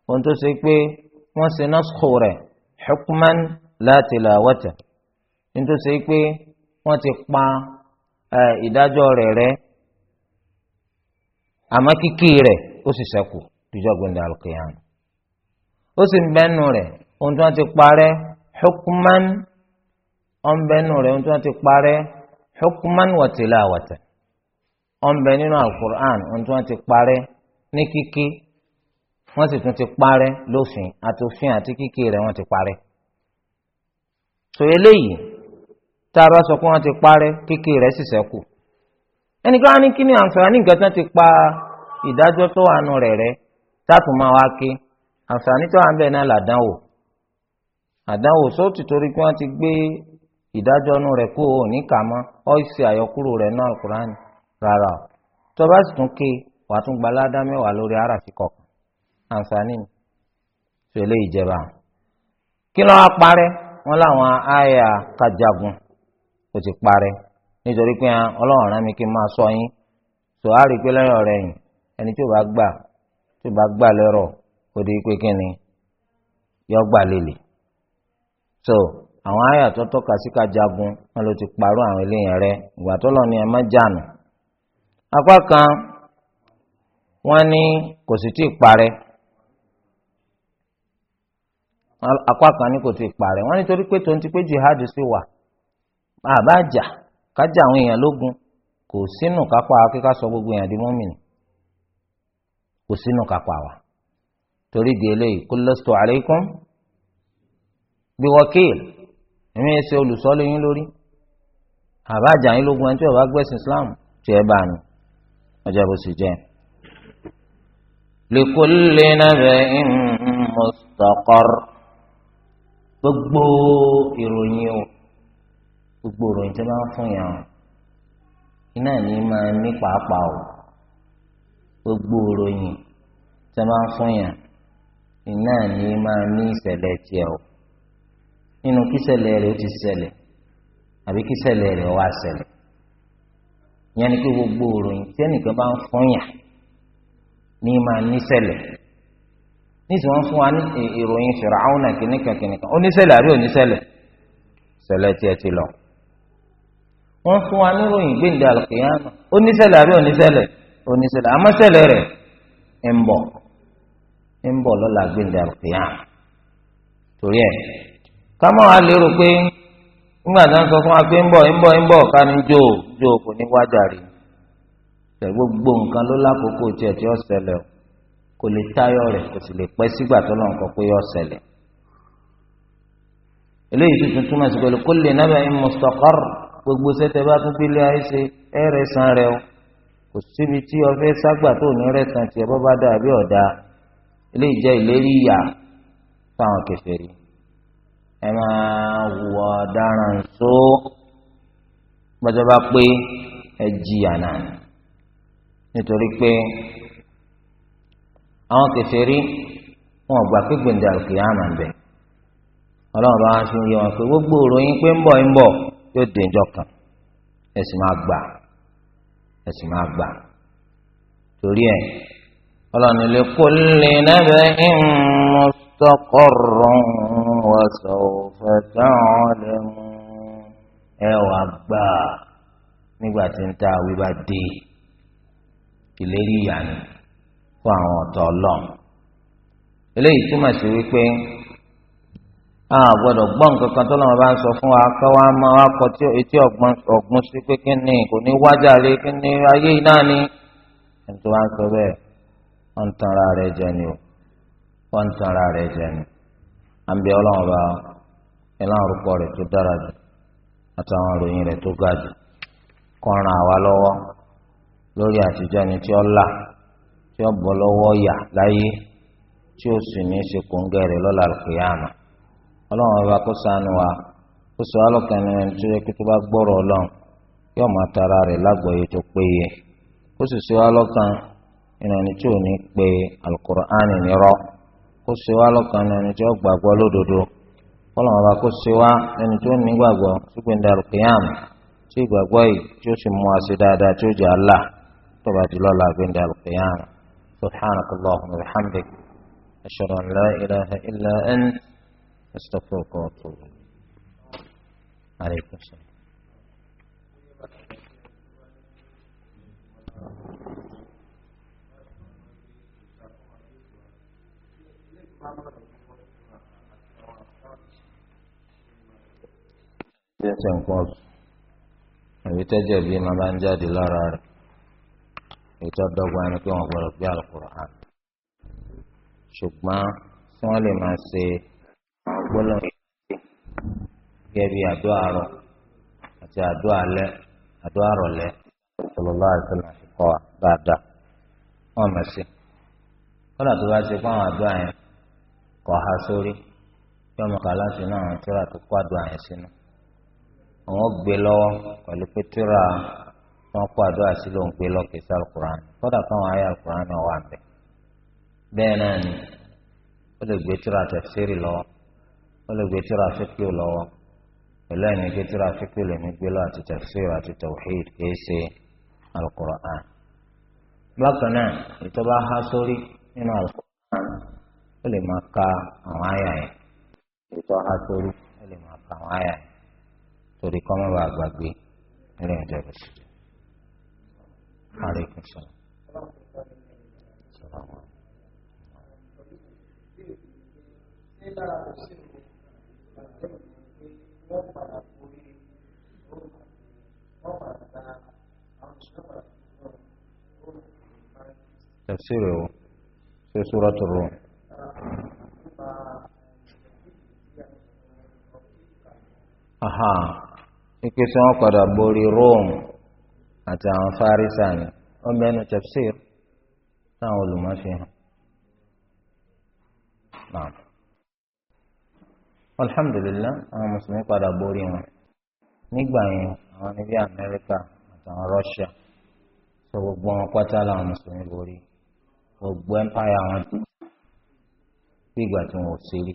ohun tó ṣe pé wọ́n ṣe nọ́sùkò rẹ̀ hukman la tilawata ohun tó ṣe pé wọ́n ti pa ìdájọ́ rẹ̀ rẹ́ àmọ́ kíkì rẹ̀ ó sì ṣẹ́kù ìjọ gbẹ̀ndẹ̀ alqiyam ó sì ń bẹ́nu rẹ̀ ohun tí wọ́n ti parẹ́ hukman ọ̀n bẹ́nu rẹ̀ ohun tí wọ́n ti parẹ́ hukman wa tilawata ọ̀n bẹ́ nínú alukur'an ohun tí wọ́n ti parẹ́ ní kíkì wọ́n sì tún ti parẹ́ lófin àtòfin àti kíkì rẹ̀ wọ́n ti parẹ́. sọ eléyìí tá a bá sọ pé wọ́n ti parẹ́ kíkì rẹ̀ sì ṣẹ́kù. ẹnìkan á ní kí ni àǹfààní nǹkan tán ti pa ìdájọ́ tó wà nù rẹ̀ rẹ́ tátùmọ̀ máa wá ké àǹfààní tó wà ń bẹ̀ náà làdánwò. àdánwò sóòtù torí pé wọ́n ti gbé ìdájọ́ nù rẹ̀ kó o ní kà mọ́ ọ́ ṣe àyọkúrò rẹ̀ náà Kùránì rárá tó bá sì tún ké wàá tún gbalá dá lórí ara fi kọ̀ọ̀kan àǹfààní tó eléyìí jẹba kí ló wá parẹ́ wọn láwọn àyà kajagun kò ti parẹ́ nítorí pé ọlọ́run rán mi kí n máa sọ yín tó a rí i pé lẹ́yìn ọ̀rẹ́ yìí ẹni tí ò bá gbà tí bá gbà lẹ́rọ̀ kò di pé kí ni yọ gbà lélè so àwọn àyà tó tọ́ka sí kajagun wọn ló ti parọ́ àwọn eléyìí rẹ ìgbà tó lọ ni ẹ má jànù apá kan wọn ní kò sì tí ì parẹ́ apá kan ní kò tí ì parẹ́ wọ́n nítorí pé tó ń ti pé jihad sí wà àbájá kájà àwọn èèyàn lógun kò sínú kápá kíká sọ gbogbo èèyàn di mọ́mìnì kò sínú kápá wa torí di eléyìí kul lastu alaykum bi wakil èmi ẹ ṣe olùsọ́lé yín lórí àbájá yín lógun ẹni tí ọba gbẹ̀sìn Islam tí ẹ bá ní ọjọ́ bó sì jẹ́ likulli naba'in mustaqar gbogbo ìròyìn o gbogbo ìròyìn tó bá ń fún yàn o iná ní máa ní pàápàá o gbogbo ìròyìn tó bá ń fún yàn iná ní máa ní ìṣẹ̀lẹ̀ tiẹ̀ o nínú kíṣẹ̀lẹ̀ rẹ̀ ó ti ṣẹlẹ̀ àbí kíṣẹ̀lẹ̀ rẹ̀ wá ṣẹlẹ̀ yẹn ni pé gbogbo ìròyìn tí ẹnìkan bá ń fún yàn ní máa ní ìṣẹ̀lẹ̀ nítorí wọn fún wa ní ìròyìn fìràwọnà kìnìkan kìnìkan oníṣẹ̀lẹ̀ àbí oníṣẹ̀lẹ̀ ṣẹlẹ̀ tiẹ̀ ti lọ wọn fún wa ní ìròyìn gbẹndẹ àlùkìyàmà oníṣẹ̀lẹ̀ àbí oníṣẹ̀lẹ̀ oníṣẹ̀lẹ̀ àmọ́ṣẹ̀lẹ̀ rẹ̀ ń bọ̀ ń bọ̀ lọ́la gbẹndẹ àlùkìyàmà torí ẹ̀ kámọ wa lérò pé nígbà tí wọn sọ fún wa pé ń bọ̀ ń bọ̀ ń bọ̀ ká ní jó jó kò ní wájà rí gbogbo nǹkan ló lákòókò tiẹ̀ tí ó ṣẹlẹ̀ o kò lè tayọ rẹ̀ kò sì lè pẹ́ sígbà tó lọ́n kọ́ pé yọ ṣẹlẹ̀ eléyìí tuntun túmọ̀ sí pẹ̀lú kulli naba'in mustaqarr gbogbo sẹ́tẹ̀ bá tún gbélé ayé ṣe ẹ̀rẹ̀ san rẹ̀ o kò síbi tí ọfẹ́ ságbà tó ní rẹ̀ san tiẹ̀ bọ́ bá dà bí ọ̀dà eléyìí jẹ́ ìlérí ìyà fáwọn kèfèrí ẹ máa wọ ọ̀daràn só gbọ́dọ̀ bá pé ẹ jìyà náà nítorí pé àwọn kèfèrí wọn gbà pé gbèǹdé àlùkìyámà ń bẹ ọlọ́run bá wọn fi ń yé wọn pé gbogbo òròyìn pé ń bọ̀ ń bọ̀ yóò dé ìjọ kan ẹ̀sìn máa gbà ẹ̀sìn máa gbà torí ẹ̀ ọlọ́run lè kó lè nẹ́bẹ̀ ìmùsọ̀kọ̀rọ̀ wọ̀sọ̀ òfẹ̀tàn ọ̀lẹ́mú ẹ wà gbà nígbà tí ń ta àwí dé ìlérí ìyá ni fún àwọn ọ̀tọ̀ ọlọ́run eléyìí túmọ̀ sí wípé a gbọ́dọ̀ gbọ́ nǹkan kan tó lọ́wọ́ bá ń sọ fún wa kọ́ wa máa wá kọ etí ọ̀gbun sí pé kí ni kò ní wájà rí kí ni ayé iná ni ẹni tó bá ń sọ bẹ́ẹ̀ wọ́n ń tan ara rẹ̀ jẹ ni o wọ́n ń tan ara rẹ̀ jẹ ni à ń bẹ ọlọ́run bá ẹlọ́run orúkọ rẹ̀ tó dára jù àtàwọn ìròyìn rẹ̀ tó ga jù kọ́ ran àwa lọ́wọ́ lórí àtijọ́ ẹni tí ó là. tí ó bọ́ lọ́wọ́ yà láyé tí ó sì ní í ṣe kóńgẹ́rẹ́ lọ́la àlùkìyàmà ọlọ́run ọba kó ṣàánú wa ó sọ alọ́kàn ní ẹni tó yẹ kí tó bá gbọ́rọ̀ ọlọ́run yóò máa tara rẹ̀ lágbọ̀ọ́yé tó péye ó sì tí ò ní pe kó sọ alọ́kàn ní ẹni tí ó gbàgbọ́ lódodo ọlọ́run ọba kó ẹni ní gbàgbọ́ سبحانك اللهم وبحمدك أشهد أن لا إله إلا أنت أستغفرك وأتوب عليكم السلام Ṣé nǹkan ọ̀sùn? Àbí tẹ́jẹ̀ bí máa bá ń jáde lára rẹ̀? ètò ọ̀dọ́gba ni pé wọ́n gbọ́dọ̀ gbé alukur'an ṣùgbọ́n tí wọ́n lè máa ṣe gbọ́dọ̀ gẹ́gẹ́ bí àdó àárọ̀ àti àdó alẹ́ àdó àrọ̀lẹ́ sallallahu alaihi wasallam àfikọ́ dáadáa wọ́n mọ̀ sí kọ́dà tó bá ṣe fáwọn àdó àyẹn kọ̀ ha sórí kí ọmọ kàlá sí náà àwọn tíra tó kó àdó àyẹn sínú àwọn gbé lọ́wọ́ pẹ̀lú pétérà wọn kó àdúrà sí ló ń pè lọkè sí alukur'an kódà káwọn ayé alukur'an náà wà bẹ bẹ́ẹ̀ náà ni ó lè gbé tíra tẹfsiri lọ́wọ́ ó lè gbé tíra fíkìú lọ́wọ́ pẹ̀lú ẹni gbé tíra fíkìú lèmi gbé lọ àti tẹfsiri àti tawhid kìí ṣe alukur'an bákan náà sórí nínú ka àwọn ha sórí ó ka àwọn torí Alaikum salaam. تفسيره في سورة الروم أها إكسان قد بوري روم àti àwọn fárísà yẹn wọn bẹnu tafsir táwọn olùmọ̀fihàn. Naam. alhamdulillah àwọn mùsùlùmí padà borí wọn nígbà yẹn àwọn ní bí amẹ́ríkà àtàwọn russia sọ gbogbo wọn pátá làwọn mùsùlùmí borí gbogbo empire wọn dùn bí ìgbà tí wọn ò ṣe rí.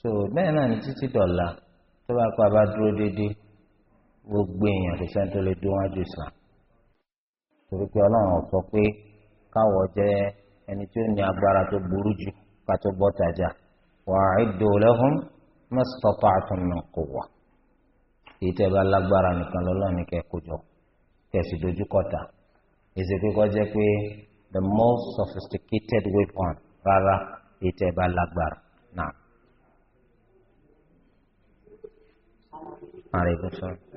so bẹ́ẹ̀ náà ni títí dọ̀la tó bá pa bá dúró déédéé gbogbo èèyàn kò sẹ́ni tó lè dún wájú islam torí pé ọlọ́run ò sọ pé káwọ̀ jẹ́ ẹni tí ó ní agbára tó burú jù ká tó bọ́ tajà wa'iddu lahum mastata'tum min quwwa èyí tẹ́ bá lágbára nìkan lọ́lọ́run ní kẹ́ kẹ̀sì dojú èsì kíkọ́ jẹ́ pé the most sophisticated weapon rárá èyí tẹ́ bá lágbára náà. Aleykum salaam.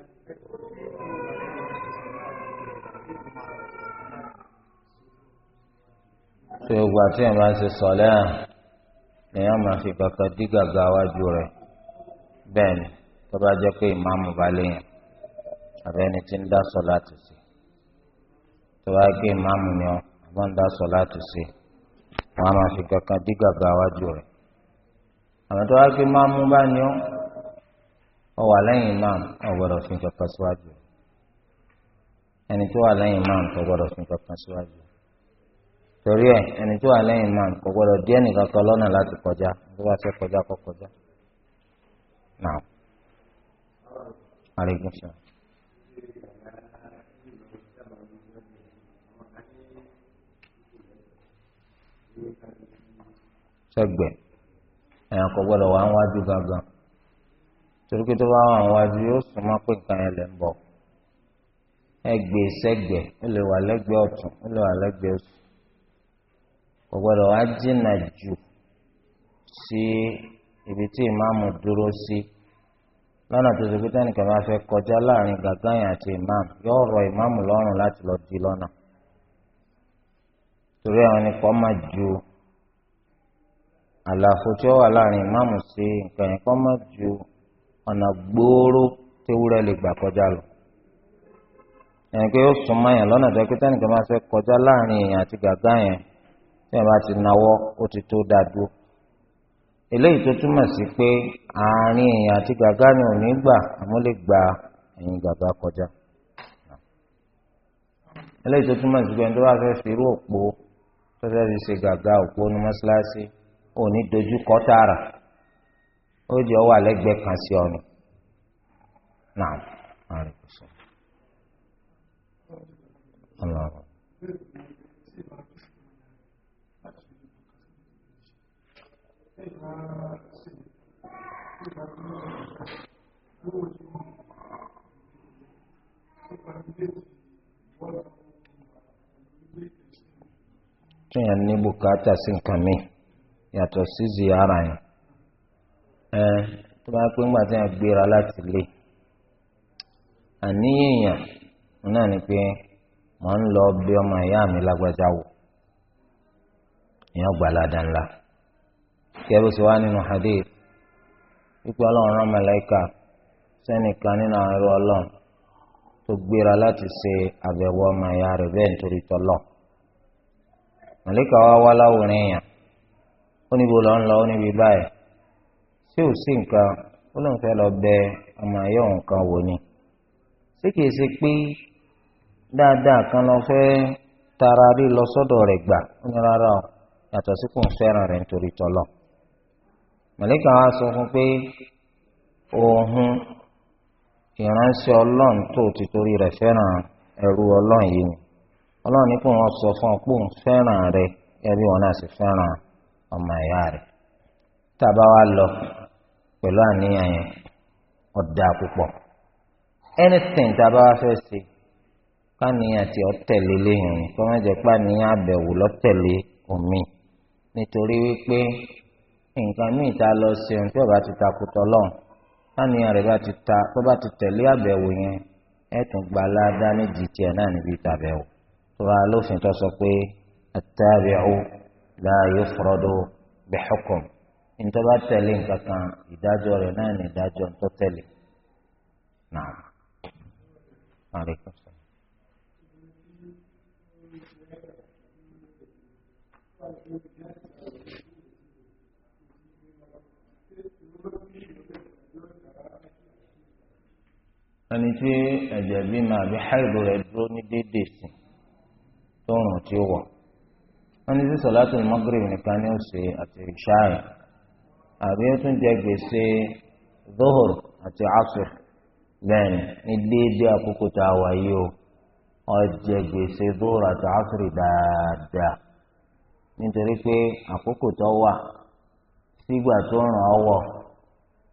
tó gbogbo àti ẹ̀ máa ń ṣe sọ̀lẹ́ à lèèyàn máa fi kankan dí gàgà wájú rẹ̀ bẹ́ẹ̀ ni tó bá jẹ́ pé ìmáàmù bá léèyàn àbẹ́ni tí ń dá sọ̀lá ti ṣe tó bá gbé ìmáàmù ni ọ́ àbọ̀ ń dá sọ̀lá ti ṣe wọ́n á máa fi kankan dí gàgà wájú rẹ̀ àwọn tó wá gbé máàmù bá ní ọ́ ọ wà lẹ́yìn imam ọ gbọ́dọ̀ fi kankan síwájú ẹni tó wà lẹ́yìn imam tó gbọ́dọ̀ fi kankan síwájú torí ẹ ẹni tó wà lẹ́yìn imam kò gbọdọ̀ díẹ̀ nìkan kan lọ́nà láti kọjá tó bá fẹ́ kọjá kó kọjá. náà àrígùn sọ. sẹgbẹ ẹyàn kò gbọdọ̀ wà wájú gangan torí pé tó bá wà wájú yóò súnmọ́ pé nǹkan yẹn ń bọ̀ ẹgbẹ sẹgbẹ ó lè wà lẹ́gbẹ̀ẹ́ ọ̀tún ó lè wà lẹ́gbẹ̀ẹ́ òsì kò gbọdọ̀ wá jìnnà jù sí ibi tí ìmáàmù dúró sí lọ́nà tó ṣe pé tẹ́nìkan bá fẹ́ kọjá láàrin gàgáyìn àti ìmáàmù yóò rọ ìmáàmù lọ́rùn láti lọ di lọ́nà torí àwọn ẹnì kan máa ju àlàfo tí ó wà láàrin ìmáàmù sí nǹkan yẹn kan máa ju ọ̀nà gbòòrò tewúrẹ́ lè gbà kọjá lọ ẹnì pé ó sún mọ́ yẹn lọ́nà tó ṣe tẹ́nìkan bá fẹ́ kọjá láàrin èèyàn àti gàgáyìn tí wọn bá ti nawọ́ ó ti tó dáa dúró eléyìí tó túmọ̀ sí pé àárín èèyàn àti gàgá ni ò ní gbà àmọ́ lè gba ẹ̀yìn gàgá kọjá eléyìí tó túmọ̀ sí pé ẹni tó bá fẹ́ fi irú òpó tó fẹ́ fi ṣe gàgá òpó ní mọ́ṣáláṣí ò ní dojú kọ tààrà ó jẹ́ ọ wà kan sí ọ̀nà náà. Allah. kéèyàn ní bùkátà sí nǹkan mi yàtọ̀ sí ziyara yẹn ẹ tó bá pé ńgbà tí wọn gbéra láti lé àníyàn náà ni pé mò ń lọ bí ọmọ ìyá mi lágbájá wò ìyẹn kẹ́bù sí wa nínú hadith wípé ọlọ́run rán sẹ́nìkan nínú àwọn ọlọ́run tó gbéra láti ṣe àbẹ̀wò ọmọ ìyá rẹ̀ bẹ́ẹ̀ nítorí tọ́lọ̀ wá láwùrín ó níbo lọ ń lọ ó níbi báyìí tí ò sí nǹkan ó lóun fẹ́ lọ bẹ ọmọ òun kan wò ni ṣé kìí ṣe pé dáadáa kan lọ fẹ́ tara rí lọ sọ́dọ̀ rẹ̀ gbà ó ní rárá o yàtọ̀ sí kò ń fẹ́ràn rẹ̀ nítorí mọ̀lẹ́kà wa sọ fún pé òun ìránṣẹ́ ọlọ́run tó ti torí rẹ̀ fẹ́ràn ẹrú ọlọ́run yìí ni ọlọ́run ní wọn sọ fún ọ pé òun fẹ́ràn rẹ ẹbí wọn náà fẹ́ràn ọmọ wa lọ pẹ̀lú àníyàn yẹn ọ̀dà púpọ̀ anything tá a bá ṣe pàníyàn tí ọ léyìn omi nítorí nǹkan míì tá a lọ ṣeun tí ọba ti takò tọlọ́n táníyàn rẹ̀ bá ti ta tó bá ti tẹ̀lé àbẹ̀wò yẹn ẹ̀ tún gba aláàdá nídìí tiẹ̀ náà níbi ìtàbẹ̀wò tó bá lófin tó sọ pé àtàbẹ̀wò láàyè fọ́rọ́dọ̀ bẹ̀xọ́kọ̀m nítorí tẹ̀lé nǹkan kan ìdájọ́ rẹ̀ náà ní ìdájọ́ tó tẹ̀lé náà. Thank you. ẹni tí ẹ̀jẹ̀ bímọ àbí háìdù rẹ̀ dúró ní déédéé sí tóòrùn tí ó wọ̀ wọ́n ní sí mọ́gírìbì nìkan ní òsè àti ìṣáì àbí ó tún jẹ gbèsè zohor àti asr bẹ́ẹ̀ ní déédéé àkókò tá a wà yìí o ọjẹ gbèsè zohor àti asr dáadáa nítorí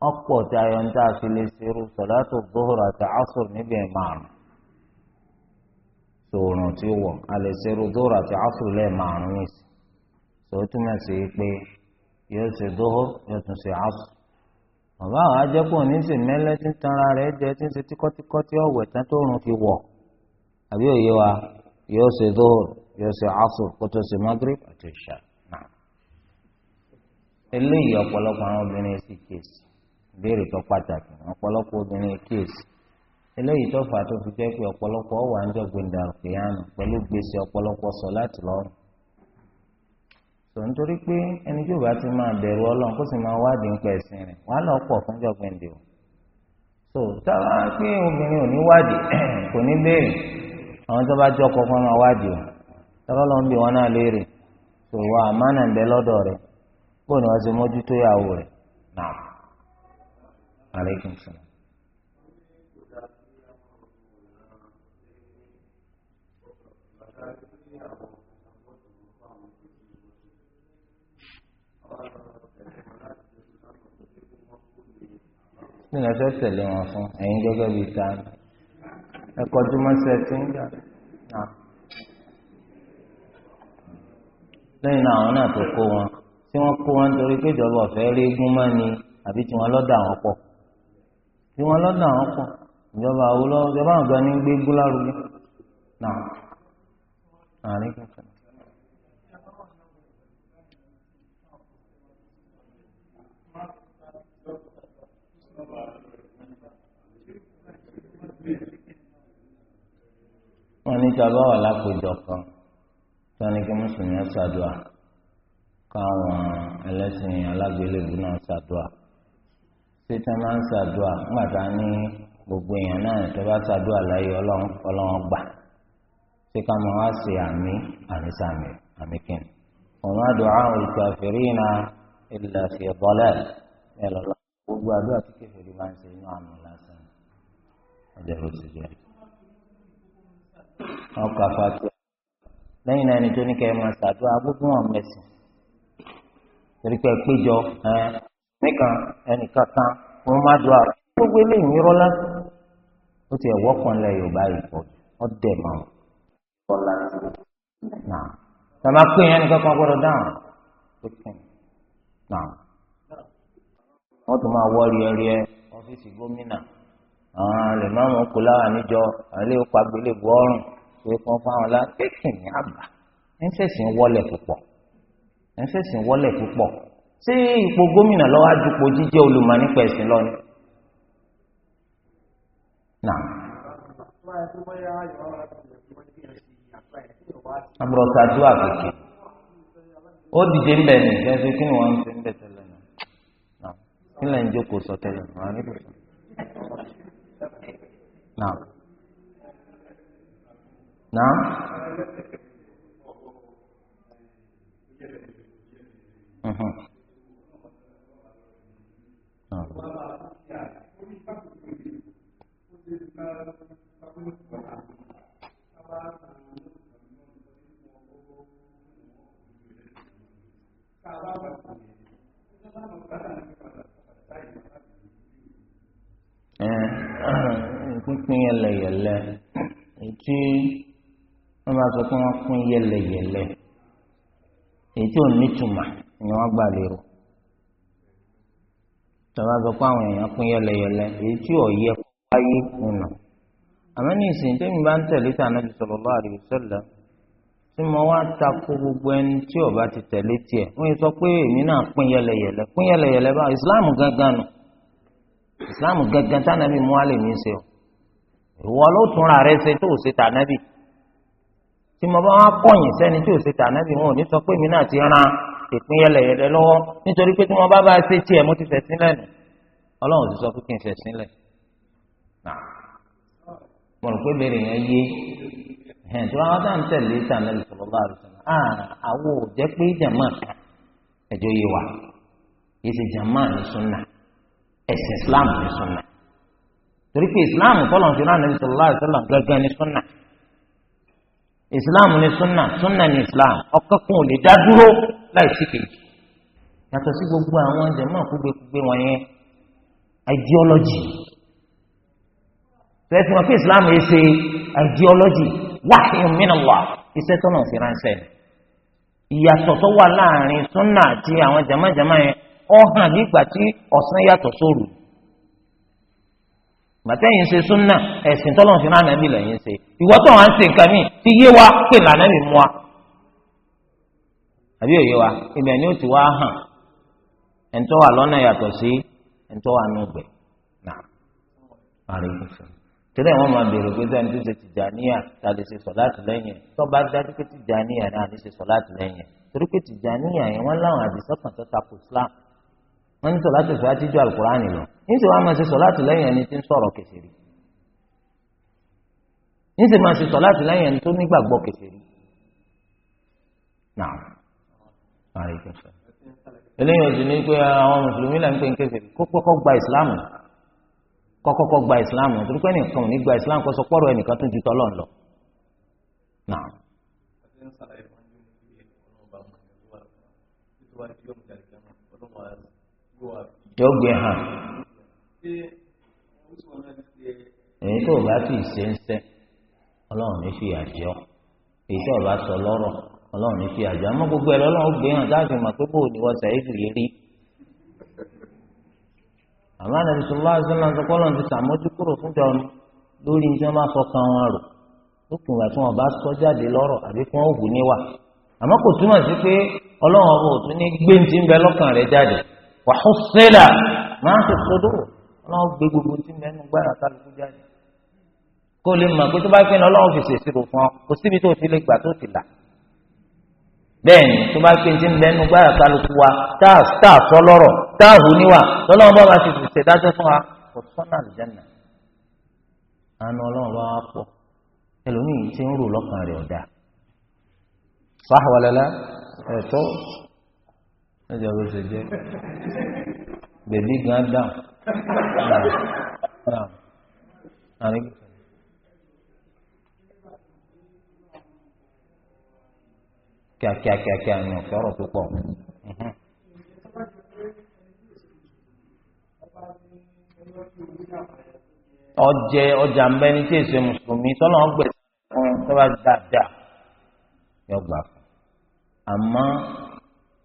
ọ̀pọ̀ tí ayọ̀ ń tà fi lè ṣerú sọ̀látò gbóhùrọ̀ àti asùr níbi márùn sòrùn tí wọ̀ a lè ṣerú gbóhùrọ̀ àti asùr lẹ́ẹ̀ márùn nìsí sòó túmọ̀ sí pé yóò ṣe gbóhùr yóò tún ṣe asùr. bàbá àwọn ajẹ́pọ̀ ní sì mẹ́lẹ́ tí ń tanra rẹ̀ jẹ́ tí ń ṣe tíkọ́tíkọ́ tí ọ̀wẹ̀ tán tó rùn fi wọ̀ àbí òye wa yóò ìbéèrè tó pàtàkì ọ̀pọ̀lọpọ̀ obìnrin kíyèsí eléyìí tó fà tó fi jẹ́ pé ọ̀pọ̀lọpọ̀ wà ń jọ̀gbìn dàrúkìyànù pẹ̀lú gbèsè ọ̀pọ̀lọpọ̀ sọ láti lọ́rùn. sọ nítorí pé ẹni tí ò bá ti máa bẹ̀rù ọlọ́run kó sì máa wádìí nípa ẹ̀sìn rẹ̀ wàá lọ pọ̀ fún jọ̀gbìn dè o. sọ táwa pé obìnrin ò ní wádìí kò ní béèrè àwọn tó bá jọ ọkọ fún ọmọ wádìí o tọ́lọ́ ló ń bi wọn náà léèrè sọ wà á mánà ń bẹ lọ́dọ̀ rẹ̀ bó ni wọ́n ti mójútó ìyàwó rẹ̀ náà aleykum salaam. ní ẹsẹ̀ tẹ̀lé wọn fún ẹ̀yin gẹ́gẹ́ bíi ta ẹ kọjú mọ́sẹ̀ tí ń gbà náà. lẹ́yìn náà àwọn náà tó kó wọn tí wọ́n kó wọn nítorí pé ìjọba ọ̀fẹ́ rí gúnmọ́ ni àbí tí wọ́n lọ́dọ̀ àwọn pọ̀ tí wọ́n lọ́dọ̀ àwọn pọ̀ ìjọba àwọn olówó ìjọba àwọn gan ni ń gbé gbólárugẹ náà àárín kankan. wọ́n ní tí a bá wà lápèjọ kan tí wọ́n ní kí mùsùlùmí ṣàdúà káwọn ẹlẹ́sìn alágbélébùú náà ṣàdúà ṣé tí wọ́n máa ń ṣàdúà nígbà tá a ní gbogbo èèyàn náà tó bá ṣàdúà láyé ọlọ́run gbà ṣé ká máa wá ṣe àmì àmì sàmì àmì kìnnì. ọ̀nà àdúrà al-kafirina illa fi dalal ẹ̀ lọ́la gbogbo àdúrà tí kèfèrí máa ń ṣe inú àmì lásán ọjọ́ ló ti jẹ́. ọkọ̀ àfàtúwà lẹ́yìn náà ẹni tó ní kẹ́ ẹ máa ṣàdúrà gbogbo wọn mẹ́sìn torí pé péjọ nìkan ẹnìkan kan wọn má do ara gbogbo eléyìí nírọ́ lásán ó ti ẹ̀wọ́ kan lẹ yorùbá yìí pọ̀ ọ̀dẹ̀ mọ́ ọ̀la náà tàbá pé yẹn nìkan kan gbọ́dọ̀ dáhùn ó kàn náà wọ́n tún máa wọ́ rí ẹrí ẹ ọ́fíìsì gómìnà àwọn alẹ́mọ́mọ́ kò láwà níjọ àlẹ́ òpá gbélébù ọ̀rùn pé kàn fáwọn lá kéèkì ní àbá ẹ̀ ń sẹ̀sìn wọlé púpọ̀ ẹ̀ ń sẹ̀sìn wọlé púpọ̀ ṣé ipò gómìnà lọ́wọ́ àdúpọ̀ jíjẹ́ olùmọ̀ nípa ẹ̀sìn lọ́ni. amúrọ̀tà dúà kékeré ó dìde ń bẹ̀ ní ìfẹ́sẹ̀ kí ni wọ́n ń ṣe ń bẹ̀ tẹ́lẹ̀ náà kí lẹ́yìn jókòó sọ tẹ́lẹ̀ náà níbi sọ. náà náà. Eh, pínpín yẹlẹyẹlẹ ètí wọn bá sọ pé wọn pín yẹlẹyẹlẹ ètí ò nítumà ni wọn gbà lérò tọ́ba sọ pé àwọn èèyàn pín yẹlẹyẹlẹ èyí tí ò yẹ wáyé nínú. àmọ́ ní ìsìn tẹ́mi bá ń tẹ̀lé tí ànábì sallallahu alaihi wasallam tí mo wá takò gbogbo ẹni tí ò bá ti tẹ̀lé tiẹ̀ wọ́n sọ pé èmi náà pín yẹlẹyẹlẹ pín yẹlẹyẹlẹ bá islam gangan nù islam gangan tánàbì mú alẹ́ mi ṣe o ìwọ ló tún ra rẹ ṣe tó o ṣe tànàbì tí mo bá wá kọ̀yìn sẹ́ni tí ò ṣe tànàbì wọn ò ní sọ pé èmi náà ti rán ìpín yẹlẹyẹlẹ lọ́wọ́ nítorí pé tí wọ́n bá bá ṣe tiẹ̀ mo ti fẹ̀ sílẹ̀ nù ọlọ́run ti sọ pé kí n fẹ̀ sílẹ̀ mo rò pé bèrè yẹn yé ẹ̀hìn tí wọ́n bá ń tẹ̀lé tànà ìṣòro bá rẹ̀ sọ̀rọ̀ àwọn ò jẹ́ pé jàmá kan ẹjọ́ yé wa yìí ṣe jàmá ní sunna ẹ̀sìn islam ní sunna torí pé islam kọ́ lọ́n ti rán ànábì sallallahu alaihi wasallam gángan ní sunna islam ni sunna sunna ni islam ọkàn kan ò lè dá dúró láì sí kejì yàtọ̀ sí gbogbo àwọn jẹ̀mọ́ kúgbẹ́kúgbẹ́ wọn yẹn ideology tẹ́ fi wọn pé islam yìí ṣe ideology wahyun min Allah iṣẹ́ tọ́nà fi ránṣẹ́ ìyàtọ̀ tó wà láàrin sunna àti àwọn jẹ̀mọ́jẹ̀mọ́ yẹn ó hàn nígbà tí ọ̀sán yàtọ̀ sóru gbàtẹ́yìn ṣe súnà ẹ̀sìn tọ́lọ́run fi ránà bí lẹ́yìn ṣe ìwọ tó wà ń ṣe nǹkan míì ti yé wa pé lànà mi mú wa àbí òye wa ibẹ̀ ni ó ti wá hàn ẹ̀ńtọ́ wà lọ́nà yàtọ̀ sí ẹ̀ńtọ́ wà nù gbẹ̀ náà parí kùsù tẹ́lẹ̀ wọ́n máa bèrè pé sẹ́ni tó ṣe Tìjàníyà ta lè ṣe sọ̀láàtì lẹ́yìn tó bá dájú pé Tìjàníyà náà lè ṣe sọ̀láàtì lẹ́yìn torí pé Tìjàníyà yẹn wọ́n láwọn àdìsọ́kàn wọ́n ní sọ̀látù sọ àtijọ́ alukurani lọ níṣẹ́ wàá máa ṣe sọ̀látù lẹ́yìn ẹni tí ń sọ̀rọ̀ kèsìrì níṣẹ́ máa ṣe sọ̀látù lẹ́yìn ẹni tó nígbàgbọ́ kèsìrì náà parí kẹsàn. eléyìí oṣù ní pé àwọn mùsùlùmí là ń pè ń kèsìrì kó kọ́kọ́ gba ìsìláàmù kọ́kọ́kọ́ gba ìsìláàmù torí pé nìkan ò ní gba ìsìláàmù kó sọ pọ́rọ̀ ẹnìkan tó ju tọ́lọ́ lọ. náà. yóò gbé hàn èyí tó o bá sì ṣe ń sẹ ọlọ́run ní fi àjọ èyí tó sọ lọ́rọ̀ ọlọ́run ní fi àjọ àmọ́ gbogbo ẹ̀ lọ́lọ́run gbé hàn láti mọ̀ pé bó ní wọ́n rí àmọ́ lọ́run ti sàmójú kúrò lórí wọn rò ìgbà tí bá sọ jáde lọ́rọ̀ àbí wàhùsílà máa fi sódò ọlọ́run gbé gbogbo tí mẹ́nu gbára kálukú jáde kó lè mọ̀ pé tó bá pín ọlọ́run fi ṣèṣirò fún ọ kò síbi tó ti lè gbà tó ti là bẹ́ẹ̀ni tó bá pín tí mẹ́nu gbára kálukú wa tá a sọ lọ́rọ̀ tá a hù níwà bá ti ṣèṣe dájọ́ fún wa kò sọ́nà àlùjáná àánú ọlọ́run bá wa pọ̀ ẹlòmíì ti ń rò lọ́kàn rẹ̀ ọ̀dà mẹ́jọ ló ṣe jẹ́ bèbí gan dàn àrí. kíákíákíá ni ọ̀fẹ́ ọ̀rọ̀ tó pọ̀. ọjẹ ọjà ń bẹ ní tí èsè mùsùlùmí tọ́lọ́ gbèsè fún tó bá dáadáa yọ gbà fún àmọ́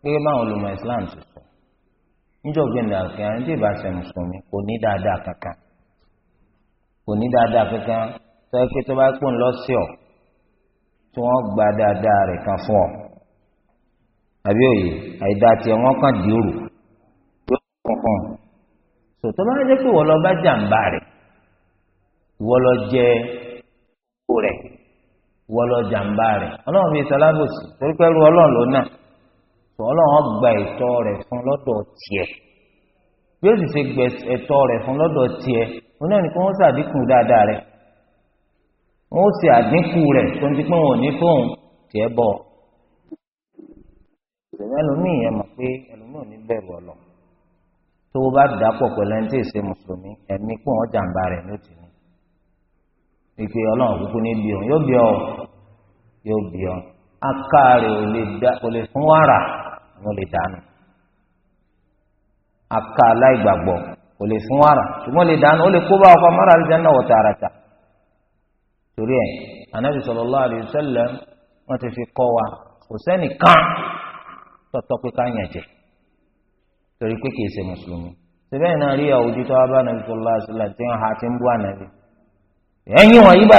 gẹ́gẹ́ báwọn olùmọ̀ islam ti sọ níjọ́ gbẹ̀ndà àkẹ́yà ní tí ìbá ṣe mùsùlùmí kò ní dáadáa kankan kò ní dáadáa kankan tó yẹ kí tó bá pò ń lọ sí ọ tí wọ́n gba dáadáa rẹ̀ kan fún ọ àbí òye àìdá tiẹ̀ wọ́n kàn dì òrù yóò kankan sòtò bá jẹ́ pé wọ́n lọ bá jàǹbá rẹ̀ ìwọ lọ jẹ òkú rẹ̀ ìwọ lọ jàǹbá rẹ̀ ọlọ́run bíi sálábòsì torí pé ẹrú ọlọ́run ló ọlọ́run gba ẹ̀tọ́ rẹ̀ fún lọ́dọ̀ tiẹ̀ bí ó sì ṣe gbẹ ẹ̀tọ́ rẹ̀ fún lọ́dọ̀ tiẹ̀ oní ẹnì kan ó ṣàdínkù dáadáa rẹ̀ wọ́n ó ṣe àdínkù rẹ̀ tó ń di pé wọn ò ní fóun tiẹ̀ bọ̀ ṣèlú ẹlòmíì yẹn mọ̀ pé ẹlòmíì ò ní bẹ̀rù ọ̀lọ́ tó o bá dà pọ̀ pẹ̀lú ẹni tí ì ṣe mùsùlùmí ẹ̀mí pọ̀ wọ́n jàǹbá rẹ̀ ní òtí ni ìpè ọlọ́run kúkú ní bí ọ yóò bí ọ yóò bí ọ aká ò lè fún wàrà. ni ó lè dànù aka aláìgbàgbọ́ kò lè fún wàrà ṣùgbọ́n lè dànù ó lè kó bá ọkọ mara aljanna wọ̀ tààràtà torí ẹ̀ anabi sallallahu alayhi wa sallam wọ́n ti fi kọ́ wa kò sẹ́nìkan tọ́tọ́ pé ká yàn torí pé kìí ṣe mùsùlùmí síbẹ̀ náà rí àwùjọ tó wá bá anabi tí wọ́n ha ti ń bú anabi ẹ̀yin bá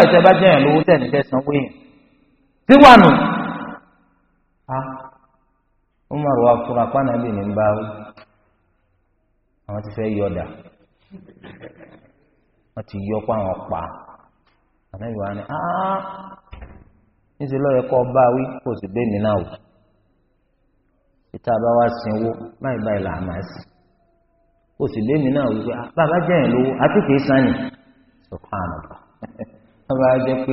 lówó tẹ̀ Umar wa fura pa nàbì ní báwí àwọn ti fẹ́ yọ̀dà wọ́n ti yọ pa àwọn pa ànábì wa ni áá níṣẹ́ lọ́yẹ kọ́ báwí kò sì bẹ́ẹ̀ mi náà wò ìta bá wá sinwó báyìí báyìí là á máa sì kò sì bẹ́ẹ̀ mi náà wò pé bàbá jẹ́ yẹn lówó àtúkè sani sọ̀kànnà bàbá jẹ́ pé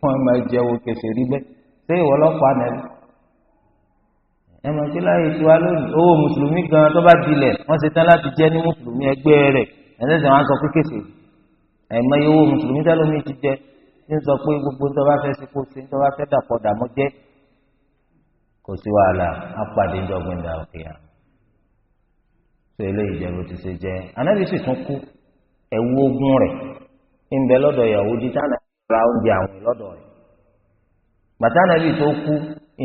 wọ́n máa jẹ́ wo kẹsẹ̀ rí bẹ́ẹ̀ ṣé ìwọ lọ́pàá ẹmọ tí láyé tiwa lónìí owó mùsùlùmí gan tó bá dilẹ̀ wọ́n ṣe tán láti jẹ́ ní mùsùlùmí ẹgbẹ́ rẹ̀ ẹ̀sẹ̀sẹ̀ wọn sọ pé kéṣe ẹ̀mọye owó mùsùlùmí tẹ́lómi ti jẹ tí ń sọ pé gbogbo ń tọ́ba fẹ́ sípò sí ń tọ́ba fẹ́ dàpọ̀ dàmọ́ jẹ́ kò sí wàhálà á ìjọgbìn dà òkè à tó eléyìí jẹ bó ti ṣe jẹ anábì sì tún kú ẹ̀wù ogun rẹ̀ ń bẹ lọ́dọ̀ Yahudi tánà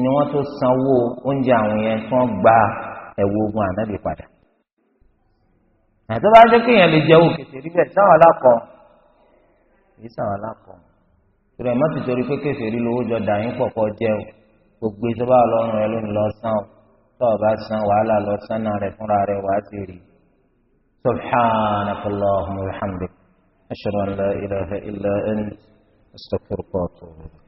ni wọ́n tó sanwó oúnjẹ àwọn yẹn tí wọ́n gba ẹ̀wọ̀ ogun ànábì padà. àtọ́bá jẹ́ kéèyàn lè jẹ́ òkè tèrí bẹ́ẹ̀ sáwọn alákọ̀ èyí sáwọn alákọ̀ torí ẹ̀ má ti torí pé kèfèrí lówó jọ dà yín pọ̀ kọ́ jẹ́ o gbogbo ìjọba ọlọ́run ẹ ló lọ sàn o tó bá san wàhálà lọ sánà rẹ fúnra rẹ wàá ti rí subhanaka allahumma wa ilaha illa ant astaghfiruka wa